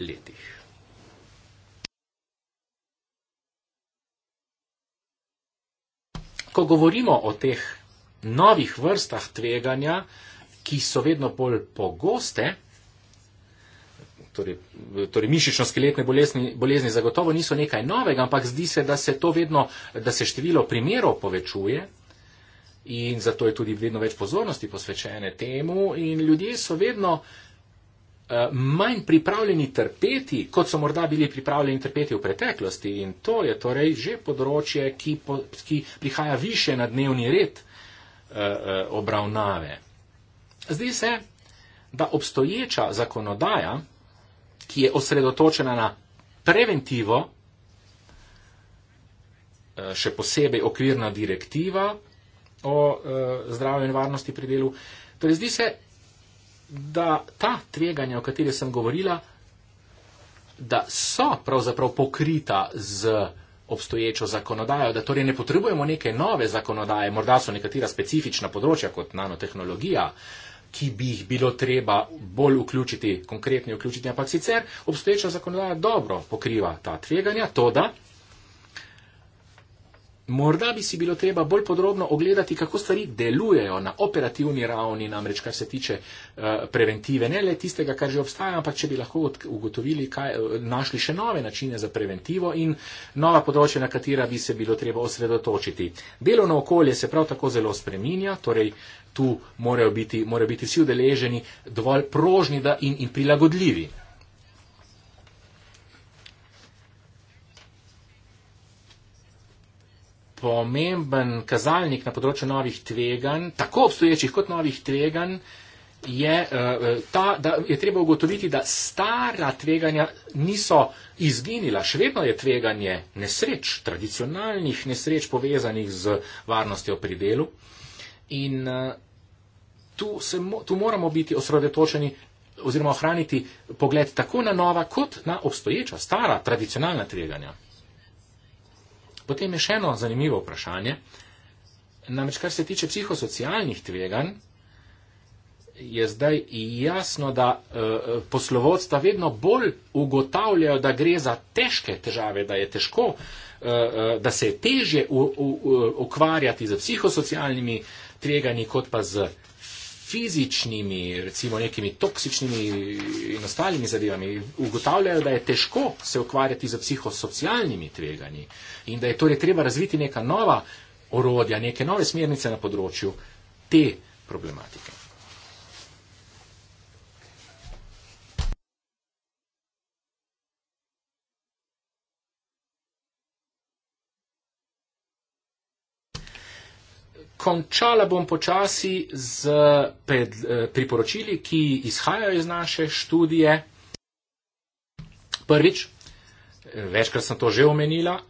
letih. Ko govorimo o teh novih vrstah tveganja, ki so vedno bolj pogoste, torej, torej mišično-skeletne bolezni, bolezni zagotovo niso nekaj novega, ampak zdi se, da se, vedno, da se število primerov povečuje in zato je tudi vedno več pozornosti posvečene temu in ljudje so vedno eh, manj pripravljeni trpeti, kot so morda bili pripravljeni trpeti v preteklosti. In to je torej že področje, ki, po, ki prihaja više na dnevni red uh, uh, obravnave. Zdi se, da obstoječa zakonodaja, ki je osredotočena na preventivo, eh, še posebej okvirna direktiva o eh, zdravju in varnosti pri delu, torej zdi se, da ta tveganja, o katerih sem govorila, da so pravzaprav pokrita z obstoječo zakonodajo, da torej ne potrebujemo neke nove zakonodaje, morda so nekatera specifična področja kot nanotehnologija, ki bi jih bilo treba bolj vključiti, konkretni vključiti, ampak sicer obstoječa zakonodaja dobro pokriva ta tveganja, to da Morda bi si bilo treba bolj podrobno ogledati, kako stvari delujejo na operativni ravni, namreč kar se tiče eh, preventive, ne le tistega, kar že obstaja, ampak če bi lahko ugotovili, kaj, eh, našli še nove načine za preventivo in nova področja, na katera bi se bilo treba osredotočiti. Delovno okolje se prav tako zelo spreminja, torej tu morajo biti, morajo biti vsi udeleženi dovolj prožni in, in prilagodljivi. pomemben kazalnik na področju novih tveganj, tako obstoječih kot novih tveganj, je eh, eh, ta, da je treba ugotoviti, da stara tveganja niso izginila. Še vedno je tveganje nesreč, tradicionalnih nesreč povezanih z varnostjo pri delu. In eh, tu, se, tu moramo biti osredotočeni oziroma ohraniti pogled tako na nova kot na obstoječa, stara, tradicionalna tveganja. Potem je še eno zanimivo vprašanje. Namreč, kar se tiče psihosocialnih tveganj, je zdaj jasno, da uh, poslovodstva vedno bolj ugotavljajo, da gre za težke težave, da je težko, uh, uh, da se je težje ukvarjati z psihosocialnimi tveganji, kot pa z fizičnimi, recimo nekimi toksičnimi in ostalimi zadevami, ugotavljajo, da je težko se ukvarjati z psihosocialnimi tveganji in da je torej treba razviti neka nova orodja, neke nove smernice na področju te problematike. končala bom počasi z ped, eh, priporočili, ki izhajajo iz naše študije. Prvič, eh, večkrat sem to že omenila,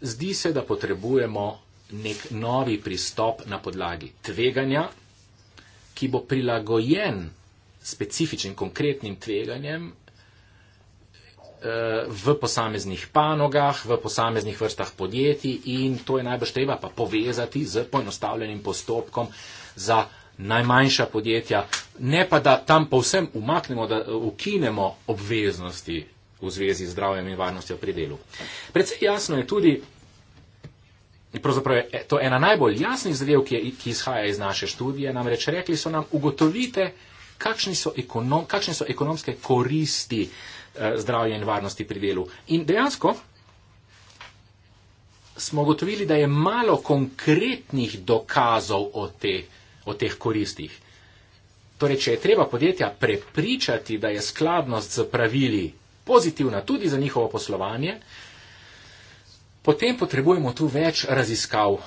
zdi se, da potrebujemo nek novi pristop na podlagi tveganja, ki bo prilagojen specifičnim konkretnim tveganjem Eh, v posameznih panogah, v posameznih vrstah podjetij in to je najbrž treba pa povezati z poenostavljenim postopkom za najmanjša podjetja, ne pa da tam povsem umaknemo, da eh, ukinemo obveznosti v zvezi z zdravjem in varnostjo pri delu. Predvsej jasno je tudi, pravzaprav je eh, to ena najbolj jasnih zadev, ki, je, ki izhaja iz naše študije, namreč rekli so nam, ugotovite, kakšne so, ekonom, so ekonomske koristi uh, Eh, zdravja in varnosti pri delu. In dejansko smo ugotovili, da je malo konkretnih dokazov o, te, o teh koristih. Torej, če je treba podjetja prepričati, da je skladnost z pravili pozitivna tudi za njihovo poslovanje, potem potrebujemo tu več raziskav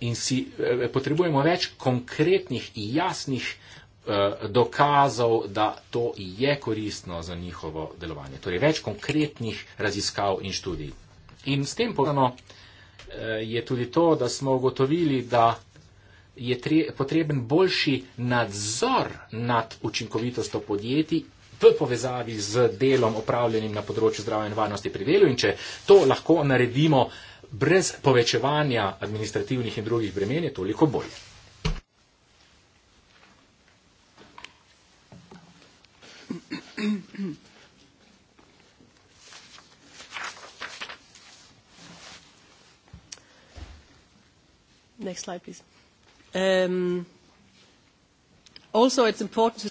in si, eh, potrebujemo več konkretnih, jasnih Eh, dokazov, da to je koristno za njihovo delovanje. Torej več konkretnih raziskav in študij. In s tem povedano eh, je tudi to, da smo ugotovili, da je potreben boljši nadzor nad učinkovitostjo podjetij v povezavi z delom opravljenim na področju zdravja in varnosti pri delu in če to lahko naredimo brez povečevanja administrativnih in drugih bremen, je toliko bolje. Next slide, please. Um, also it's important to...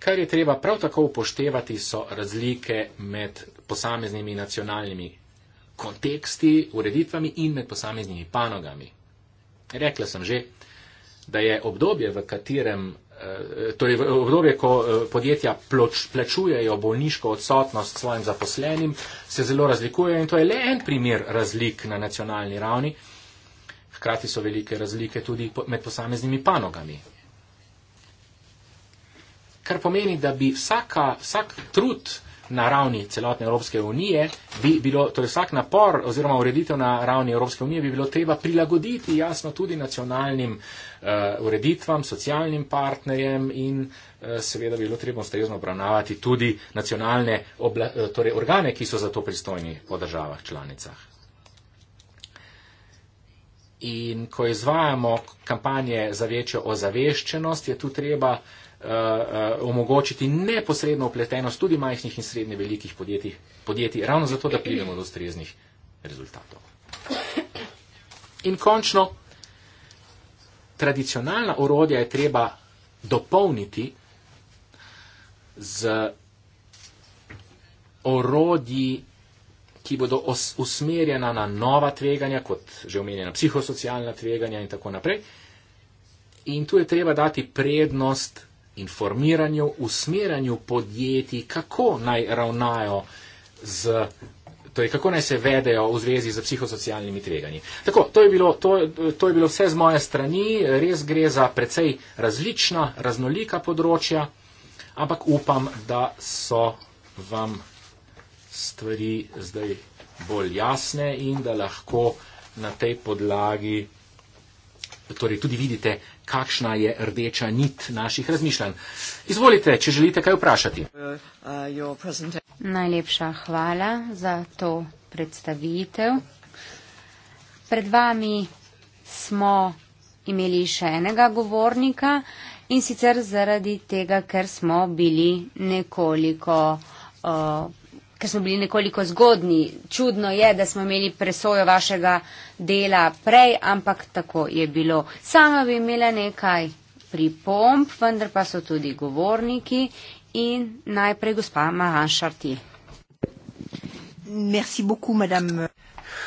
Kar je treba prav tako upoštevati, so razlike med posameznimi nacionalnimi konteksti, ureditvami in med posameznimi panogami. Rekla sem že, da je obdobje, v katerem Eh, torej v obdobje, ko eh, podjetja ploč, plačujejo bolniško odsotnost svojim zaposlenim, se zelo razlikujejo in to je le en primer razlik na nacionalni ravni. Hkrati so velike razlike tudi med posameznimi panogami. Kar pomeni, da bi vsaka, vsak trud, na ravni celotne Evropske unije, bi bilo, torej vsak napor oziroma ureditev na ravni Evropske unije bi bilo treba prilagoditi jasno tudi nacionalnim uh, ureditvam, socialnim partnerjem in uh, seveda bi bilo treba ustrezno obravnavati tudi nacionalne obla, uh, torej organe, ki so za to pristojni po državah članicah. In ko izvajamo kampanje za večjo ozaveščenost, je tu treba uh, uh, omogočiti neposredno upletenost tudi majhnih in srednje velikih podjetij, podjetij, ravno zato, da pridemo do ustreznih rezultatov. In končno, tradicionalna orodja je treba dopolniti z orodji, ki bodo os, usmerjena na nova tveganja, kot že omenjena psihosocialna tveganja in tako naprej. In tu je treba dati prednost informiranju, usmerjanju podjetij, kako naj ravnajo z. Torej, kako naj se vedejo v zvezi z psihosocialnimi tveganji. Tako, to, je bilo, to, to je bilo vse z moje strani, res gre za precej različna, raznolika področja, ampak upam, da so vam stvari zdaj bolj jasne in da lahko na tej podlagi torej, tudi vidite, kakšna je rdeča nit naših razmišljanj. Izvolite, če želite kaj vprašati. Uh, uh, Najlepša hvala za to predstavitev. Pred vami smo imeli še enega govornika in sicer zaradi tega, ker smo bili nekoliko uh, ker smo bili nekoliko zgodni. Čudno je, da smo imeli presojo vašega dela prej, ampak tako je bilo. Sama bi imela nekaj pripomp, vendar pa so tudi govorniki in najprej gospa Mahan Šarti.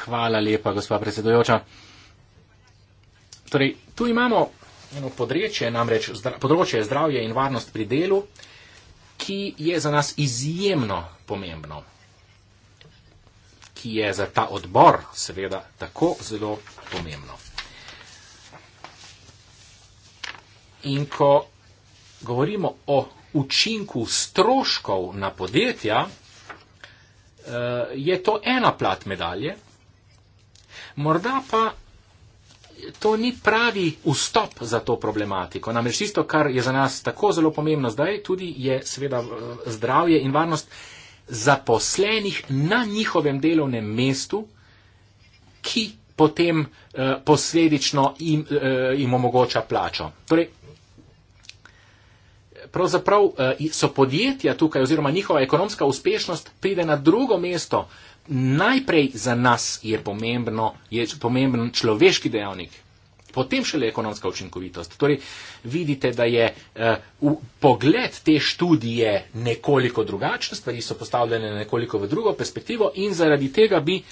Hvala lepa, gospa predsedojoča. Torej, tu imamo eno podrečje, namreč zdra, področje zdravje in varnost pri delu ki je za nas izjemno pomembno, ki je za ta odbor seveda tako zelo pomembno. In ko govorimo o učinku stroškov na podjetja, eh, je to ena plat medalje, morda pa to ni pravi vstop za to problematiko. Namreč tisto, kar je za nas tako zelo pomembno zdaj, tudi je seveda eh, zdravje in varnost zaposlenih na njihovem delovnem mestu, ki potem eh, posledično jim, eh, jim omogoča plačo. Torej, pravzaprav eh, so podjetja tukaj oziroma njihova ekonomska uspešnost pride na drugo mesto, eh, najprej za nas je, pomembno, je pomemben človeški dejavnik, potem šele ekonomska učinkovitost. Torej, vidite, da je uh, v, pogled te študije nekoliko drugačen, stvari so postavljene nekoliko v drugo perspektivo in zaradi tega bi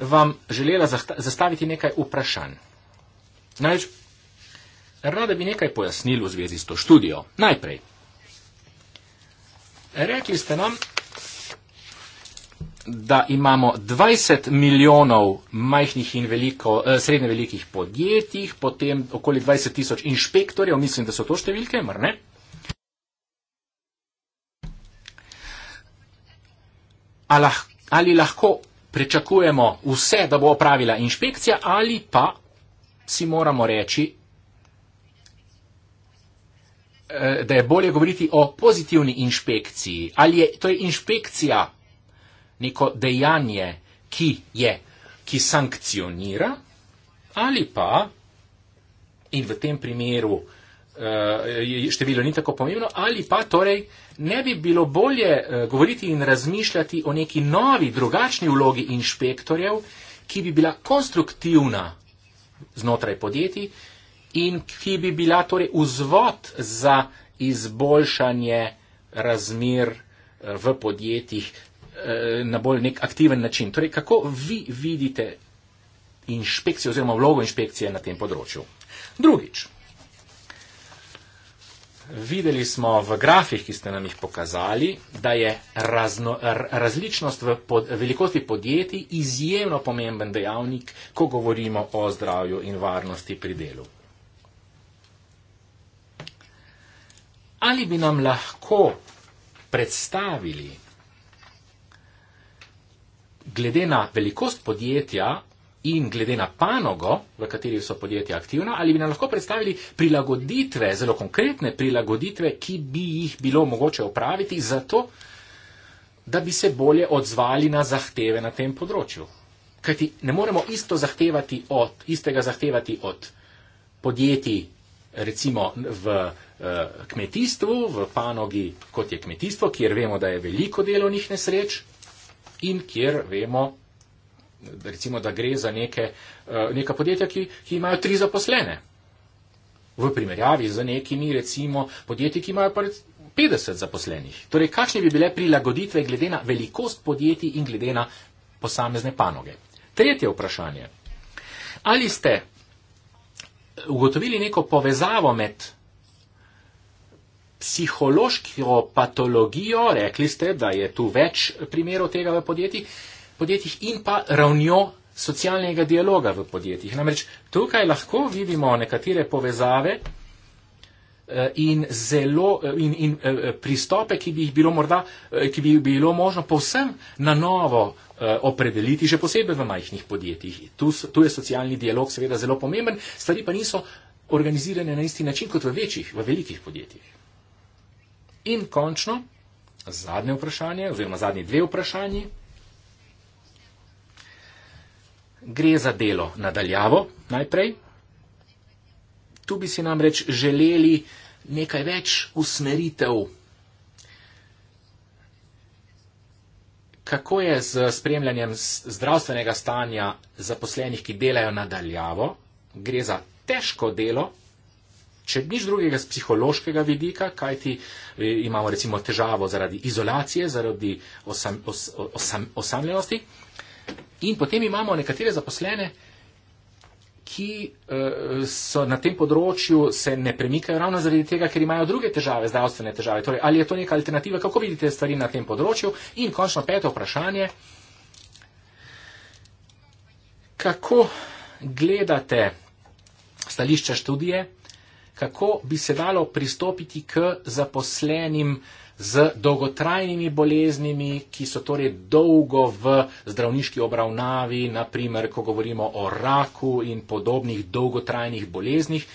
vam želela zahta, zastaviti nekaj vprašanj. Največ, rada bi nekaj pojasnil v zvezi s to študijo. Najprej. Rekli ste nam, da imamo 20 milijonov majhnih in veliko, eh, srednje velikih podjetij, potem okoli 20 tisoč inšpektorjev, mislim, da so to številke, mr ne? Ali lahko pričakujemo vse, da bo opravila inšpekcija, ali pa si moramo reči, eh, da je bolje govoriti o pozitivni inšpekciji. Ali je to je inšpekcija neko dejanje, ki je, ki sankcionira, ali pa, in v tem primeru eh, število ni tako pomembno, ali pa torej ne bi bilo bolje eh, govoriti in razmišljati o neki novi, drugačni vlogi inšpektorjev, ki bi bila konstruktivna znotraj podjetij in ki bi bila torej vzvod za izboljšanje razmer eh, v podjetjih Eh, na bolj nek aktiven način. Torej, kako vi vidite inšpekcijo oziroma vlogo inšpekcije na tem področju? Drugič, videli smo v grafih, ki ste nam jih pokazali, da je razno, različnost v pod, velikosti podjetij izjemno pomemben dejavnik, ko govorimo o zdravju in varnosti pri delu. Ali bi nam lahko predstavili glede na velikost podjetja in glede na panogo, v kateri so podjetja aktivna, ali bi nam lahko predstavili prilagoditve, zelo konkretne prilagoditve, ki bi jih bilo mogoče upraviti za to, da bi se bolje odzvali na zahteve na tem področju. Kajti ne moremo isto zahtevati od, istega zahtevati od podjetij, recimo v eh, kmetijstvu, v panogi, kot je kmetijstvo, kjer vemo, da je veliko delovnih nesreč, in kjer vemo, recimo, da gre za neke, eh, neka podjetja, ki, ki imajo tri zaposlene. V primerjavi z nekimi, recimo, podjetji, ki imajo pa 50 zaposlenih. Torej, kakšne bi bile prilagoditve glede na velikost podjetij in glede na posamezne panoge? Tretje vprašanje. Ali ste ugotovili neko povezavo med psihološko patologijo, rekli ste, da je tu več primerov tega v podjetjih, podjetjih in pa ravnjo socialnega dialoga v podjetjih. Namreč tukaj lahko vidimo nekatere povezave eh, in, zelo, eh, in, in eh, pristope, ki bi jih bilo, morda, ki bi bilo možno povsem na novo opredeliti, že posebej v majhnih podjetjih. Tu, tu je socialni dialog seveda zelo pomemben, stvari pa niso organizirane na isti način kot v večjih, v velikih podjetjih. In končno, zadnje vprašanje, oziroma zadnji dve vprašanji. Gre za delo nadaljavo najprej. Tu bi si namreč želeli nekaj več usmeritev. Kako je z spremljanjem zdravstvenega stanja zaposlenih, ki delajo nadaljavo? Gre za težko delo, Če nič drugega z psihološkega vidika, kaj ti eh, imamo recimo težavo zaradi izolacije, zaradi osam, os, osam, osamljenosti. In potem imamo nekatere zaposlene, ki eh, so na tem področju se ne premikajo ravno zaradi tega, ker imajo druge težave, zdravstvene težave. Torej, ali je to neka alternativa, kako vidite stvari na tem področju? In končno peto vprašanje. Kako gledate stališča študije? kako bi se dalo pristopiti k zaposlenim z dolgotrajnimi boleznimi, ki so torej dolgo v zdravniški obravnavi, naprimer, ko govorimo o raku in podobnih dolgotrajnih boleznih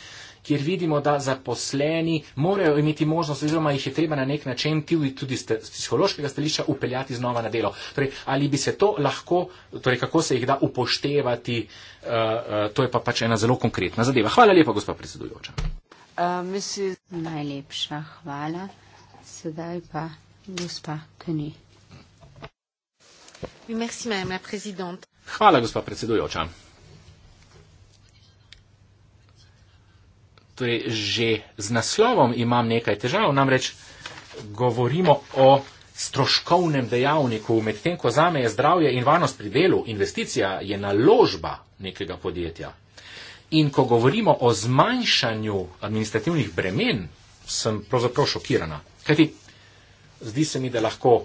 kjer vidimo, da zaposleni morajo imeti možnost, oziroma jih je treba na nek način tudi, tudi z psihološkega stališča upeljati znova na delo. Torej, ali bi se to lahko, torej kako se jih da upoštevati, uh, uh, to je pa pač ena zelo konkretna zadeva. Hvala lepa, gospod predsedujoča. Najlepša hvala. Sedaj pa gospa Keni. Hvala, gospa predsedujoča. Torej, že z naslovom imam nekaj težav, namreč govorimo o stroškovnem dejavniku, medtem ko zame je zdravje in varnost pri delu, investicija je naložba nekega podjetja. In ko govorimo o zmanjšanju administrativnih bremen, sem pravzaprav šokirana. Kajti zdi se mi, da lahko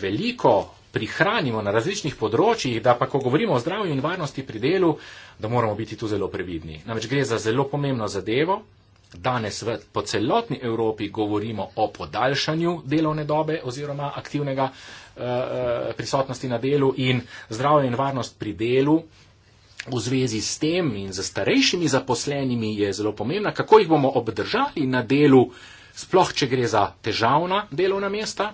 veliko prihranimo na različnih področjih, da pa ko govorimo o zdravju in varnosti pri delu, da moramo biti tu zelo previdni. Namreč gre za zelo pomembno zadevo. Danes v, po celotni Evropi govorimo o podaljšanju delovne dobe oziroma aktivnega uh, prisotnosti na delu in zdravje in varnost pri delu uh, v zvezi s tem in z starejšimi zaposlenimi je zelo pomembna, kako jih bomo obdržali na delu, sploh če gre za težavna delovna mesta.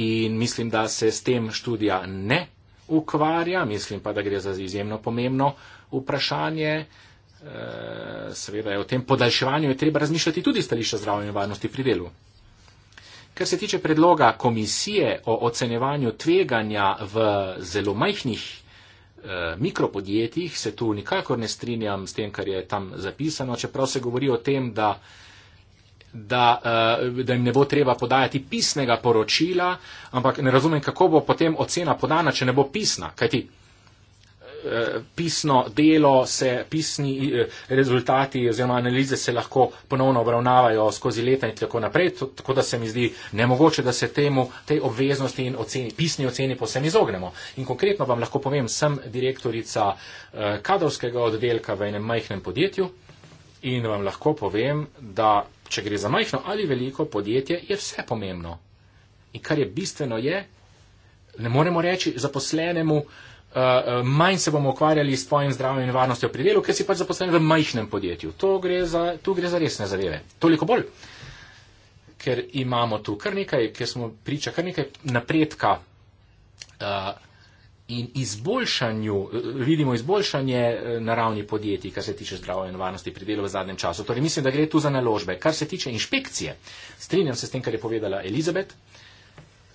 In mislim, da se s tem študija ne ukvarja, mislim pa, da gre za izjemno pomembno vprašanje. E, seveda je o tem podaljševanju treba razmišljati tudi stališča zdravja in varnosti pri delu. Kar se tiče predloga komisije o ocenjevanju tveganja v zelo majhnih Eh, mikropodjetjih, se tu nikakor ne strinjam s tem, kar je tam zapisano, čeprav se govori o tem, da, da, eh, da jim ne bo treba podajati pisnega poročila, ampak ne razumem, kako bo potem ocena podana, če ne bo pisna. Kajti, Eh, pisno delo, se pisni eh, rezultati oziroma analize se lahko ponovno obravnavajo skozi leta in tako naprej, tako da se mi zdi nemogoče, da se temu, tej obveznosti in oceni, pisni oceni posem izognemo. In konkretno vam lahko povem, sem direktorica eh, kadrovskega oddelka v enem majhnem podjetju in vam lahko povem, da če gre za majhno ali veliko podjetje, je vse pomembno. In kar je bistveno je, ne moremo reči zaposlenemu, Eh, eh, manj se bomo ukvarjali s tvojim zdravjem in varnostjo pri delu, ker si pač zaposlen v majhnem podjetju. Gre za, tu gre za resne zadeve. Toliko bolj, ker imamo tu kar nekaj, ker smo priča kar nekaj napredka uh, in izboljšanju, vidimo izboljšanje na ravni podjetij, kar se tiče zdravja in varnosti pri delu v zadnjem času. Torej mislim, da gre tu za naložbe. Kar se tiče inšpekcije, strinjam se s tem, kar je povedala Elizabeth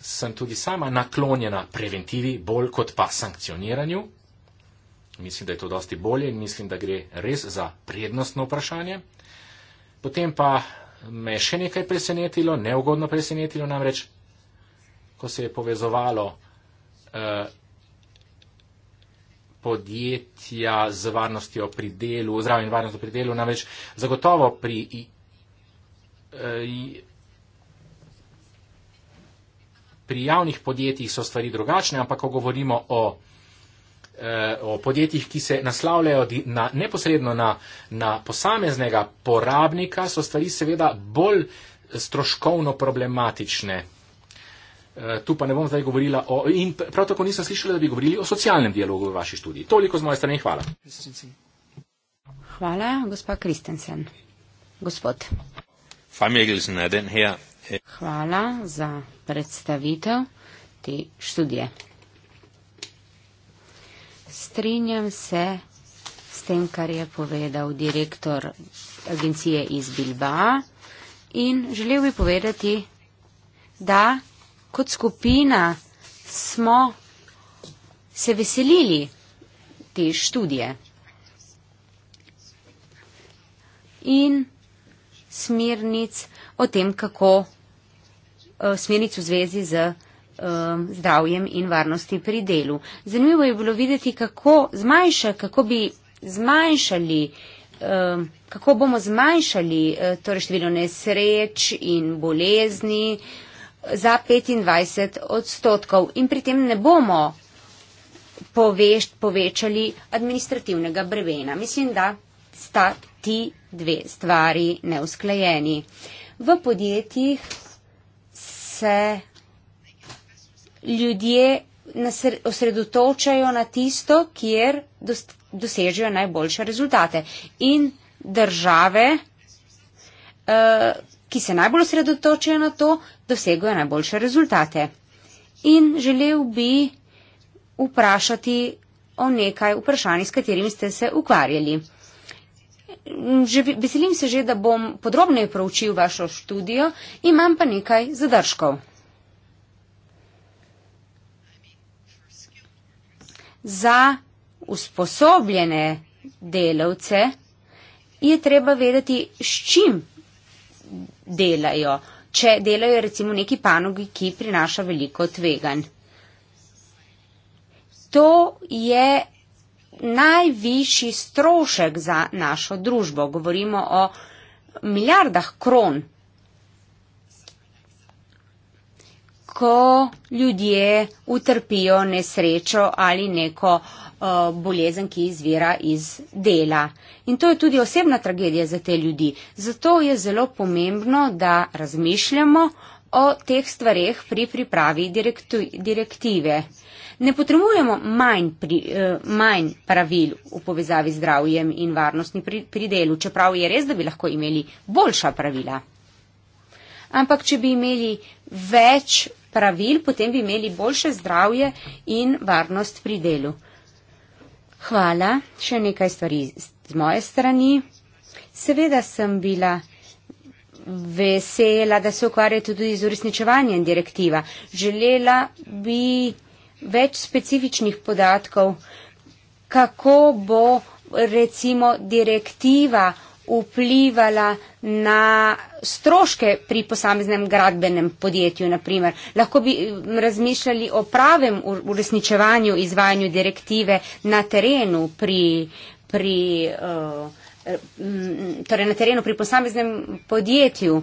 sem tudi sama naklonjena preventivi bolj kot pa sankcioniranju. Mislim, da je to dosti bolje in mislim, da gre res za prednostno vprašanje. Potem pa me je še nekaj presenetilo, neugodno presenetilo namreč, ko se je povezovalo eh, podjetja z varnostjo pri delu, zdravjem in varnostjo pri delu, namreč zagotovo pri. Eh, pri javnih podjetjih so stvari drugačne, ampak ko govorimo o, eh, o podjetjih, ki se naslavljajo na, neposredno na, na posameznega porabnika, so stvari seveda bolj stroškovno problematične. Eh, tu pa ne bom zdaj govorila o, in prav tako nisem slišala, da bi govorili o socialnem dialogu v vaši študiji. Toliko z moje strani, hvala. Hvala, gospod Kristensen. Gospod. Hvala za predstavitev te študije. Strinjam se s tem, kar je povedal direktor agencije iz Bilba in želel bi povedati, da kot skupina smo se veselili te študije. In smernic o tem, kako Eh, smernic v zvezi z eh, zdravjem in varnosti pri delu. Zanimivo je bilo videti, kako, zmanjša, kako, bi zmanjšali, eh, kako bomo zmanjšali torej število nesreč in bolezni za 25 odstotkov in pri tem ne bomo poveš, povečali administrativnega brevena. Mislim, da sta ti dve stvari neusklajeni. V podjetjih se ljudje osredotočajo na tisto, kjer dosežejo najboljše rezultate. In države, eh, ki se najbolj osredotočajo na to, dosegajo najboljše rezultate. In želel bi vprašati o nekaj vprašanji, s katerimi ste se ukvarjali že, veselim se že, da bom podrobneje proučil vašo študijo, imam pa nekaj zadržkov. Za usposobljene delavce je treba vedeti, s čim delajo, če delajo recimo neki panogi, ki prinaša veliko tveganj. To je najvišji strošek za našo družbo. Govorimo o milijardah kron. Ko ljudje utrpijo nesrečo ali neko uh, bolezen, ki izvira iz dela. In to je tudi osebna tragedija za te ljudi. Zato je zelo pomembno, da razmišljamo o teh stvareh pri pripravi direktu, direktive. Ne potrebujemo manj, pri, eh, manj pravil v povezavi z zdravjem in varnostni pri, pri delu, čeprav je res, da bi lahko imeli boljša pravila. Ampak, če bi imeli več pravil, potem bi imeli boljše zdravje in varnost pri delu. Hvala, še nekaj stvari z moje strani. Seveda sem bila vesela, da se ukvarjate tudi z uresničevanjem direktiva. Želela bi več specifičnih podatkov, kako bo recimo direktiva vplivala na stroške pri posameznem gradbenem podjetju, naprimer. Lahko bi mm, razmišljali o pravem uresničevanju izvajanju direktive na terenu pri, pri uh, Eh, mm, torej na terenu pri posameznem podjetju.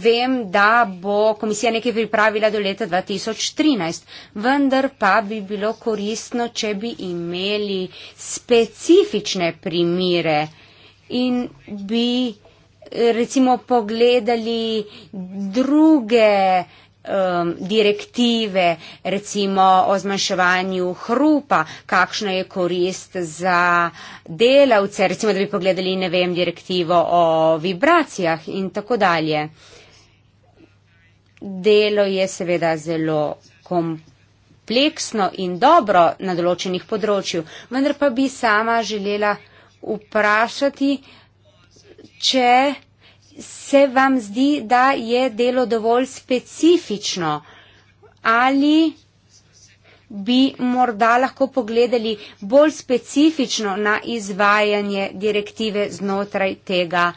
Vem, da bo komisija nekaj pripravila do leta 2013, vendar pa bi bilo koristno, če bi imeli specifične primire in bi recimo pogledali druge um, direktive, recimo o zmanjševanju hrupa, kakšna je korist za delavce, recimo da bi pogledali, ne vem, direktivo o vibracijah in tako dalje. Delo je seveda zelo kompleksno in dobro na določenih področju, vendar pa bi sama želela vprašati, če se vam zdi, da je delo dovolj specifično ali bi morda lahko pogledali bolj specifično na izvajanje direktive znotraj tega,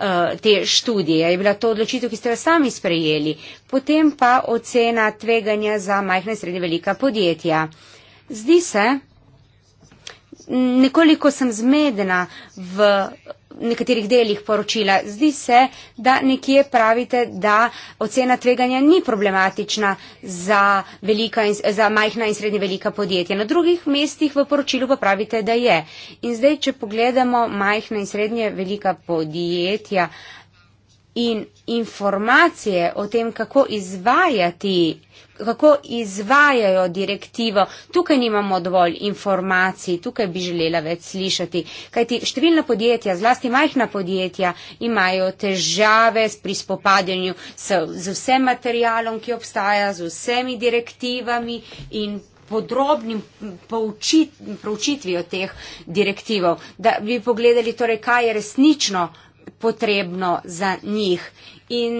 eh, te študije. Je bila to odločitev, ki ste jo sami sprejeli. Potem pa ocena tveganja za majhna in srednje velika podjetja. Zdi se, nekoliko sem zmedena v nekaterih delih poročila. Zdi se, da nekje pravite, da ocena tveganja ni problematična za, velika, za majhna in srednje velika podjetja. Na drugih mestih v poročilu pa pravite, da je. In zdaj, če pogledamo majhna in srednje velika podjetja, uh, in informacije o tem, kako izvajati, kako izvajajo direktivo. Tukaj nimamo dovolj informacij, tukaj bi želela več slišati. Kajti številna podjetja, zlasti majhna podjetja, imajo težave s prispopadenju s, z vsem materialom, ki obstaja, z vsemi direktivami in podrobnim poučit, proučitvijo teh direktivov. Da bi pogledali, torej, kaj je resnično potrebno za njih. In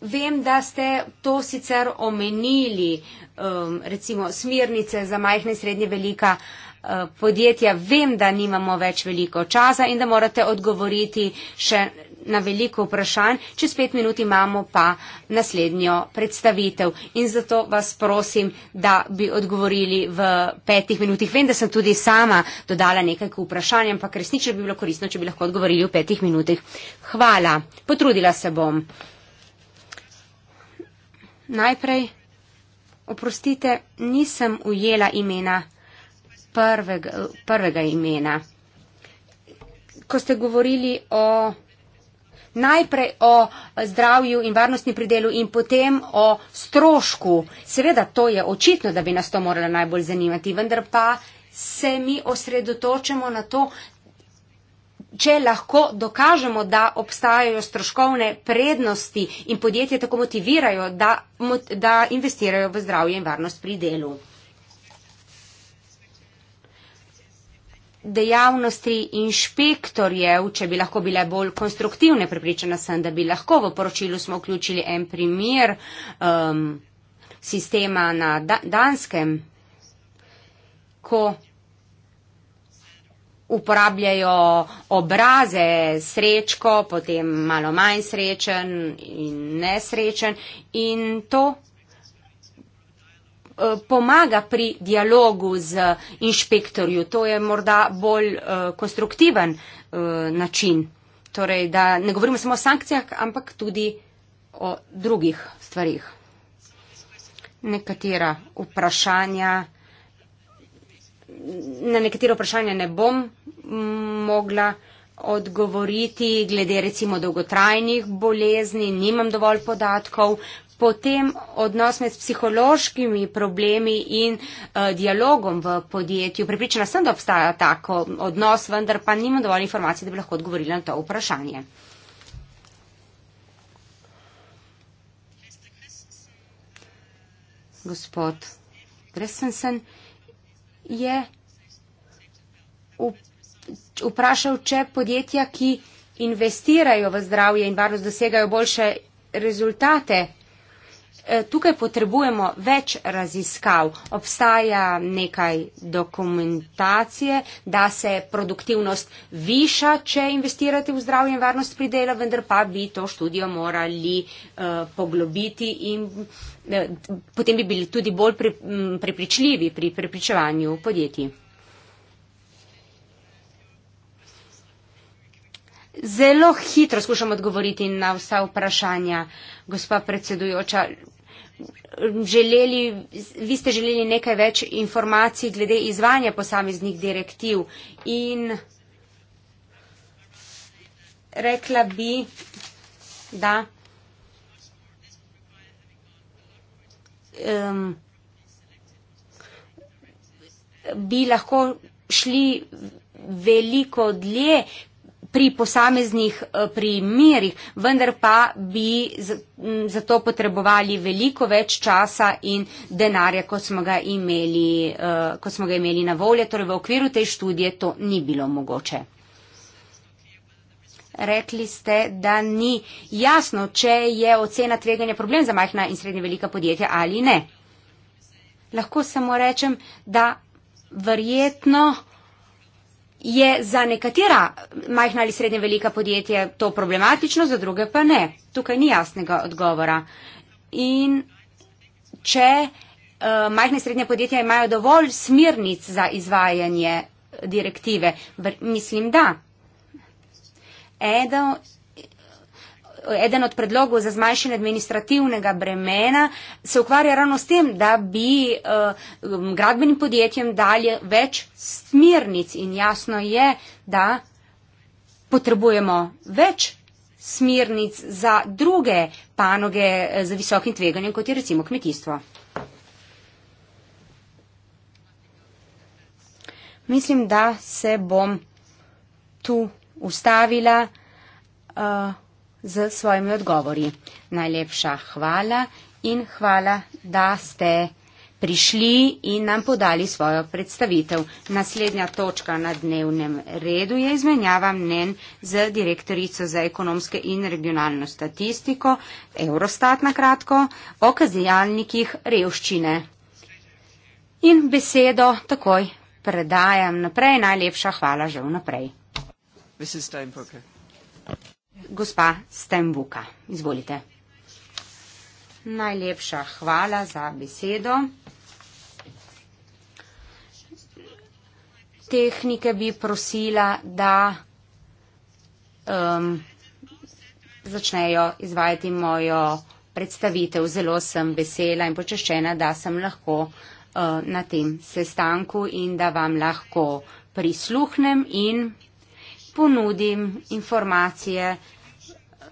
vem, da ste to sicer omenili, um, recimo smirnice za majhne in srednje velika uh, podjetja. Vem, da nimamo več veliko časa in da morate odgovoriti še na veliko vprašanj. Čez pet minut imamo pa naslednjo predstavitev in zato vas prosim, da bi odgovorili v petih minutih. Vem, da sem tudi sama dodala nekaj vprašanj, ampak resnično bi bilo korisno, če bi lahko odgovorili v petih minutih. Hvala, potrudila se bom. Najprej, oprostite, nisem ujela imena prvega, prvega imena. Ko ste govorili o najprej o zdravju in varnostni pridelu in potem o strošku. Seveda to je očitno, da bi nas to moralo najbolj zanimati, vendar pa se mi osredotočamo na to, če lahko dokažemo, da obstajajo stroškovne prednosti in podjetje tako motivirajo, da, da investirajo v zdravje in varnost pri delu. dejavnosti inšpektorjev, če bi lahko bile bolj konstruktivne, pripričana sem, da bi lahko v poročilu smo vključili en primer um, sistema na da Danskem, ko uporabljajo obraze srečko, potem malo manj srečen in nesrečen in to Eh, pomaga pri dialogu z inšpektorju. To je morda bolj eh, konstruktiven eh, način. Torej, da ne govorimo samo o sankcijah, ampak tudi o drugih stvarih. Nekatera vprašanja. Na nekatero vprašanje ne bom mm, mogla odgovoriti, glede recimo dolgotrajnih bolezni, nimam dovolj podatkov, potem odnos med psihološkimi problemi in uh, dialogom v podjetju. Prepričana sem, da obstaja tako odnos, vendar pa nimam dovolj informacij, da bi lahko odgovorila na to vprašanje. Gospod Kresensen je vprašal, če podjetja, ki investirajo v zdravje in varnost, dosegajo boljše rezultate Eh, tukaj potrebujemo več raziskav. Obstaja nekaj dokumentacije, da se produktivnost viša, če investirate v zdravje in varnost pri delu, vendar pa bi to študijo morali eh, poglobiti in eh, potem bi bili tudi bolj prepričljivi pri prepričevanju podjetij. Zelo hitro skušam odgovoriti na vsa vprašanja, gospa predsedujoča želeli, vi ste želeli nekaj več informacij glede izvanja posameznih direktiv in rekla bi, da um, bi lahko šli veliko dlje, pri posameznih eh, primerjih, vendar pa bi zato potrebovali veliko več časa in denarja, kot smo ga imeli, eh, kot smo ga imeli na volje. Torej v okviru te študije to ni bilo mogoče. Rekli ste, da ni jasno, če je ocena tveganja problem za majhna in srednje velika podjetja ali ne. Lahko samo rečem, da verjetno je za nekatera majhna ali srednje velika podjetja to problematično, za druge pa ne. Tukaj ni jasnega odgovora. In če uh, eh, majhne srednje podjetja imajo dovolj smirnic za izvajanje direktive, br- mislim da. Edo eden od predlogov za zmanjšanje administrativnega bremena se ukvarja ravno s tem, da bi eh, gradbenim podjetjem dalje več smernic in jasno je, da potrebujemo več smernic za druge panoge eh, z visokim tveganjem, kot je recimo kmetijstvo. Mislim, da se bom tu ustavila. Uh z svojimi odgovori. Najlepša hvala in hvala, da ste prišli in nam podali svojo predstavitev. Naslednja točka na dnevnem redu je izmenjava mnen z direktorico za ekonomske in regionalno statistiko, Eurostat na kratko, o kazijalnikih revščine. In besedo takoj predajam naprej. Najlepša hvala že vnaprej. This is Dame Booker. Gospa Stembuka, izvolite. Najlepša hvala za besedo. Tehnike bi prosila, da um, začnejo izvajati mojo predstavitev. Zelo sem vesela in počaščena, da sem lahko uh, na tem sestanku in da vam lahko prisluhnem in ponudim informacije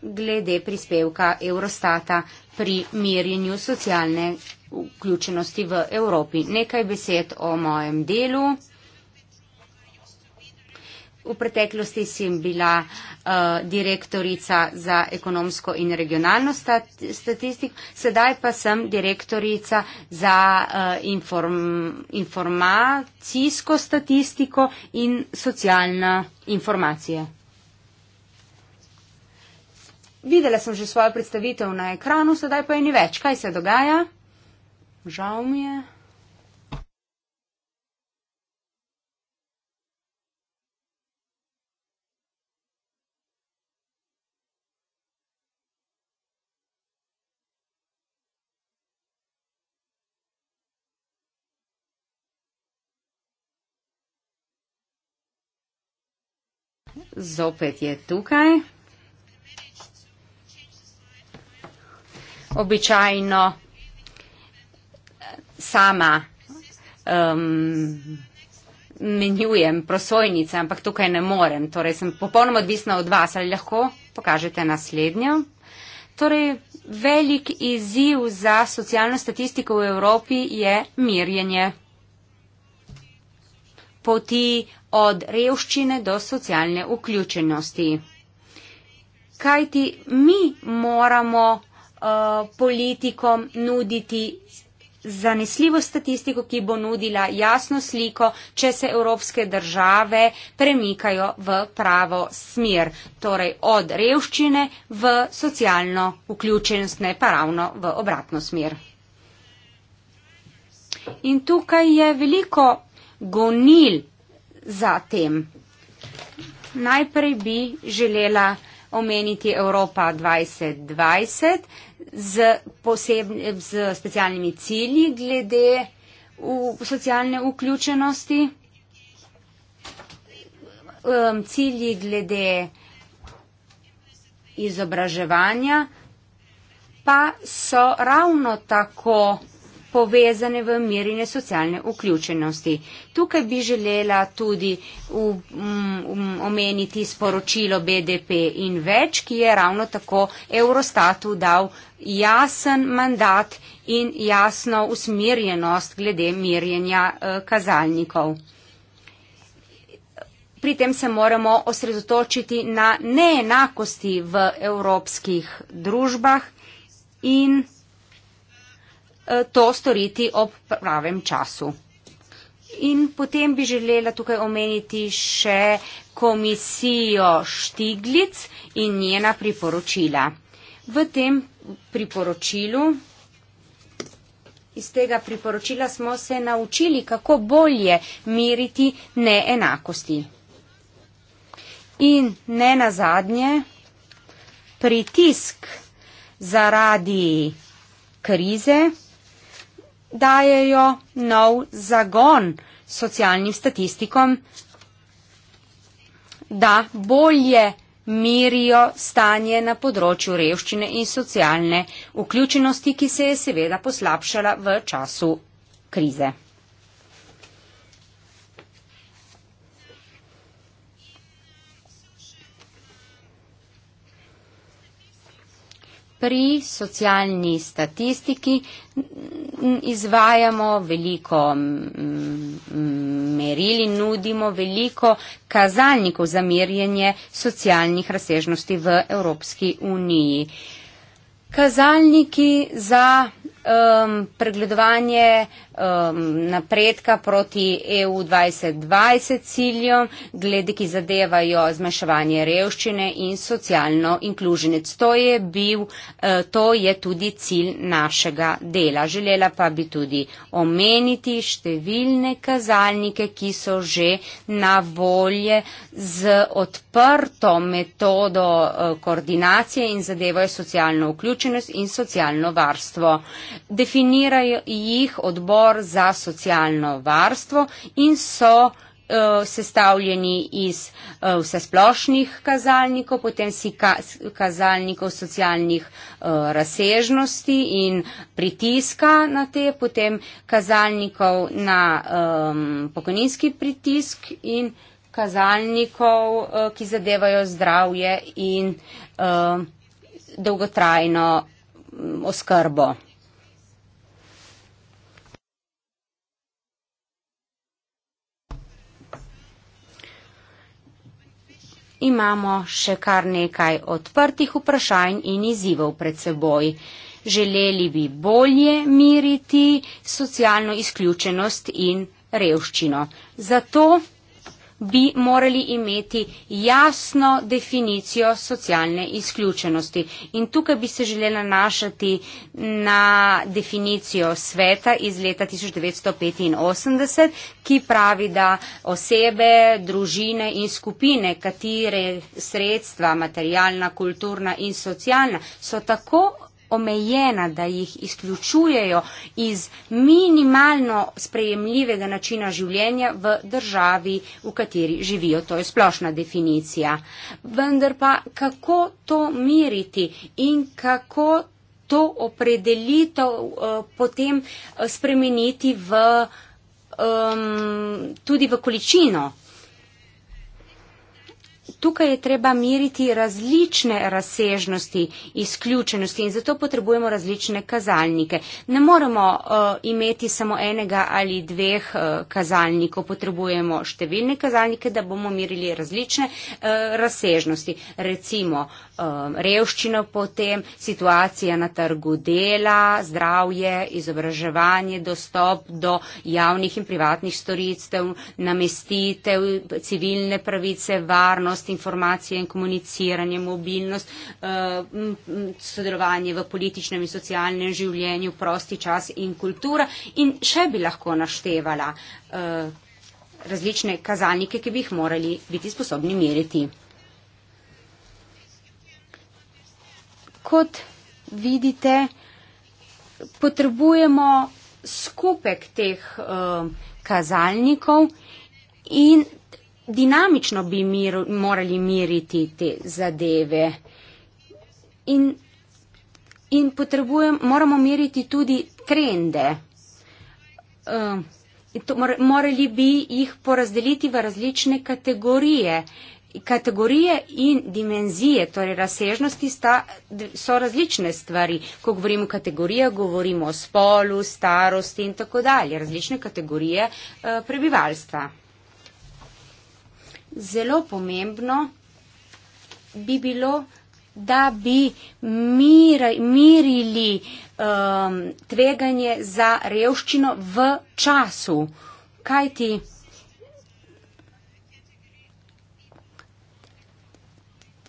glede prispevka Eurostata pri merjenju socialne vključenosti v Evropi. Nekaj besed o mojem delu. V preteklosti sem bila uh, direktorica za ekonomsko in regionalno stat statistiko, sedaj pa sem direktorica za uh, inform informacijsko statistiko in socialno informacije. Videla sem že svojo predstavitev na ekranu, sedaj pa je ni več. Kaj se dogaja? Žal mi je. zopet je tukaj. Običajno eh, sama um, menjujem prosojnice, ampak tukaj ne morem. Torej, sem popolnoma odvisna od vas, ali lahko pokažete naslednjo. Torej, velik izziv za socialno statistiko v Evropi je mirjenje poti od revščine do socialne vključenosti. Kaj ti mi moramo uh, politikom nuditi zanesljivo statistiko, ki bo nudila jasno sliko, če se evropske države premikajo v pravo smer, torej od revščine v socialno vključenost, ne pa ravno v obratno smer. In tukaj je veliko gonili za tem. Najprej bi želela omeniti Evropa 2020 z, posebn, z specialnimi cilji glede v, socialne vključenosti, um, cilji glede izobraževanja, pa so ravno tako povezane v merine socialne vključenosti. Tukaj bi želela tudi v, um, um, omeniti sporočilo BDP in več, ki je ravno tako Eurostatu dal jasen mandat in jasno usmirjenost glede merjenja uh, eh, kazalnikov. Pri tem se moramo osredotočiti na neenakosti v evropskih družbah in Eh, to storiti ob pravem času. In potem bi želela tukaj omeniti še komisijo Štiglic in njena priporočila. V tem priporočilu, iz tega priporočila smo se naučili, kako bolje miriti neenakosti. In ne nazadnje, pritisk zaradi krize dajejo nov zagon socialnim statistikom, da bolje merijo stanje na področju revščine in socialne vključenosti, ki se je seveda poslabšala v času krize. pri socialni statistiki izvajamo veliko meril in nudimo veliko kazalnikov za merjenje socialnih razsežnosti v Evropski uniji. Kazalniki za um, pregledovanje um, napredka proti EU 2020 ciljem, glede ki zadevajo zmanjševanje revščine in socialno inkluženec. To je, bil, uh, to je tudi cilj našega dela. Želela pa bi tudi omeniti številne kazalnike, ki so že na volje z odprto metodo uh, koordinacije in zadevajo socialno vključenost in socialno varstvo. Uh, definirajo jih odbor za socialno varstvo in so eh, sestavljeni iz eh, vsesplošnih kazalnikov, potem si kazalnikov socialnih eh, razsežnosti in pritiska na te, potem kazalnikov na ehm, pokojninski pritisk in kazalnikov, ki zadevajo zdravje in dolgotrajno mm, oskrbo. imamo še kar nekaj odprtih vprašanj in izzivov pred seboj. Želeli bi bolje miriti socialno izključenost in revščino. Zato bi morali imeti jasno definicijo socialne izključenosti. In tukaj bi se želela našati na definicijo sveta iz leta 1985, ki pravi, da osebe, družine in skupine, katere sredstva, materialna, kulturna in socialna, so tako omejena, da jih izključujejo iz minimalno sprejemljivega načina življenja v državi, v kateri živijo. To je splošna definicija. Vendar pa kako to miriti in kako to opredelitev uh, potem eh, spremeniti v, um, tudi v količino tukaj je treba meriti različne razsežnosti izključenosti in zato potrebujemo različne kazalnike. Ne moramo uh, eh, imeti samo enega ali dveh uh, kazalnikov, potrebujemo številne kazalnike, da bomo merili različne uh, razsežnosti. Recimo, uh, um, revščino potem, situacija na trgu dela, zdravje, izobraževanje, dostop do javnih in privatnih storitev, namestitev, civilne pravice, varnost, informacije in komuniciranje, mobilnost, um, sodelovanje v političnem in socialnem življenju, prosti čas in kultura in še bi lahko naštevala. Uh, različne kazalnike, ki bi jih morali biti sposobni meriti. kot vidite, potrebujemo skupek teh eh, kazalnikov in dinamično bi miru, morali miriti te zadeve. In, in moramo miriti tudi trende. Uh, morali bi jih porazdeliti v različne kategorije. Uh, kategorije in dimenzije, torej razsežnosti, sta, so različne stvari. Ko govorimo o kategorijah, govorimo o spolu, starosti in tako dalje, različne kategorije eh, prebivalstva. Zelo pomembno bi bilo, da bi mir, mirili eh, tveganje za revščino v času. Kaj ti?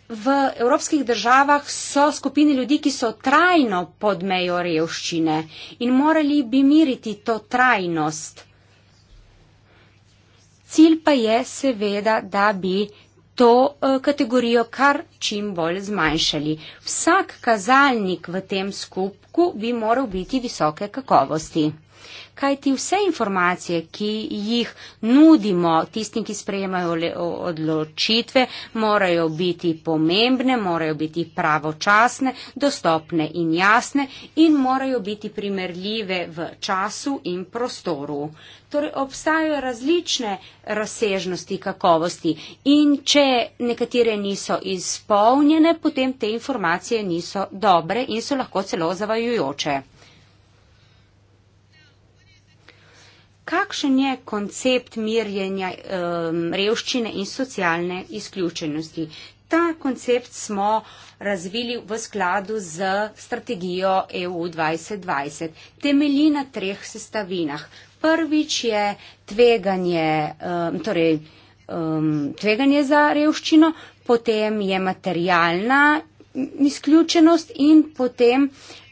v evropskih državah so skupine ljudi, ki so trajno pod mejo revščine in morali bi miriti to trajnost. Cilj pa je seveda, da bi to eh, kategorijo kar čim bolj zmanjšali. Vsak kazalnik v tem skupku bi moral biti visoke kakovosti kaj ti vse informacije, ki jih nudimo tistim, ki sprejemajo odločitve, morajo biti pomembne, morajo biti pravočasne, dostopne in jasne in morajo biti primerljive v času in prostoru. Torej, obstajajo različne razsežnosti kakovosti in če nekatere niso izpolnjene, potem te informacije niso dobre in so lahko celo zavajujoče. kakšen je koncept mirjenja um, revščine in socialne izključenosti. Ta koncept smo razvili v skladu z strategijo EU 2020. Temelji na treh sestavinah. Prvič je tveganje, um, torej, um, tveganje za revščino, potem je materialna izključenost in potem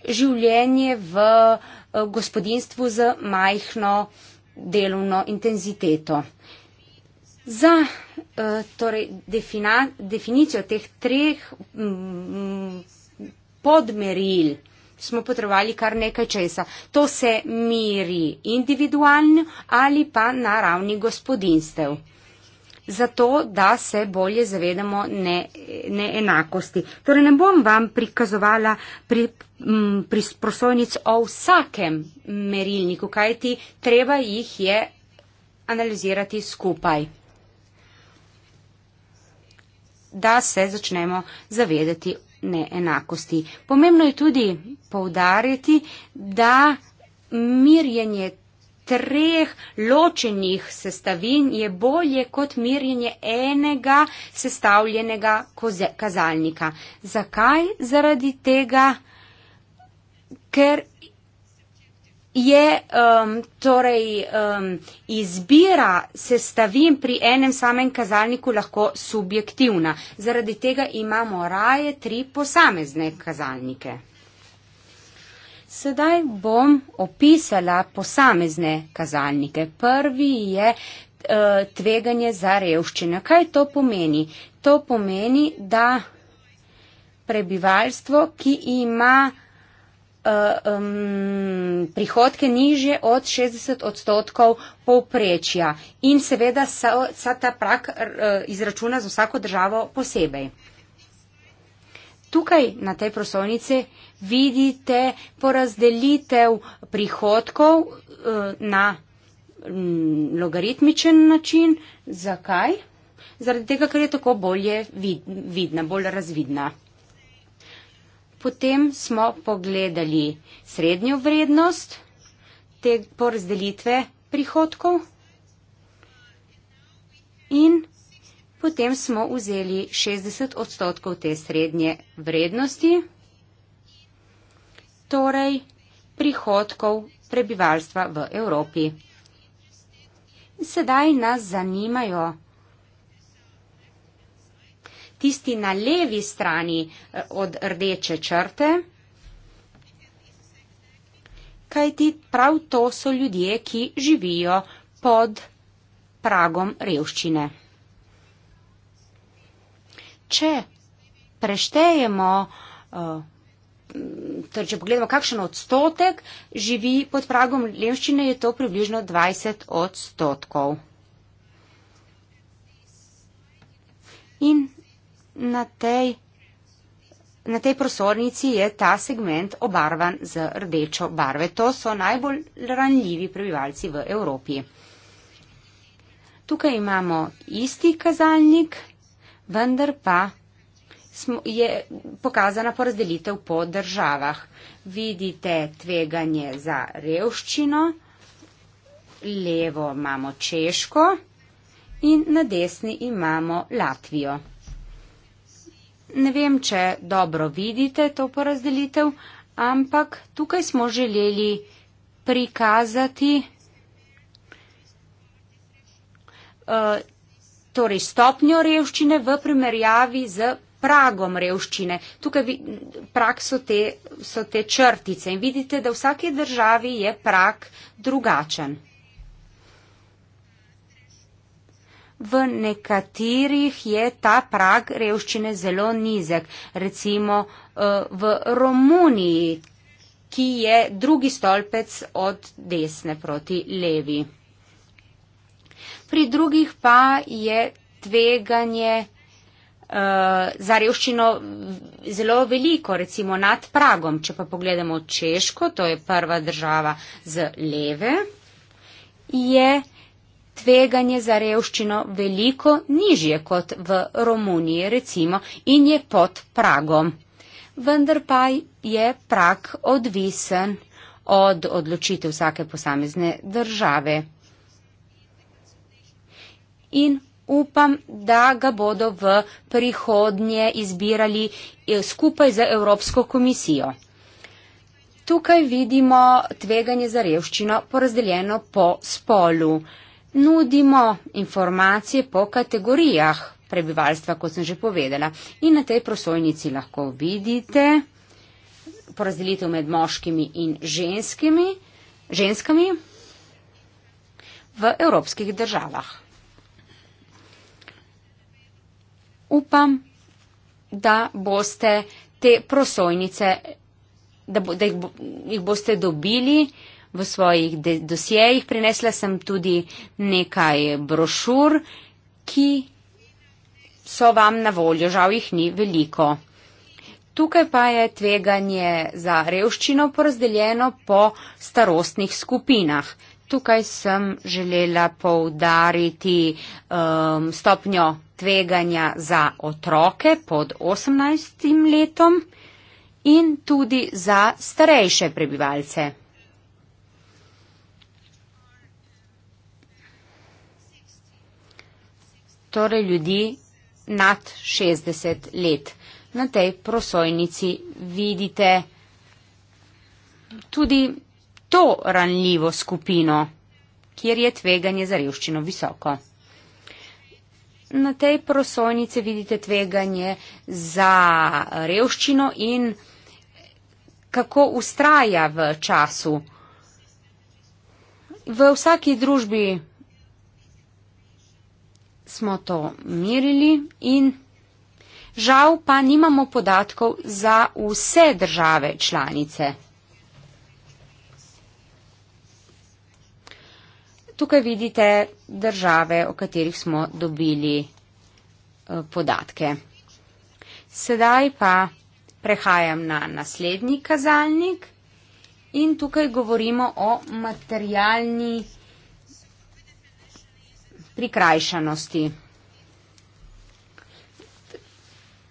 življenje v uh, gospodinstvu z majhno uh, delovno intenziteto. Za eh, torej, defina, definicijo teh treh mm, podmeril smo potrebovali kar nekaj česa. To se miri individualno ali pa na ravni gospodinstev zato da se bolje zavedamo neenakosti. Ne torej ne bom vam prikazovala pri, m, prisprosojnic o vsakem merilniku, kajti treba jih je analizirati skupaj, da se začnemo zavedati neenakosti. Pomembno je tudi poudariti, da mirjenje treh ločenih sestavin je bolje kot merjenje enega sestavljenega kazalnika. Zakaj? Zaradi tega, ker je um, torej, um, izbira sestavin pri enem samem kazalniku lahko subjektivna. Zaradi tega imamo raje tri posamezne kazalnike. Sedaj bom opisala posamezne kazalnike. Prvi je eh, tveganje za revščino. Kaj to pomeni? To pomeni, da prebivalstvo, ki ima uh, um, prihodke niže od 60 odstotkov povprečja in seveda sa, sa ta prak uh, eh, izračuna z vsako državo posebej. Tukaj na tej prosovnici vidite porazdelitev prihodkov eh, na mm, logaritmičen način. Zakaj? Zaradi tega, ker je tako bolje vidna, bolj razvidna. Potem smo pogledali srednjo vrednost te porazdelitve prihodkov in potem smo vzeli 60 odstotkov te srednje vrednosti, torej prihodkov prebivalstva v Evropi. Sedaj nas zanimajo tisti na levi strani eh, od rdeče črte, kajti prav to so ljudje, ki živijo pod pragom revščine če preštejemo, eh, torej če pogledamo, kakšen odstotek živi pod pragom levščine, je to približno 20 odstotkov. In na tej, na tej prosornici je ta segment obarvan z rdečo barve. To so najbolj ranljivi prebivalci v Evropi. Tukaj imamo isti kazalnik vendar pa je pokazana porazdelitev po državah. Vidite tveganje za revščino, levo imamo Češko in na desni imamo Latvijo. Ne vem, če dobro vidite to porazdelitev, ampak tukaj smo želeli prikazati eh, torej stopnjo revščine v primerjavi z pragom revščine. Tukaj vi, prak so te, so te črtice in vidite, da v vsaki državi je prak drugačen. V nekaterih je ta prag revščine zelo nizek. Recimo eh, v Romuniji, ki je drugi stolpec od desne proti levi pri drugih pa je tveganje uh, za revščino zelo veliko, recimo nad pragom. Če pa pogledamo Češko, to je prva država z leve, je tveganje za revščino veliko nižje kot v Romuniji, recimo, in je pod pragom. Vendar pa je prak odvisen od odločitev vsake posamezne države in upam, da ga bodo v prihodnje izbirali eh, skupaj z Evropsko komisijo. Tukaj vidimo tveganje za revščino porazdeljeno po spolu. Nudimo informacije po kategorijah prebivalstva, kot sem že povedala. In na tej prosojnici lahko vidite porazdelitev med moškimi in ženskimi, ženskami v evropskih državah. upam, da boste te prosojnice, da, bo, da jih, bo, jih boste dobili v svojih de, dosjejih. Prinesla sem tudi nekaj brošur, ki so vam na voljo, žal jih ni veliko. Tukaj pa je tveganje za revščino porazdeljeno po starostnih skupinah tukaj sem želela poudariti um, stopnjo tveganja za otroke pod 18 letom in tudi za starejše prebivalce. Torej ljudi nad 60 let. Na tej prosojnici vidite tudi to ranljivo skupino, kjer je tveganje za revščino visoko. Na tej prosojnici vidite tveganje za revščino in kako ustraja v času. V vsaki družbi smo to merili in žal pa nimamo podatkov za vse države članice. tukaj vidite države, o katerih smo dobili eh, podatke. Sedaj pa prehajam na naslednji kazalnik in tukaj govorimo o materialni prikrajšanosti.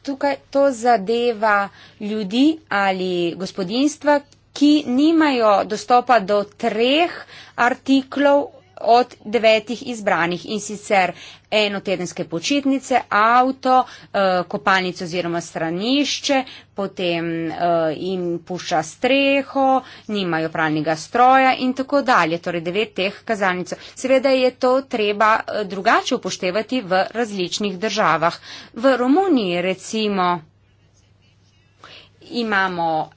Tukaj to zadeva ljudi ali gospodinstva, ki nimajo dostopa do treh artiklov od devetih izbranih in sicer eno tedenske počitnice, avto, eh, kopalnico oziroma stranišče, potem eh, jim puša streho, nimajo pravnega stroja in tako dalje, torej devet teh kazalnicov. Seveda je to treba eh, drugače upoštevati v različnih državah. V Romuniji recimo imamo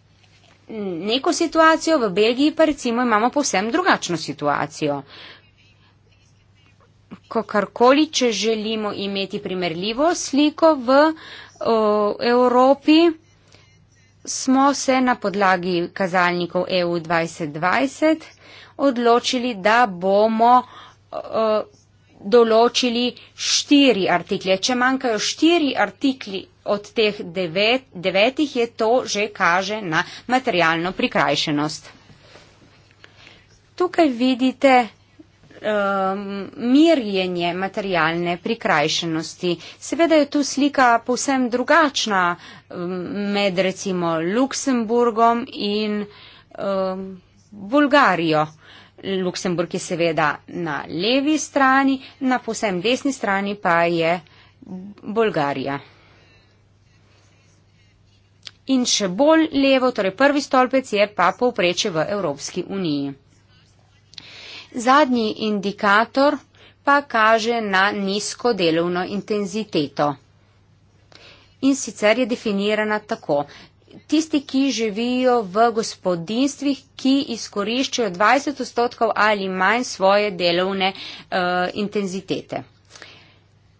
neko situacijo, v Belgiji pa recimo imamo povsem drugačno situacijo kakorkoli, če želimo imeti primerljivo sliko v o, Evropi, smo se na podlagi kazalnikov EU 2020 odločili, da bomo o, določili štiri artikle. Če manjkajo štiri artikli od teh devet, devetih, je to že kaže na materialno prikrajšenost. Tukaj vidite, um, mirjenje materialne prikrajšenosti. Seveda je tu slika povsem drugačna um, med recimo Luksemburgom in um, Bulgarijo. Luksemburg je seveda na levi strani, na povsem desni strani pa je Bolgarija. In še bolj levo, torej prvi stolpec je pa povprečje v Evropski uniji. Zadnji indikator pa kaže na nizko delovno intenziteto. In sicer je definirana tako. Tisti, ki živijo v gospodinstvih, ki izkoriščajo 20 odstotkov ali manj svoje delovne uh, intenzitete.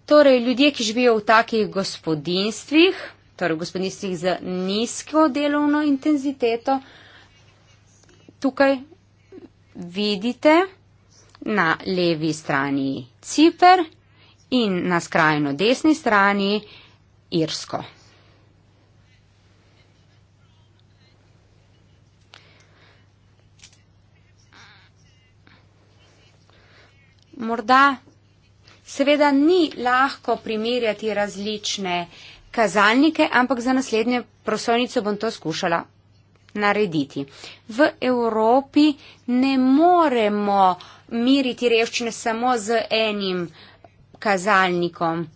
Torej, ljudje, ki živijo v takih gospodinstvih, torej v gospodinstvih z nizko delovno intenziteto, tukaj vidite, na levi strani Cipr in na skrajno desni strani Irsko. Morda seveda ni lahko primerjati različne kazalnike, ampak za naslednjo prosojnico bom to skušala narediti. V Evropi ne moremo uh, meriti revščine samo z enim kazalnikom.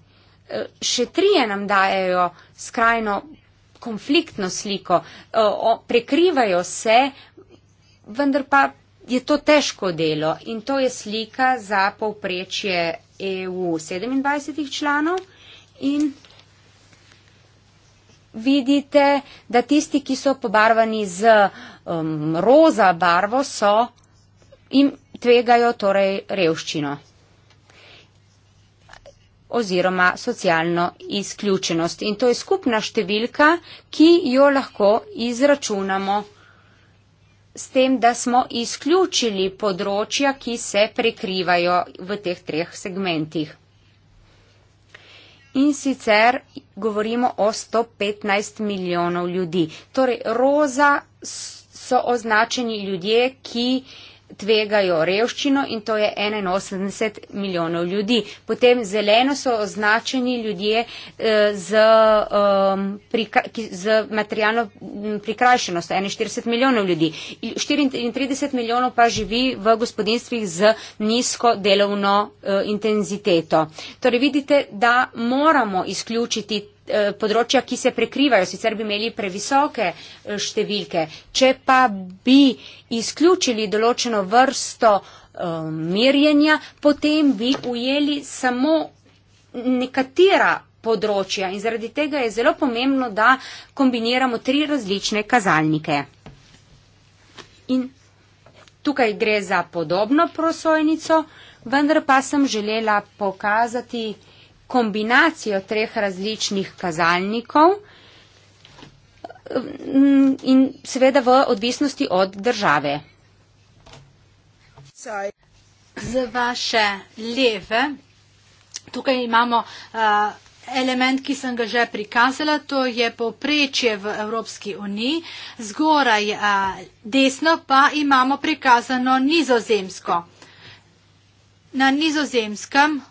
E, še trije nam dajejo skrajno konfliktno sliko, e, prekrivajo se, vendar pa je to težko delo in to je slika za povprečje EU 27 članov in vidite, da tisti, ki so pobarvani z um, roza barvo, so, im, tvegajo torej revščino oziroma socialno izključenost. In to je skupna številka, ki jo lahko izračunamo s tem, da smo izključili področja, ki se prekrivajo v teh treh segmentih. In sicer govorimo o 115 milijonov ljudi. Torej, roza so označeni ljudje, ki tvegajo revščino in to je 81 milijonov ljudi. Potem zeleno so označeni ljudje eh, z, um, prika, z materialno prikrajšenostjo, 41 milijonov ljudi. 34 milijonov pa živi v gospodinstvih z nizko delovno uh, intenziteto. Torej vidite, da moramo izključiti Eh, področja, ki se prekrivajo, sicer bi imeli previsoke eh, številke. Če pa bi izključili določeno vrsto eh, merjenja, potem bi ujeli samo nekatera področja in zaradi tega je zelo pomembno, da kombiniramo tri različne kazalnike. In tukaj gre za podobno prosojnico, vendar pa sem želela pokazati, kombinacijo treh različnih kazalnikov in seveda v odvisnosti od države. Sorry. Z vaše leve, tukaj imamo uh, element, ki sem ga že prikazala, to je povprečje v Evropski uniji, zgoraj uh, desno pa imamo prikazano nizozemsko. Na nizozemskem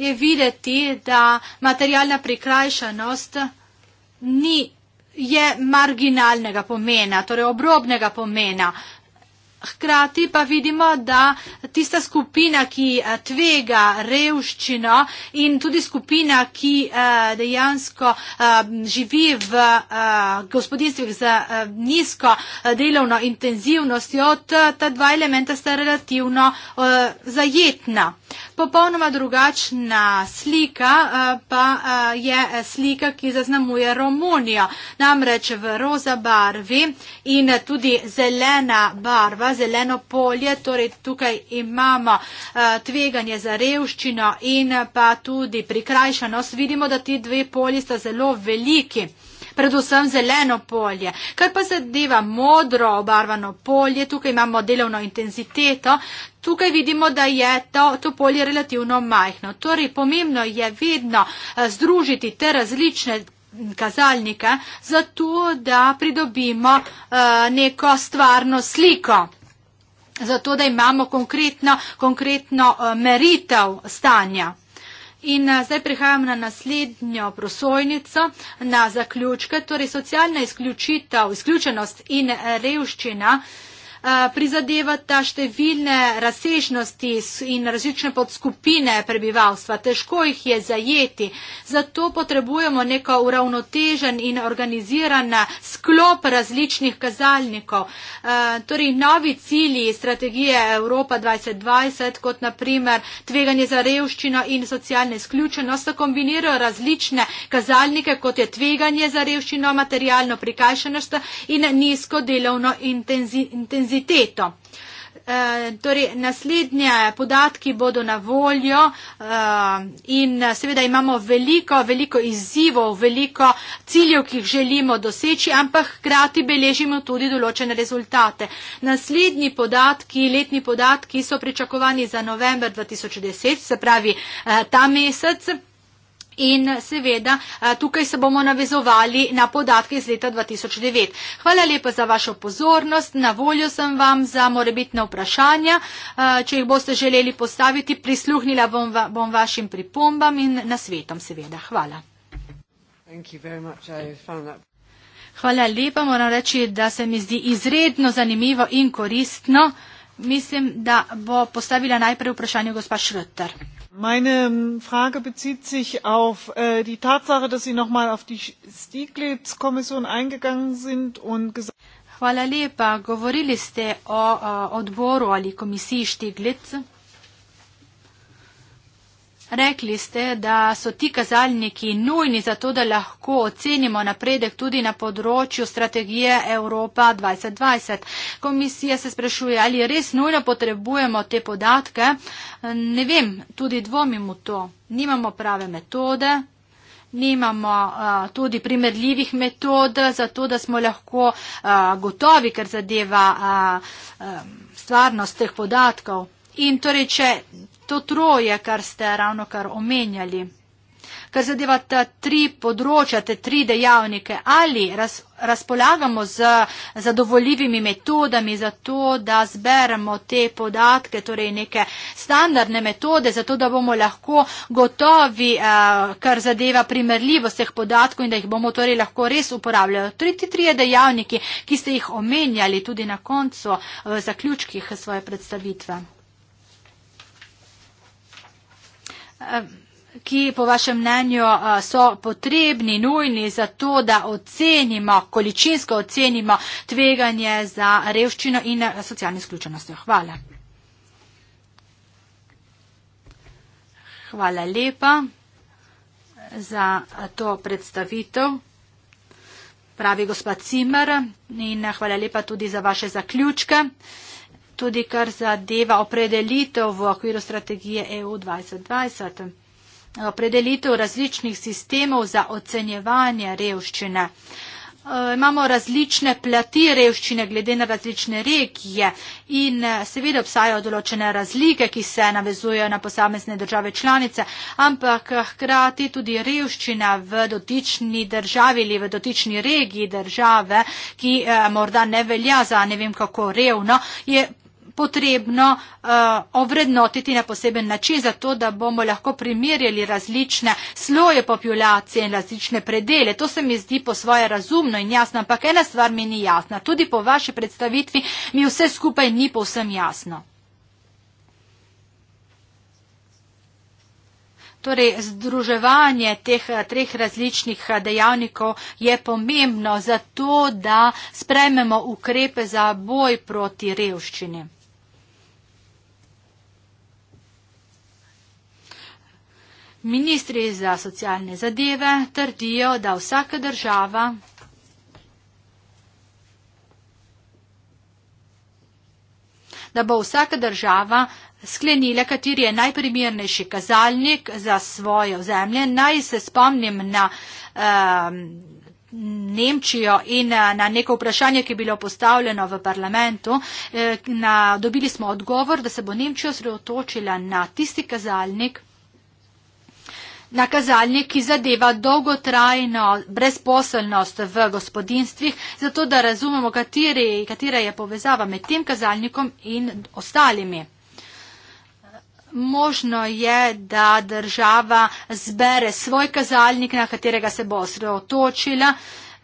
je videti, da materialna prikrajšanost ni, je marginalnega pomena, torej obrobnega pomena. Hkrati pa vidimo, da tista skupina, ki eh, tvega revščino in tudi skupina, ki eh, dejansko eh, živi v gospodinstvih z nizko delovno intenzivnostjo, ta dva elementa sta relativno zajetna. Popolnoma drugačna slika eh, pa eh, je eh, slika, ki zaznamuje Romunijo. Namreč v roza barvi in tudi zelena barva, zeleno polje, torej tukaj imamo tveganje za revščino in pa tudi prikrajšanost. Vidimo, da ti dve polji sta zelo veliki predvsem zeleno polje. Kar pa zadeva modro obarvano polje, tukaj imamo delovno intenziteto. Tukaj vidimo, da je to, to polje relativno majhno. Torej, pomembno je vedno eh, združiti te različne kazalnike, zato da pridobimo eh, neko stvarno sliko. Zato da imamo konkretno, konkretno eh, meritev stanja. In eh, zdaj prihajam na naslednjo prosojnico, na zaključke, torej socialna izključitev, izključenost in eh, revščina. Eh, prizadevata številne razsežnosti in različne podskupine prebivalstva. Težko jih je zajeti. Zato potrebujemo neko uravnotežen in organiziran sklop različnih kazalnikov. Eh, torej, novi cilji strategije Evropa 2020, kot naprimer tveganje za revščino in socialne sključenost, kombinirajo različne kazalnike, kot je tveganje za revščino, materialno prikajšenost in nizko delovno intenzivnost intenziteto. E, torej, naslednje podatki bodo na voljo e, in eh, seveda imamo veliko, veliko izzivov, veliko ciljev, ki jih želimo doseči, ampak hkrati beležimo tudi določene rezultate. Naslednji podatki, letni podatki so pričakovani za november 2010, se pravi e, ta mesec in seveda eh, tukaj se bomo navezovali na podatke iz leta 2009. Hvala lepa za vašo pozornost. Na voljo sem vam za morebitne vprašanja. Eh, če jih boste želeli postaviti, prisluhnila bom, va, bom vašim pripombam in nasvetom seveda. Hvala. Hvala lepa. Moram reči, da se mi zdi izredno zanimivo in koristno. Mislim, da bo postavila najprej vprašanje gospa Šrtr. Meine ähm, Frage bezieht sich auf äh, die Tatsache, dass Sie nochmal auf die Stiglitz-Kommission eingegangen sind und gesagt haben, Hvala lepa, govorili ste o, o äh, odboru ali komisiji Štiglic. Rekli ste, da so ti kazalniki nujni za to, da lahko ocenimo napredek tudi na področju strategije Evropa 2020. Komisija se sprašuje, ali res nujno potrebujemo te podatke. Ne vem, tudi dvomim v to. Nimamo prave metode. Nimamo uh, tudi primerljivih metod za to, da smo lahko uh, gotovi, ker zadeva uh, um, stvarnost teh podatkov. In torej, če to troje, kar ste ravno kar omenjali. Kar zadeva ta tri področja, te tri dejavnike, ali raz, razpolagamo z zadovoljivimi metodami za to, da zberemo te podatke, torej neke standardne metode, zato da bomo lahko gotovi, eh, kar zadeva primerljivost teh podatkov in da jih bomo torej lahko res uporabljali. Tretji tri dejavniki, ki ste jih omenjali tudi na koncu v eh, zaključkih svoje predstavitve. ki po vašem mnenju eh, so potrebni, nujni za to, da ocenimo, količinsko ocenimo tveganje za revščino in eh, socialno izključenost. Hvala. Hvala lepa za eh, to predstavitev. Pravi gospod Cimer in hvala lepa tudi za vaše zaključke tudi kar zadeva opredelitev v okviru strategije EU 2020. Opredelitev različnih sistemov za ocenjevanje revščine. Eh, imamo različne plati revščine glede na različne regije in eh, seveda obstajajo določene razlike, ki se navezujejo na posamezne države članice, ampak eh, hkrati tudi revščina v dotični državi ali v dotični regiji države, ki morda ne velja za ne vem kako revno, je potrebno uh, ovrednotiti na poseben način, zato da bomo lahko primerjali različne sloje populacije in različne predele. To se mi zdi po svoje razumno in jasno, ampak ena stvar mi ni jasna. Tudi po vaši predstavitvi mi vse skupaj ni povsem jasno. Torej, združevanje teh treh različnih eh, dejavnikov je pomembno za to, da sprememo ukrepe za boj proti revščini. Ministri za socialne zadeve trdijo, da vsaka država da bo vsaka država sklenila, kateri je najprimernejši kazalnik za svojo zemljo. Naj se spomnim na um, Nemčijo in eh, na neko vprašanje, ki je bilo postavljeno v parlamentu. Eh, na, dobili smo odgovor, da se bo Nemčija sredotočila na tisti kazalnik, nakazalnik, ki zadeva dolgotrajno brezposelnost v gospodinstvih, zato da razumemo, kateri, katera je povezava med tem kazalnikom in ostalimi. Možno je, da država zbere svoj kazalnik, na katerega se bo osredotočila.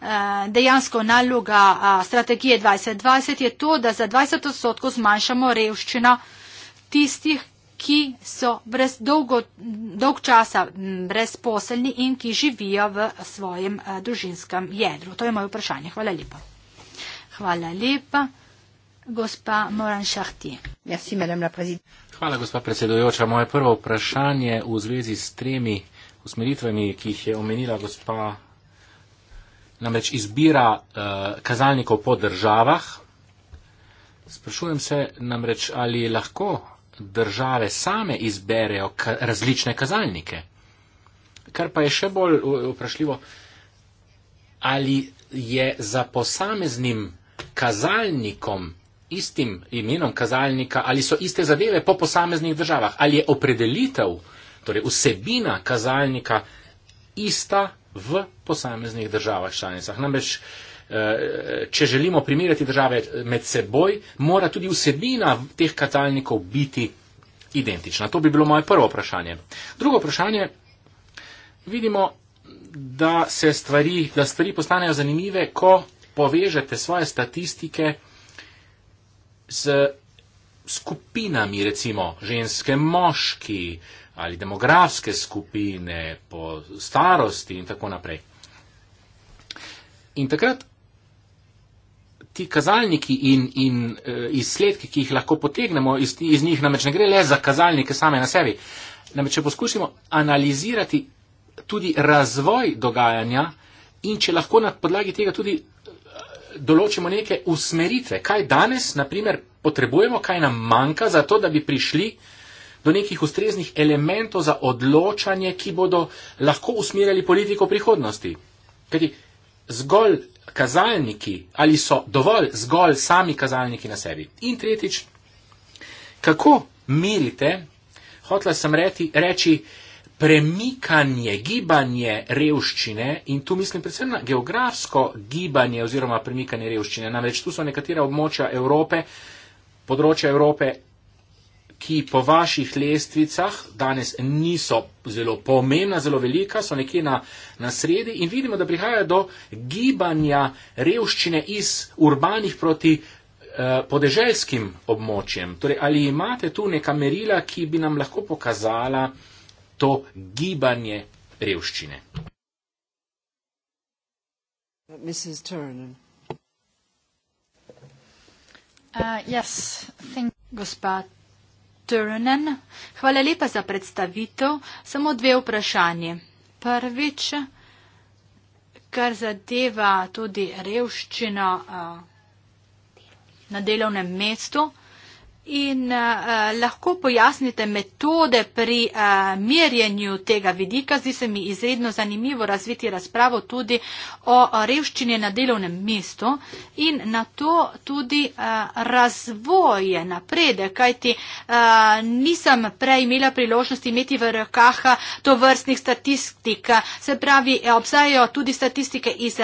Eh, dejansko naloga eh, strategije 2020 je to, da za 20 odstotkov zmanjšamo revščino tistih, ki so brez dolgo, dolg časa brezposelni in ki živijo v svojem eh, družinskem jedru. To je moje vprašanje. Hvala lepa. Hvala lepa. Gospa Moran Šahti. Merci, Hvala, gospa predsedujoča. Moje prvo vprašanje v zvezi s tremi usmeritvami, ki jih je omenila gospa. Namreč izbira eh, kazalnikov po državah. Sprašujem se namreč, ali lahko države same izberejo ka različne kazalnike. Kar pa je še bolj vprašljivo, ali je za posameznim kazalnikom istim imenom kazalnika, ali so iste zadeve po posameznih državah, ali je opredelitev, torej vsebina kazalnika ista v posameznih državah članicah. Namreč, Eh, če želimo primerjati države med seboj, mora tudi vsebina teh katalnikov biti identična. To bi bilo moje prvo vprašanje. Drugo vprašanje. Vidimo, da, stvari, da stvari postanejo zanimive, ko povežete svoje statistike z skupinami, recimo ženske, moški ali demografske skupine, po starosti in tako naprej. In takrat ti kazalniki in, in uh, izsledki, ki jih lahko potegnemo iz, iz njih, namreč ne gre le za kazalnike same na sebi. Namreč, če poskušamo analizirati tudi razvoj dogajanja in če lahko na podlagi tega tudi eh, določimo neke usmeritve, kaj danes, naprimer, potrebujemo, kaj nam manjka, zato da bi prišli do nekih ustreznih elementov za odločanje, ki bodo lahko usmerjali politiko prihodnosti. Kajti, zgolj kazalniki ali so dovolj zgolj sami kazalniki na sebi. In tretjič, kako merite, hotla sem reči, reči premikanje, gibanje revščine in tu mislim predvsem na geografsko gibanje oziroma premikanje revščine. Namreč tu so nekatera območja Evrope, področja Evrope ki po vaših lestvicah danes niso zelo pomembna, zelo velika, so nekje na, na sredi in vidimo, da prihaja do gibanja revščine iz urbanih proti eh, podeželskim območjem. Torej, ali imate tu neka merila, ki bi nam lahko pokazala to gibanje revščine? Uh, yes, Gospod Turnen, hvala lepa za predstavitev. Samo dve vprašanje. Prvič, kar zadeva tudi revščino uh, na delovnem mestu. In uh, lahko pojasnite metode pri uh, merjenju tega vidika. Zdi se mi izredno zanimivo razviti razpravo tudi o revščini na delovnem mestu in na to tudi uh, razvoje, naprede, kajti uh, nisem prej imela priložnosti imeti v rokah to vrstnih statistik. Se pravi, obstajajo tudi statistike iz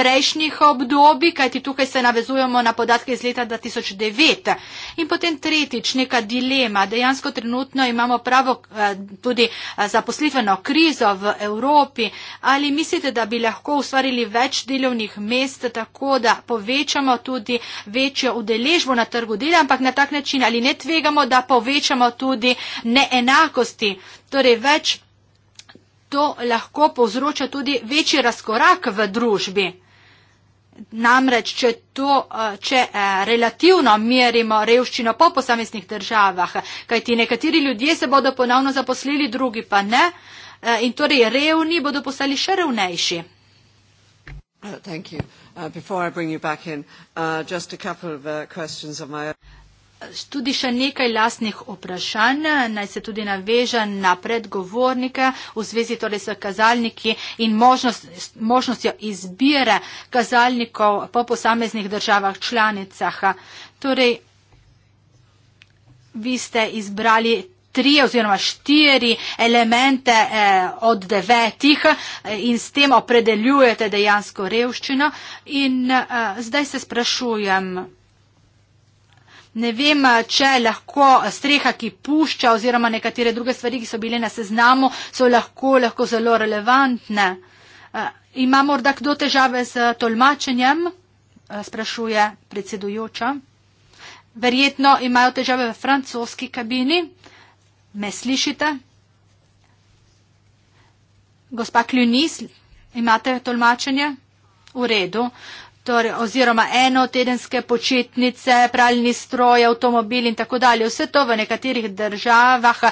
prejšnjih obdobij, kajti tukaj se navezujemo na podatke iz leta 2009. In potem tretjič, neka dilema. Dejansko trenutno imamo pravo eh, tudi eh, zaposliteno krizo v Evropi. Ali mislite, da bi lahko ustvarili več delovnih mest, tako da povečamo tudi večjo udeležbo na trgu dela, ampak na tak način ali ne tvegamo, da povečamo tudi neenakosti? Torej več. To lahko povzroča tudi večji razkorak v družbi. Namreč, če, to, eh, če eh, relativno merimo revščino po posameznih državah, kajti nekateri ljudje se bodo ponovno zaposlili, drugi pa ne, eh, in torej revni bodo postali še revnejši. Uh, uh, in, uh, tudi še nekaj lastnih vprašanj, naj se tudi naveža na predgovornika v zvezi torej s kazalniki in možnost, možnostjo izbire kazalnikov po posameznih državah članicah. Torej, vi ste izbrali tri oziroma štiri elemente eh, od devetih eh, in s tem opredeljujete dejansko revščino. In eh, zdaj se sprašujem, ne vem, eh, če lahko eh, streha, ki pušča oziroma nekatere druge stvari, ki so bile na seznamu, so lahko, lahko zelo relevantne. Eh, ima morda kdo težave z tolmačenjem? Sprašuje predsedujoča. Verjetno imajo težave v francoski kabini. Me slišite? Gospa Kljunis, imate tolmačenje? V redu. Uh, torej, oziroma enotedenske počitnice, pralni stroj, avtomobil in tako dalje. Vse to v nekaterih državah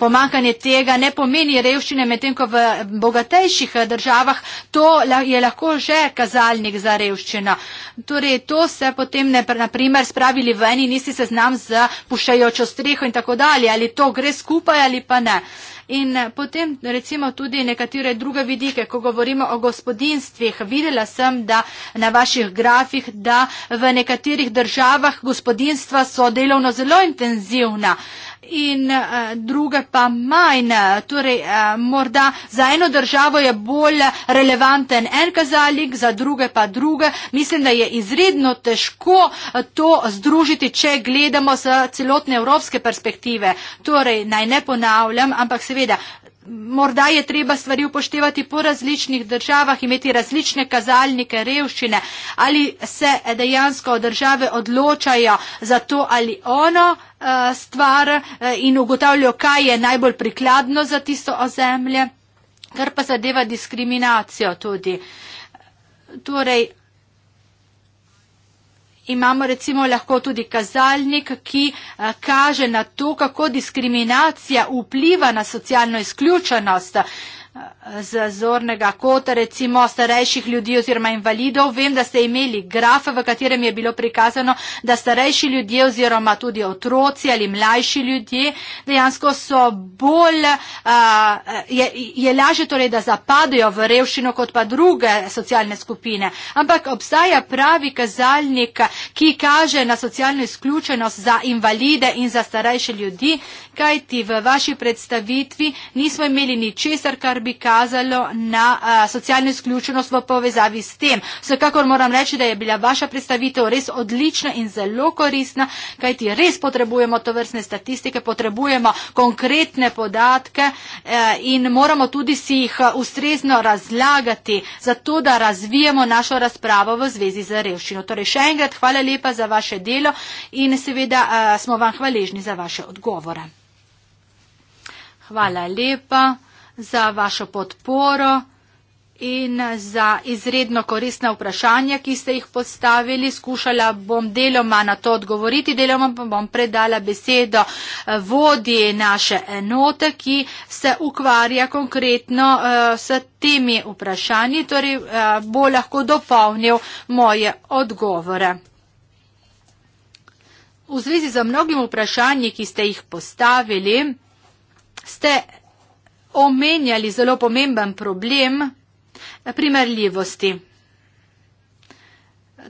pomankanje tega ne pomeni revščine, medtem ko v bogatejših državah to je lahko že kazalnik za revščino. Torej, to se potem ne, naprimer spravili ven in nisi seznam z pušajočo streho in tako dalje. Ali to gre skupaj ali pa ne. In eh, potem recimo tudi nekatere druge vidike, ko govorimo o gospodinstvih. Videla sem, da na vaših grafih, da v nekaterih državah gospodinstva so delovno zelo intenzivna in uh, druge pa manj. Torej, uh, morda za eno državo je bolj relevanten en kazalnik, za druge pa druge. Mislim, da je izredno težko eh, to združiti, če gledamo z celotne evropske perspektive. Torej, naj ne ponavljam, ampak seveda morda je treba stvari upoštevati po različnih državah, imeti različne kazalnike revščine, ali se dejansko države odločajo za to ali ono eh, stvar eh, in ugotavljajo, kaj je najbolj prikladno za tisto ozemlje, kar pa zadeva diskriminacijo tudi. Torej, imamo recimo lahko tudi kazalnik, ki eh, kaže na to, kako diskriminacija vpliva na socialno izključenost. Eh, z zornega kota, recimo starejših ljudi oziroma invalidov. Vem, da ste imeli graf, v katerem je bilo prikazano, da starejši ljudje oziroma tudi otroci ali mlajši ljudje dejansko so bolj, uh, je, je lažje torej, da zapadajo v revščino kot pa druge socialne skupine. Ampak obstaja pravi kazalnik, ki kaže na socialno izključenost za invalide in za starejše ljudi, kajti v vaši predstavitvi nismo imeli ničesar, kar bi kazali kazalo na a, socialno izključenost v povezavi s tem. Vsekakor moram reči, da je bila vaša predstavitev res odlična in zelo koristna, kajti res potrebujemo to vrstne statistike, potrebujemo konkretne podatke a, in moramo tudi si jih ustrezno razlagati, zato da razvijemo našo razpravo v zvezi z revščino. Torej še enkrat hvala lepa za vaše delo in seveda a, smo vam hvaležni za vaše odgovore. Hvala lepa za vašo podporo in za izredno koristna vprašanja, ki ste jih postavili. Skušala bom deloma na to odgovoriti, deloma pa bom predala besedo eh, vodji naše enote, ki se ukvarja konkretno uh, s temi vprašanji, torej uh, bo lahko dopolnil moje odgovore. V zvezi z mnogimi vprašanji, ki ste jih postavili, ste omenjali zelo pomemben problem primerljivosti.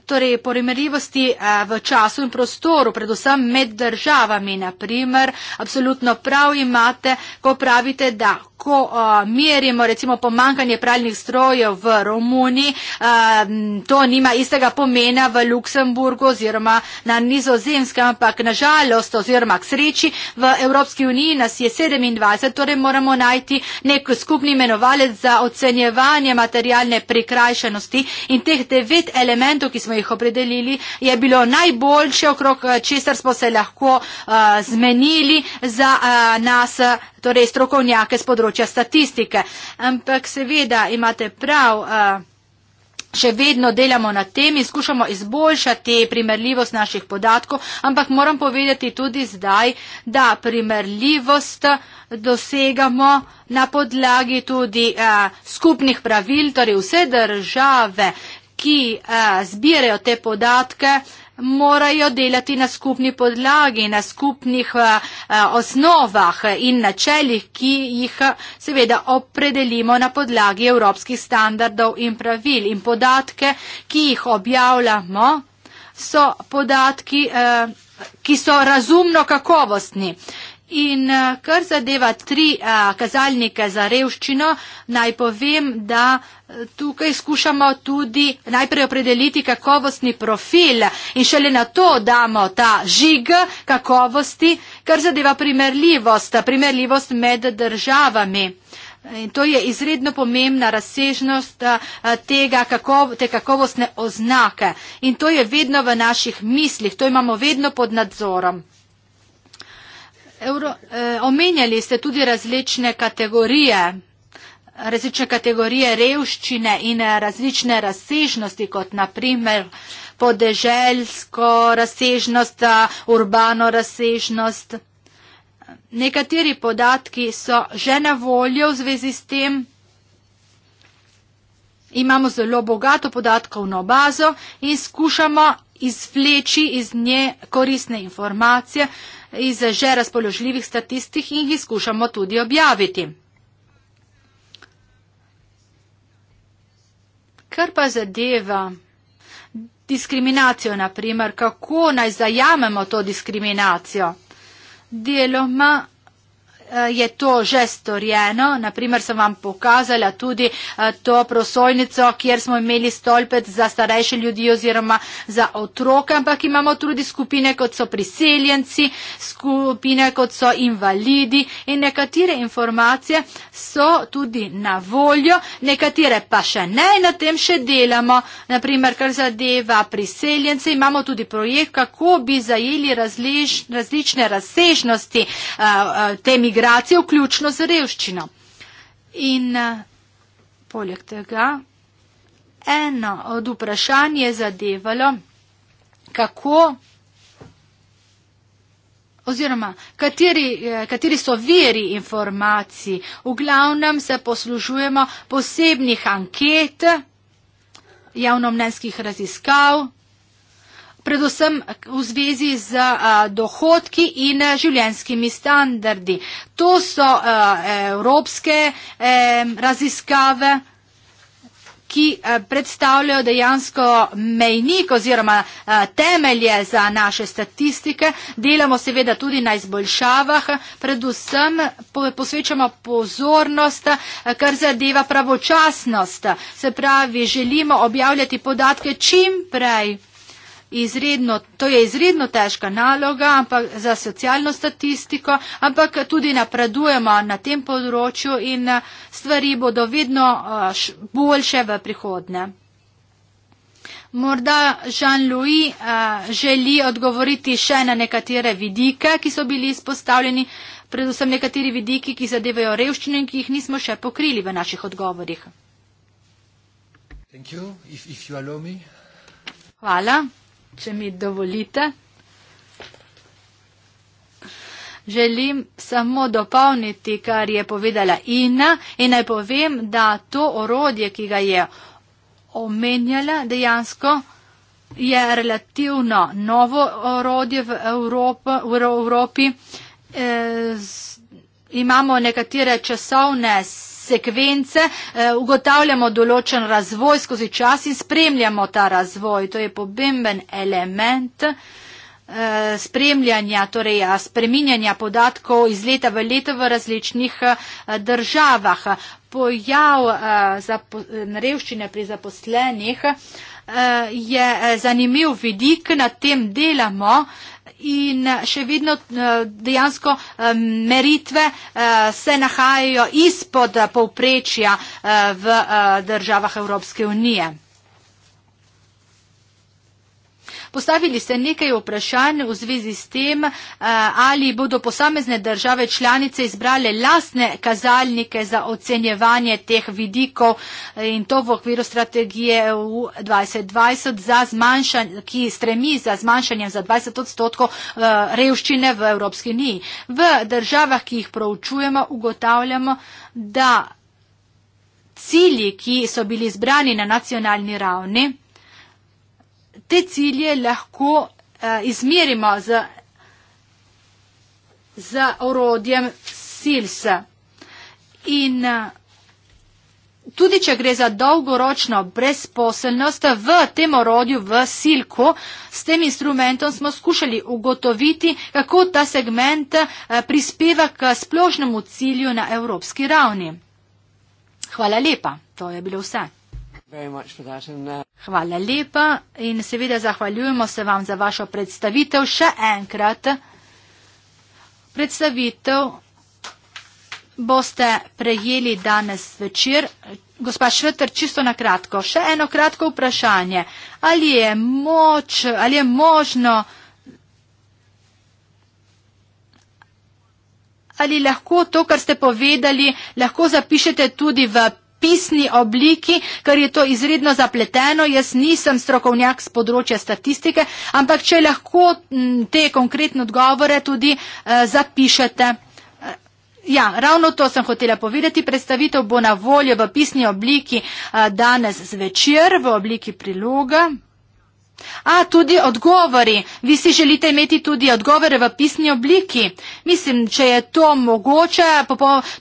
Torej, primerljivosti eh, v času in prostoru, predvsem med državami, naprimer, absolutno prav imate, ko pravite, da lahko uh, merimo, recimo pomankanje pralnih strojev v Romuniji, uh, to nima istega pomena v Luksemburgu oziroma na nizozemskem, ampak nažalost oziroma k sreči v Evropski uniji nas je 27, torej moramo najti nek skupni imenovalec za ocenjevanje materialne prikrajšanosti in teh devet elementov, ki smo jih opredelili, je bilo najboljše okrog česar smo se lahko uh, zmenili za uh, nas, torej strokovnjake s področja področja statistike. Ampak seveda imate prav. Eh, še vedno delamo na tem in skušamo izboljšati primerljivost naših podatkov, ampak moram povedati tudi zdaj, da primerljivost dosegamo na podlagi tudi eh, skupnih pravil, torej vse države, ki eh, zbirajo te podatke, eh, morajo delati na skupni podlagi, na skupnih eh, eh, osnovah in načeljih, ki jih eh, seveda opredelimo na podlagi evropskih standardov in pravil in podatke, ki jih objavljamo, so podatki, ki so razumno kakovostni. In eh, kar zadeva tri a, eh, kazalnike za revščino, naj povem, da eh, tukaj skušamo tudi najprej opredeliti kakovostni profil in šele na to damo ta žig kakovosti, kar zadeva primerljivost, primerljivost med državami. In to je izredno pomembna razsežnost tega, kako, te kakovostne oznake. In to je vedno v naših mislih, to imamo vedno pod nadzorom. Euro, eh, omenjali ste tudi različne kategorije, različne kategorije revščine in različne razsežnosti, kot naprimer podeželsko razsežnost, urbano razsežnost. Nekateri podatki so že na voljo v zvezi s tem. Imamo zelo bogato podatkovno bazo in skušamo izvleči iz nje koristne informacije. Eh, iz že razpoložljivih statistik in jih skušamo tudi objaviti. Kar pa zadeva diskriminacijo, naprimer, kako naj zajamemo to diskriminacijo? Deloma Eh, je to že storjeno. Naprimer sem vam pokazala tudi eh, to prosojnico, kjer smo imeli stolpec za starejše ljudi oziroma za otroke, ampak imamo tudi skupine, kot so priseljenci, skupine, kot so invalidi in nekatere informacije so tudi na voljo, nekatere pa še ne, na tem še delamo. Naprimer, kar zadeva priseljence, imamo tudi projekt, kako bi zajeli različne razsežnosti eh, te migracije migracije, vključno z revščino. In eh, poleg tega, eno od vprašanj je zadevalo, kako oziroma kateri, eh, kateri so veri informacij. V glavnem se poslužujemo posebnih anket javnomnenskih raziskav, predvsem v zvezi z a, eh, dohodki in a, eh, življenskimi standardi. To so a, eh, evropske a, raziskave ki predstavljajo dejansko mejnik oziroma temelje za naše statistike. Delamo seveda tudi na izboljšavah, predvsem posvečamo pozornost, kar zadeva pravočasnost. Se pravi, želimo objavljati podatke čim prej izredno, to je izredno težka naloga ampak, za socialno statistiko, ampak tudi napredujemo na tem področju in eh, stvari bodo vedno uh, boljše v prihodne. Morda Jean-Louis uh, želi odgovoriti še na nekatere vidike, ki so bili izpostavljeni, predvsem nekateri vidiki, ki zadevajo revščino in ki jih nismo še pokrili v naših odgovorih. Thank you, if, if you allow me. Hvala če mi dovolite. Želim samo dopolniti, kar je povedala Ina in naj povem, da to orodje, ki ga je omenjala dejansko, je relativno novo orodje v, Evropo, v Evropi. E, z, imamo nekatere časovne sekvence, eh, ugotavljamo določen razvoj skozi čas in spremljamo ta razvoj. To je pomemben element eh, spremljanja, torej spreminjanja podatkov iz leta v leto v različnih eh, državah. Pojav zapo, revščine pri zaposlenih uh, Eh, je eh, zanimiv vidik, na tem delamo in eh, še vedno dejansko meritve se nahajajo izpod povprečja v državah Evropske unije. Postavili ste nekaj vprašanj v zvezi s tem, eh, ali bodo posamezne države članice izbrale lastne kazalnike za ocenjevanje teh vidikov in to v okviru strategije EU 2020, ki stremi za zmanjšanjem za 20 odstotkov eh, revščine v Evropski uniji. V državah, ki jih proučujemo, ugotavljamo, da cilji, ki so bili izbrani na nacionalni ravni, te cilje lahko eh, izmerimo z, z orodjem silsa. In eh, tudi, če gre za dolgoročno brezposelnost v tem orodju, v silku, s tem instrumentom smo skušali ugotoviti, kako ta segment eh, prispeva k splošnemu cilju na evropski ravni. Hvala lepa, to je bilo vse. Uh, Hvala lepa in seveda zahvaljujemo se vam za vašo predstavitev. Še enkrat predstavitev boste prejeli danes večer. Gospa Švetr, čisto na kratko, še eno kratko vprašanje. Ali je, moč, ali je možno, ali lahko to, kar ste povedali, lahko zapišete tudi v pisni obliki, ker je to izredno zapleteno. Jaz nisem strokovnjak z področja statistike, ampak če lahko mm, te konkretne odgovore tudi eh, zapišete. Eh, ja, ravno to sem hotela povedati. Predstavitev bo na voljo v pisni obliki eh, danes zvečer v obliki priloga. A tudi odgovori. Vi si želite imeti tudi odgovore v pisni obliki. Mislim, če je to mogoče,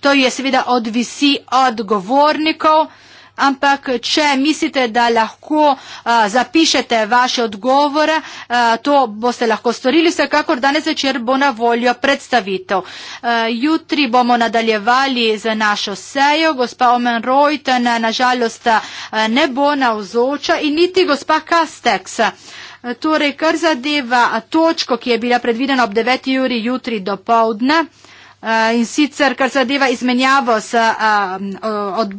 to je seveda odvisi od govornikov ampak če mislite, da lahko a, zapišete vaše odgovore, a, to boste lahko storili, vsekakor danes večer bo na voljo predstavitev. A, jutri bomo nadaljevali z našo sejo, gospa Omen Reuten nažalost ne bo navzoča in niti gospa Kastex. Torej, kar zadeva točko, ki je bila predvidena ob 9. uri jutri do povdne. Eh, in sicer kar zadeva izmenjavo s, um, od,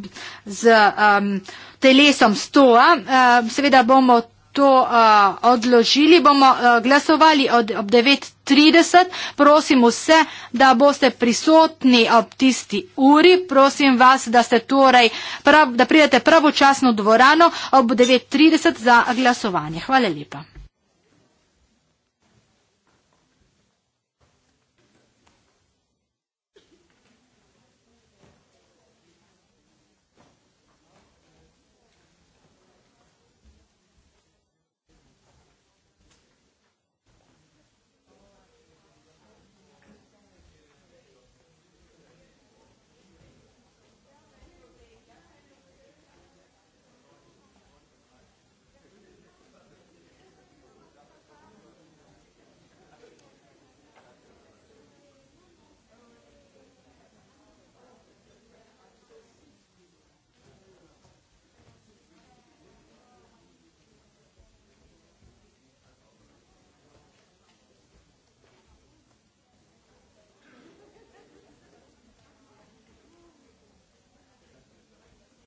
z um, telesom stoa, um, seveda bomo to uh, odložili, bomo uh, glasovali od, ob 9.30. Prosim vse, da boste prisotni ob tisti uri. Prosim vas, da, torej prav, da pridete pravočasno v dvorano ob 9.30 za glasovanje. Hvala lepa.